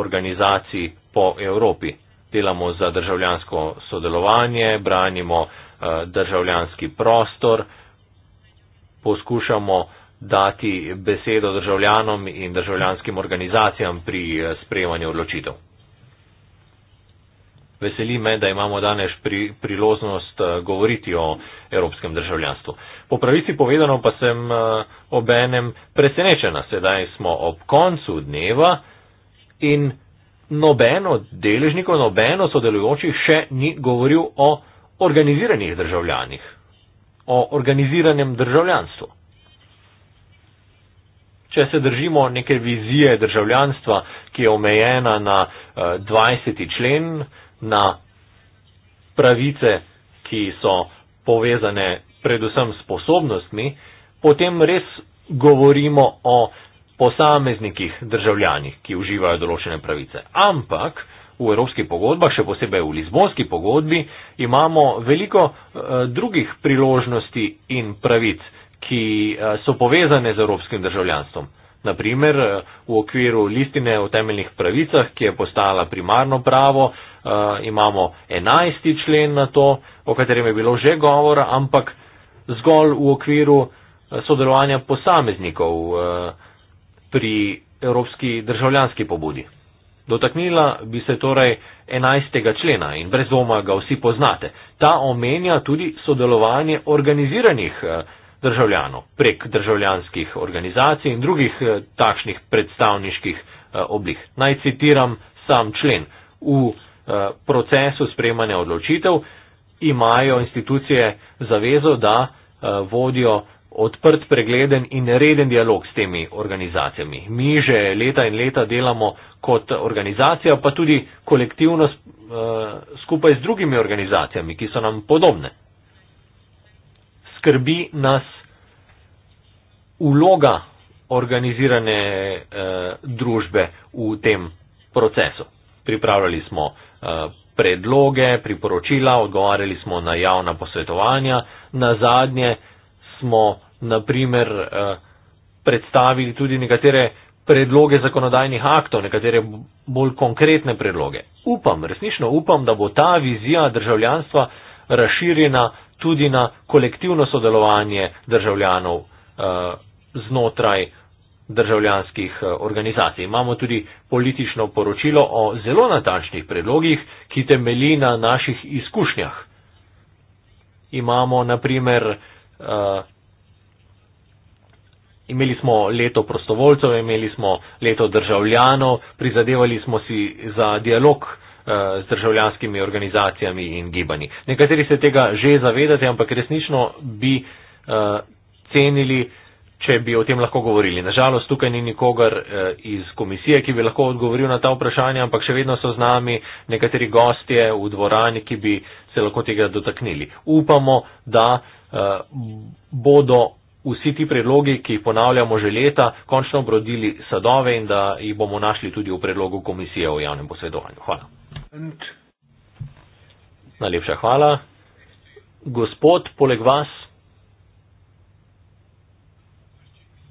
organizacij po Evropi. Delamo za državljansko sodelovanje, branimo eh, državljanski prostor, poskušamo dati besedo državljanom in državljanskim organizacijam pri sprejemanju odločitev. Veseli me, da imamo danes pri, priložnost eh, govoriti o evropskem državljanstvu. Po pravici povedano pa sem eh, obenem presenečena. Sedaj smo ob koncu dneva in nobeno deležnikov, nobeno sodelujočih še ni govoril o organiziranih državljanih, o organiziranem državljanstvu. Če se držimo neke vizije državljanstva, ki je omejena na 20. Eh, člen, na pravice, ki so povezane predvsem s posobnostmi, potem res govorimo o posameznikih državljanih, ki uživajo določene pravice. Ampak v Evropski pogodbi, še posebej v Lizbonski pogodbi, imamo veliko uh, drugih priložnosti in pravic, ki uh, so povezane z evropskim državljanstvom. Naprimer, uh, eh, v okviru listine o temeljnih pravicah, ki je postala primarno pravo, uh, Eh, imamo 11. člen na to, o katerem je bilo že govora, ampak zgolj v okviru eh, sodelovanja posameznikov eh, pri evropski državljanski pobudi. Dotaknila bi se torej 11. člena in brez doma ga vsi poznate. Ta omenja tudi sodelovanje organiziranih državljanov prek državljanskih organizacij in drugih takšnih predstavniških oblik. Naj citiram sam člen. V Eh, procesu sprejmanja odločitev imajo institucije zavezo, da eh, vodijo odprt, pregleden in reden dialog s temi organizacijami. Mi že leta in leta delamo kot organizacija, pa tudi kolektivno eh, skupaj z drugimi organizacijami, ki so nam podobne. Skrbi nas uloga organizirane družbe v tem procesu. Pripravljali smo Eh, predloge, priporočila, odgovarjali smo na javna posvetovanja. Na zadnje smo naprimer eh, predstavili tudi nekatere predloge zakonodajnih aktov, nekatere bolj konkretne predloge. Upam, resnično upam, da bo ta vizija državljanstva razširjena tudi na kolektivno sodelovanje državljanov eh, znotraj državljanskih eh, organizacij. Imamo tudi politično poročilo o zelo natančnih predlogih, ki temelji na naših izkušnjah. Imamo, naprimer, uh, eh, imeli smo leto prostovoljcev, imeli smo leto državljanov, prizadevali smo si za dialog uh, z državljanskimi organizacijami in gibanji. Nekateri se tega že zavedate, ampak resnično bi uh, cenili, uh, če bi o tem lahko govorili. Nažalost, tukaj ni nikogar eh, iz komisije, ki bi lahko odgovoril na ta vprašanja, ampak še vedno so z nami nekateri gostje v dvorani, ki bi se lahko tega dotaknili. Upamo, da eh, bodo vsi ti predlogi, ki jih ponavljamo že leta, končno obrodili sadove in da jih bomo našli tudi v predlogu komisije o javnem posvedovanju. Hvala. Najlepša hvala. Gospod, poleg vas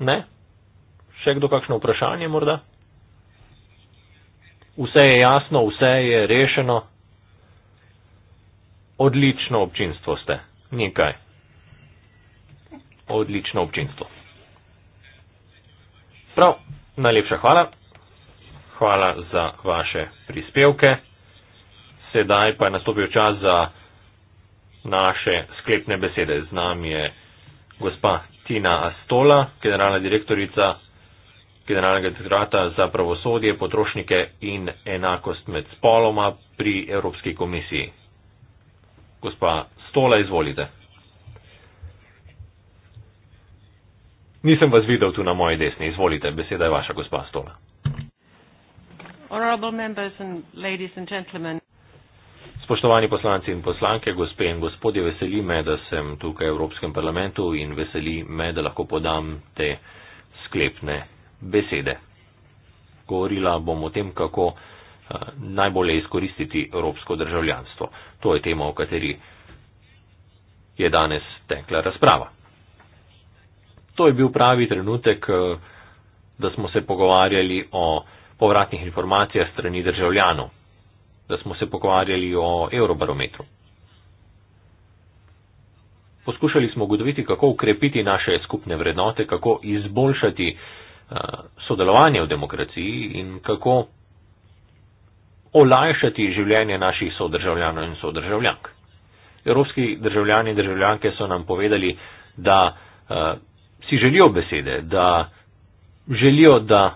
Ne? Še kdo kakšno vprašanje morda? Vse je jasno, vse je rešeno. Odlično občinstvo ste. Nekaj. Odlično občinstvo. Prav, najlepša hvala. Hvala za vaše prispevke. Sedaj pa je nastopil čas za naše sklepne besede. Z nami je gospa Tina Astola, generalna direktorica generalnega direktorata za pravosodje, potrošnike in enakost med spoloma pri Evropski komisiji. Gospa Stola, izvolite. Nisem vas videl tu na moji desni. Izvolite, beseda je vaša, gospa Stola. Honorable members and ladies and gentlemen. Spoštovani poslanci in poslanke, gospe in gospodje, veseli me, da sem tukaj v Evropskem parlamentu in veseli me, da lahko podam te sklepne besede. Govorila bom o tem, kako eh, najbolje izkoristiti evropsko državljanstvo. To je tema, o kateri je danes tekla razprava. To je bil pravi trenutek, eh, da smo se pogovarjali o povratnih informacijah strani državljanov da smo se pogovarjali o eurobarometru. Poskušali smo ugotoviti, kako ukrepiti naše skupne vrednote, kako izboljšati eh, sodelovanje v demokraciji in kako olajšati življenje naših sodržavljanov in sodržavljank. Evropski državljani in državljanke so nam povedali, da eh, si želijo besede, da želijo, da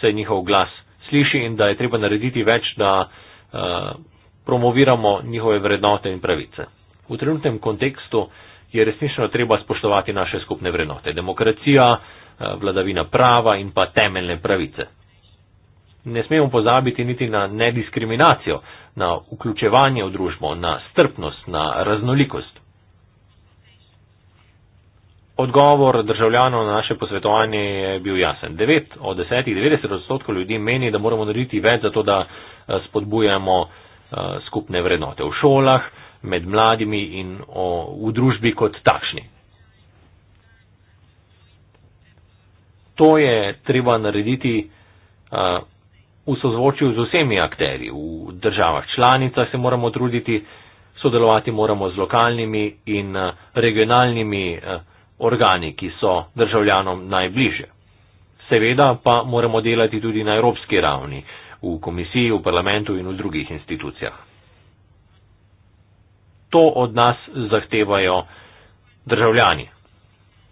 se njihov glas sliši in da je treba narediti več, da uh, Eh, promoviramo njihove vrednote in pravice. V trenutnem kontekstu je resnično treba spoštovati naše skupne vrednote. Demokracija, eh, vladavina prava in pa temeljne pravice. Ne smemo pozabiti niti na nediskriminacijo, na vključevanje v družbo, na strpnost, na raznolikost. Odgovor državljanov na naše posvetovanje je bil jasen. 9 od 10, 90 odstotkov ljudi meni, da moramo narediti več za to, da eh, spodbujamo eh, skupne vrednote v šolah, med mladimi in v družbi kot takšni. To je treba narediti eh, v sozvočju z vsemi akteri. V državah članicah se moramo truditi, sodelovati moramo z lokalnimi in regionalnimi organi, ki so državljanom najbliže. Seveda pa moramo delati tudi na evropski ravni, v komisiji, v parlamentu in v drugih institucijah. To od nas zahtevajo državljani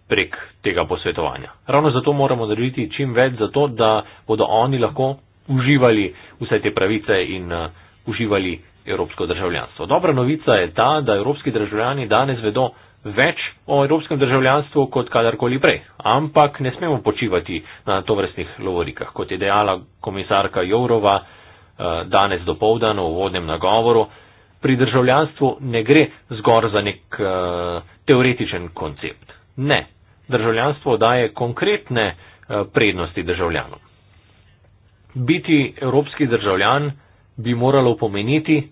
prek tega posvetovanja. Ravno zato moramo narediti čim več za to, da bodo oni lahko uživali vse te pravice in uh, uživali evropsko državljanstvo. Dobra novica je ta, da evropski državljani danes vedo, več o evropskem državljanstvu kot kadarkoli prej. Ampak ne smemo počivati na tovrstnih lovorikah, kot je dejala komisarka Jourova eh, danes do povdan v vodnem nagovoru. Pri državljanstvu ne gre zgor za nek uh, teoretičen koncept. Ne. Državljanstvo daje konkretne uh, prednosti državljanom. Biti evropski državljan bi moralo pomeniti,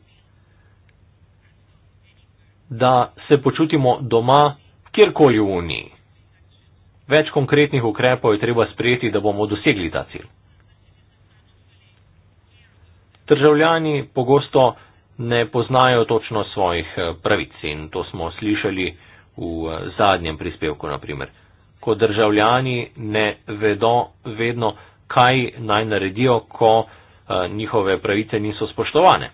da se počutimo doma, kjerkoli v Uniji. Več konkretnih ukrepov je treba sprejeti, da bomo dosegli ta cilj. Državljani pogosto ne poznajo točno svojih eh, pravic in to smo slišali v eh, zadnjem prispevku, naprimer. Ko državljani ne vedo vedno, kaj naj naredijo, ko eh, njihove pravice niso spoštovane.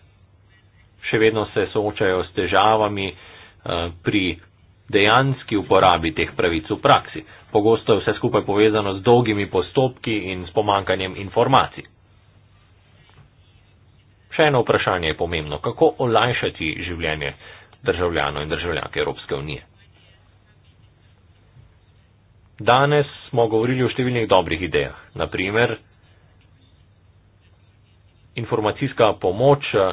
Še vedno se soočajo s težavami, Eh, pri dejanski uporabi teh pravic v praksi. Pogosto je vse skupaj povezano z dolgimi postopki in s pomankanjem informacij. Še eno vprašanje je pomembno. Kako olajšati življenje državljanov in državljanke Evropske unije? Danes smo govorili o številnih dobrih idejah. Naprimer, informacijska pomoč eh,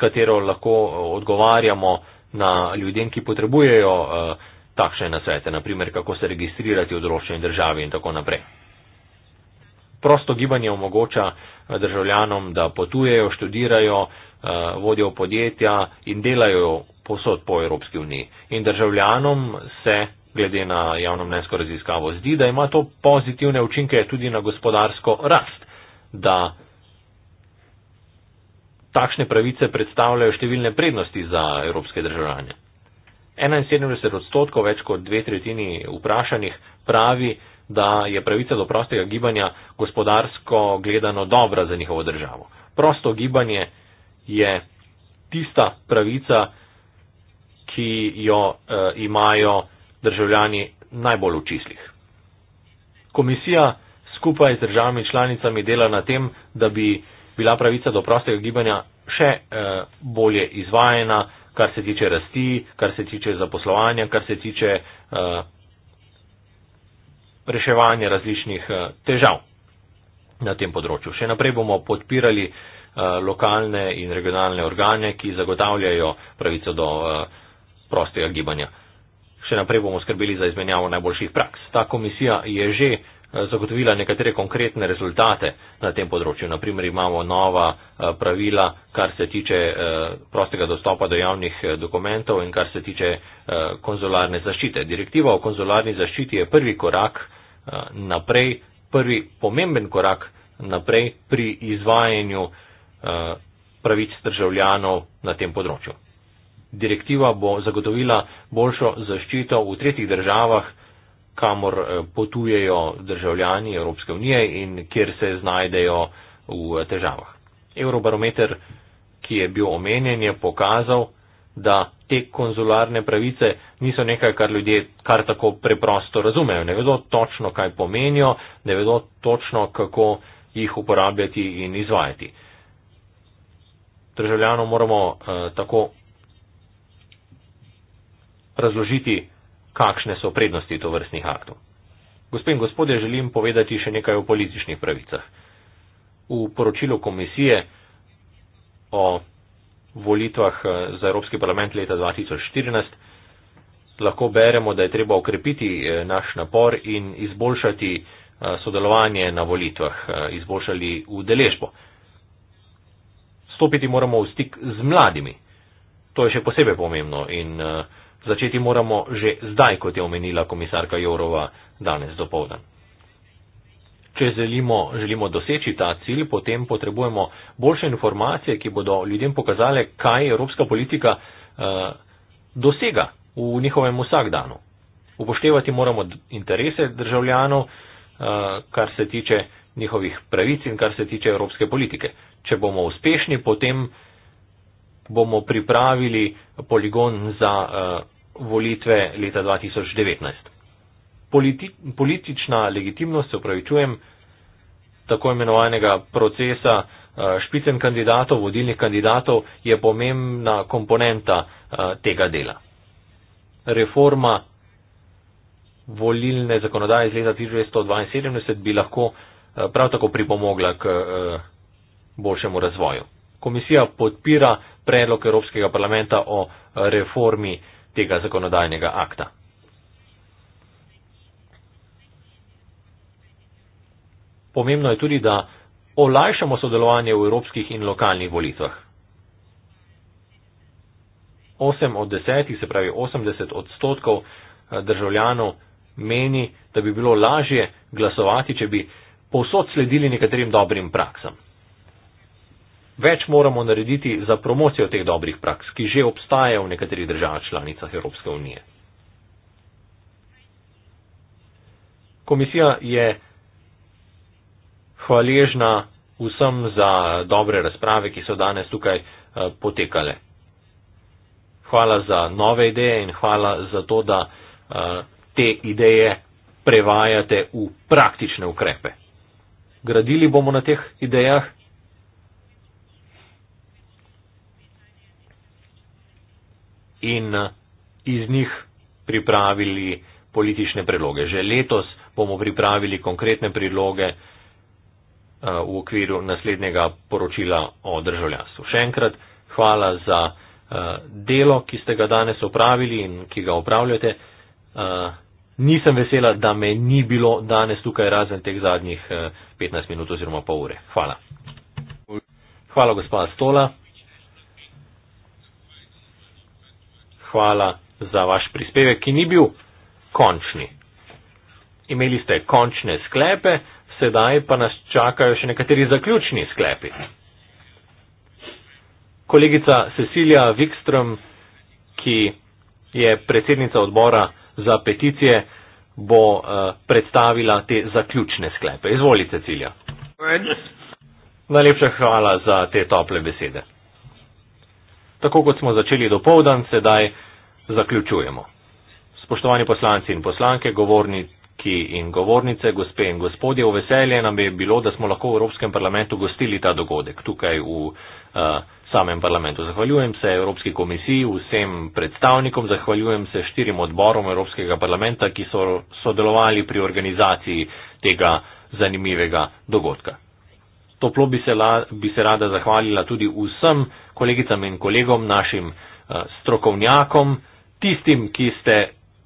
katero lahko eh, odgovarjamo na ljudem, ki potrebujejo eh, takšne nasvete, naprimer kako se registrirati v določeni državi in tako naprej. Prosto gibanje omogoča eh, državljanom, da potujejo, študirajo, vodijo podjetja in delajo posod po Evropski uniji. In državljanom se, glede na javno mnenjsko raziskavo, zdi, da ima to pozitivne učinke tudi na gospodarsko rast, da takšne pravice predstavljajo številne prednosti za evropske državljane. 71 odstotkov, več kot dve tretjini vprašanih, pravi, da je pravica do prostega gibanja gospodarsko gledano dobra za njihovo državo. Prosto gibanje je tista pravica, ki jo eh, imajo državljani najbolj v čislih. Komisija skupaj z državami članicami dela na tem, da bi eh, bila pravica do prostega gibanja še eh, bolje izvajena, kar se tiče rasti, kar se tiče zaposlovanja, kar se tiče eh, reševanja različnih eh, težav na tem področju. Še naprej bomo podpirali eh, lokalne in regionalne organe, ki zagotavljajo pravico do eh, prostega gibanja. Še naprej bomo skrbeli za izmenjavo najboljših praks. Ta komisija je že Eh, zagotovila nekatere konkretne rezultate na tem področju. Naprimer imamo nova eh, pravila, kar se tiče eh, prostega dostopa do javnih dokumentov in kar se tiče konzularne zaščite. Direktiva o konzularni zaščiti je prvi korak naprej, prvi pomemben korak naprej pri izvajanju pravic državljanov na tem področju. Direktiva bo zagotovila boljšo zaščito v tretjih državah kamor eh, potujejo državljani Evropske unije in kjer se znajdejo v eh, težavah. Eurobarometer, ki je bil omenjen, je pokazal, da te konzularne pravice niso nekaj, kar ljudje kar tako preprosto razumejo. Ne vedo točno, kaj pomenijo, ne vedo točno, kako jih uporabljati in izvajati. Državljanom moramo eh, tako razložiti, kakšne so prednosti to vrstnih aktov. Gospe in gospodje, želim povedati še nekaj o političnih pravicah. V poročilu komisije o volitvah eh, za Evropski parlament leta 2014 lahko beremo, da je treba okrepiti eh, naš napor in izboljšati eh, sodelovanje na volitvah, izboljšali udeležbo. Stopiti moramo v stik z mladimi. To je še posebej pomembno in uh, Začeti moramo že zdaj, kot je omenila komisarka Jourova danes dopovdan. Če želimo, želimo doseči ta cilj, potem potrebujemo boljše informacije, ki bodo ljudem pokazale, kaj evropska politika uh, dosega v njihovem vsakdanu. Upoštevati moramo interese državljanov, uh, kar se tiče njihovih pravic in kar se tiče evropske politike. Če bomo uspešni, potem bomo pripravili poligon za. Uh, volitve leta 2019. Politi politična legitimnost, se upravičujem, tako imenovanega procesa eh, špicem kandidatov, vodilnih kandidatov je pomembna komponenta eh, tega dela. Reforma volilne zakonodaje iz leta 1972 bi lahko eh, prav tako pripomogla k boljšemu razvoju. Komisija podpira predlog Evropskega parlamenta o reformi tega zakonodajnega akta. Pomembno je tudi, da olajšamo sodelovanje v evropskih in lokalnih volitvah. 8 od 10, se pravi 80 odstotkov eh, državljanov meni, da bi bilo lažje glasovati, če bi povsod sledili nekaterim dobrim praksam več moramo narediti za promocijo teh dobrih praks, ki že obstajajo v nekaterih državah članicah Evropske unije. Komisija je hvaležna vsem za dobre razprave, ki so danes tukaj eh, potekale. Hvala za nove ideje in hvala za to, da eh, te ideje prevajate v praktične ukrepe. Gradili bomo na teh idejah. in eh, iz njih pripravili politične priloge. Že letos bomo pripravili konkretne priloge eh, v okviru naslednjega poročila o državljanstvu. Še enkrat hvala za eh, delo, ki ste ga danes upravili in ki ga upravljate. Nisem vesela, da me ni bilo danes tukaj razen teh zadnjih 15 minut oziroma pol ure. Hvala. Hvala, gospod Stola. hvala za vaš prispevek, ki ni bil končni. Imeli ste končne sklepe, sedaj pa nas čakajo še nekateri zaključni sklepi. Kolegica Cecilija Wikström, ki je predsednica odbora za peticije, bo uh, predstavila te zaključne sklepe. Izvolite, Cecilija. Najlepša hvala za te tople besede tako kot smo začeli dopovdan, sedaj zaključujemo. Spoštovani poslanci in poslanke, govorniki in govornice, gospe in gospodje, v veselje nam je bilo, da smo lahko v Evropskem parlamentu gostili ta dogodek tukaj v uh, samem parlamentu. Zahvaljujem se Evropski komisiji, vsem predstavnikom, zahvaljujem se štirim odborom Evropskega parlamenta, ki so sodelovali pri organizaciji tega zanimivega dogodka. Toplo bi se, la, bi se rada zahvalila tudi vsem kolegicam in kolegom, našim eh, strokovnjakom, tistim, ki ste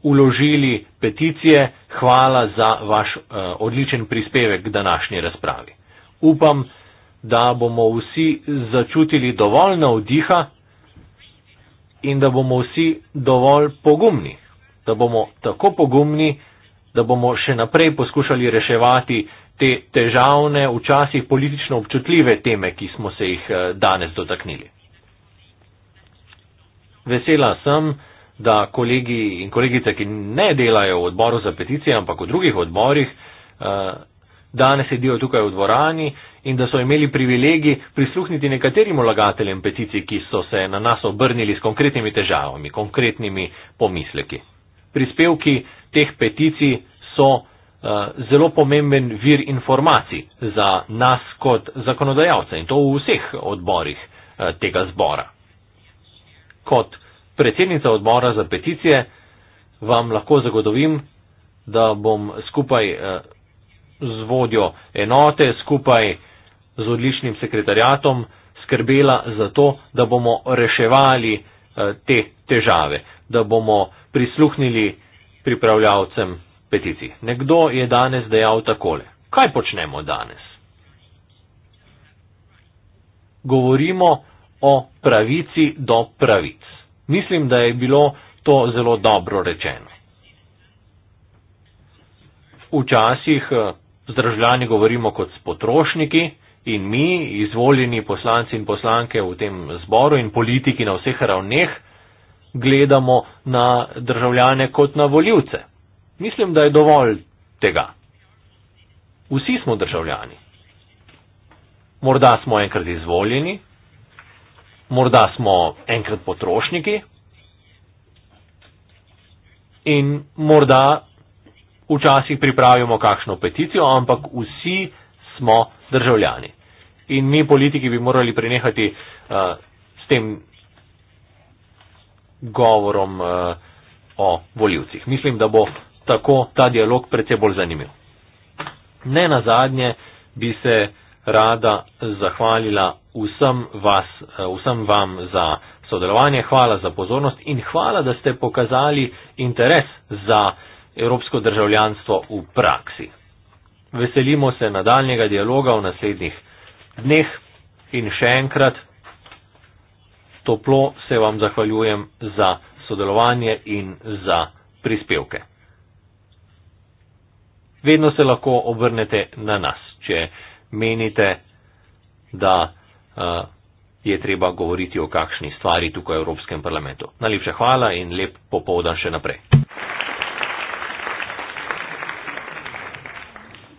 uložili peticije, hvala za vaš eh, odličen prispevek k današnji razpravi. Upam, da bomo vsi začutili dovolj navdiha in da bomo vsi dovolj pogumni, da bomo tako pogumni, da bomo še naprej poskušali reševati te težavne, včasih politično občutljive teme, ki smo se jih eh, danes dotaknili. Vesela sem, da kolegi in kolegice, ki ne delajo v odboru za peticije, ampak v drugih odborih, eh, danes sedijo tukaj v dvorani in da so imeli privilegi prisluhniti nekaterim ulagateljem peticij, ki so se na nas obrnili s konkretnimi težavami, konkretnimi pomisleki. Prispevki teh peticij so eh, zelo pomemben vir informacij za nas kot zakonodajalce in to v vseh odborih eh, tega zbora kot predsednica odbora za peticije vam lahko zagotovim, da bom skupaj eh, z vodjo enote, skupaj z odličnim sekretarjatom skrbela za to, da bomo reševali eh, te težave, da bomo prisluhnili pripravljavcem peticij. Nekdo je danes dejal takole. Kaj počnemo danes? Govorimo o pravici do pravic. Mislim, da je bilo to zelo dobro rečeno. Včasih z eh, državljani govorimo kot s potrošniki in mi, izvoljeni poslanci in poslanke v tem zboru in politiki na vseh ravneh, gledamo na državljane kot na voljivce. Mislim, da je dovolj tega. Vsi smo državljani. Morda smo enkrat izvoljeni, morda smo enkrat potrošniki in morda včasih pripravimo kakšno peticijo, ampak vsi smo državljani. In mi politiki bi morali prenehati uh, s tem govorom uh, o voljivcih. Mislim, da bo tako ta dialog predvsej bolj zanimiv. Ne na zadnje bi se rada zahvalila vsem, vas, eh, vsem vam za sodelovanje, hvala za pozornost in hvala, da ste pokazali interes za evropsko državljanstvo v praksi. Veselimo se nadaljnjega dialoga v naslednjih dneh in še enkrat toplo se vam zahvaljujem za sodelovanje in za prispevke. Vedno se lahko obrnete na nas, če menite, da uh, je treba govoriti o kakšni stvari tukaj v Evropskem parlamentu. Najlepša hvala in lep popovdan še naprej.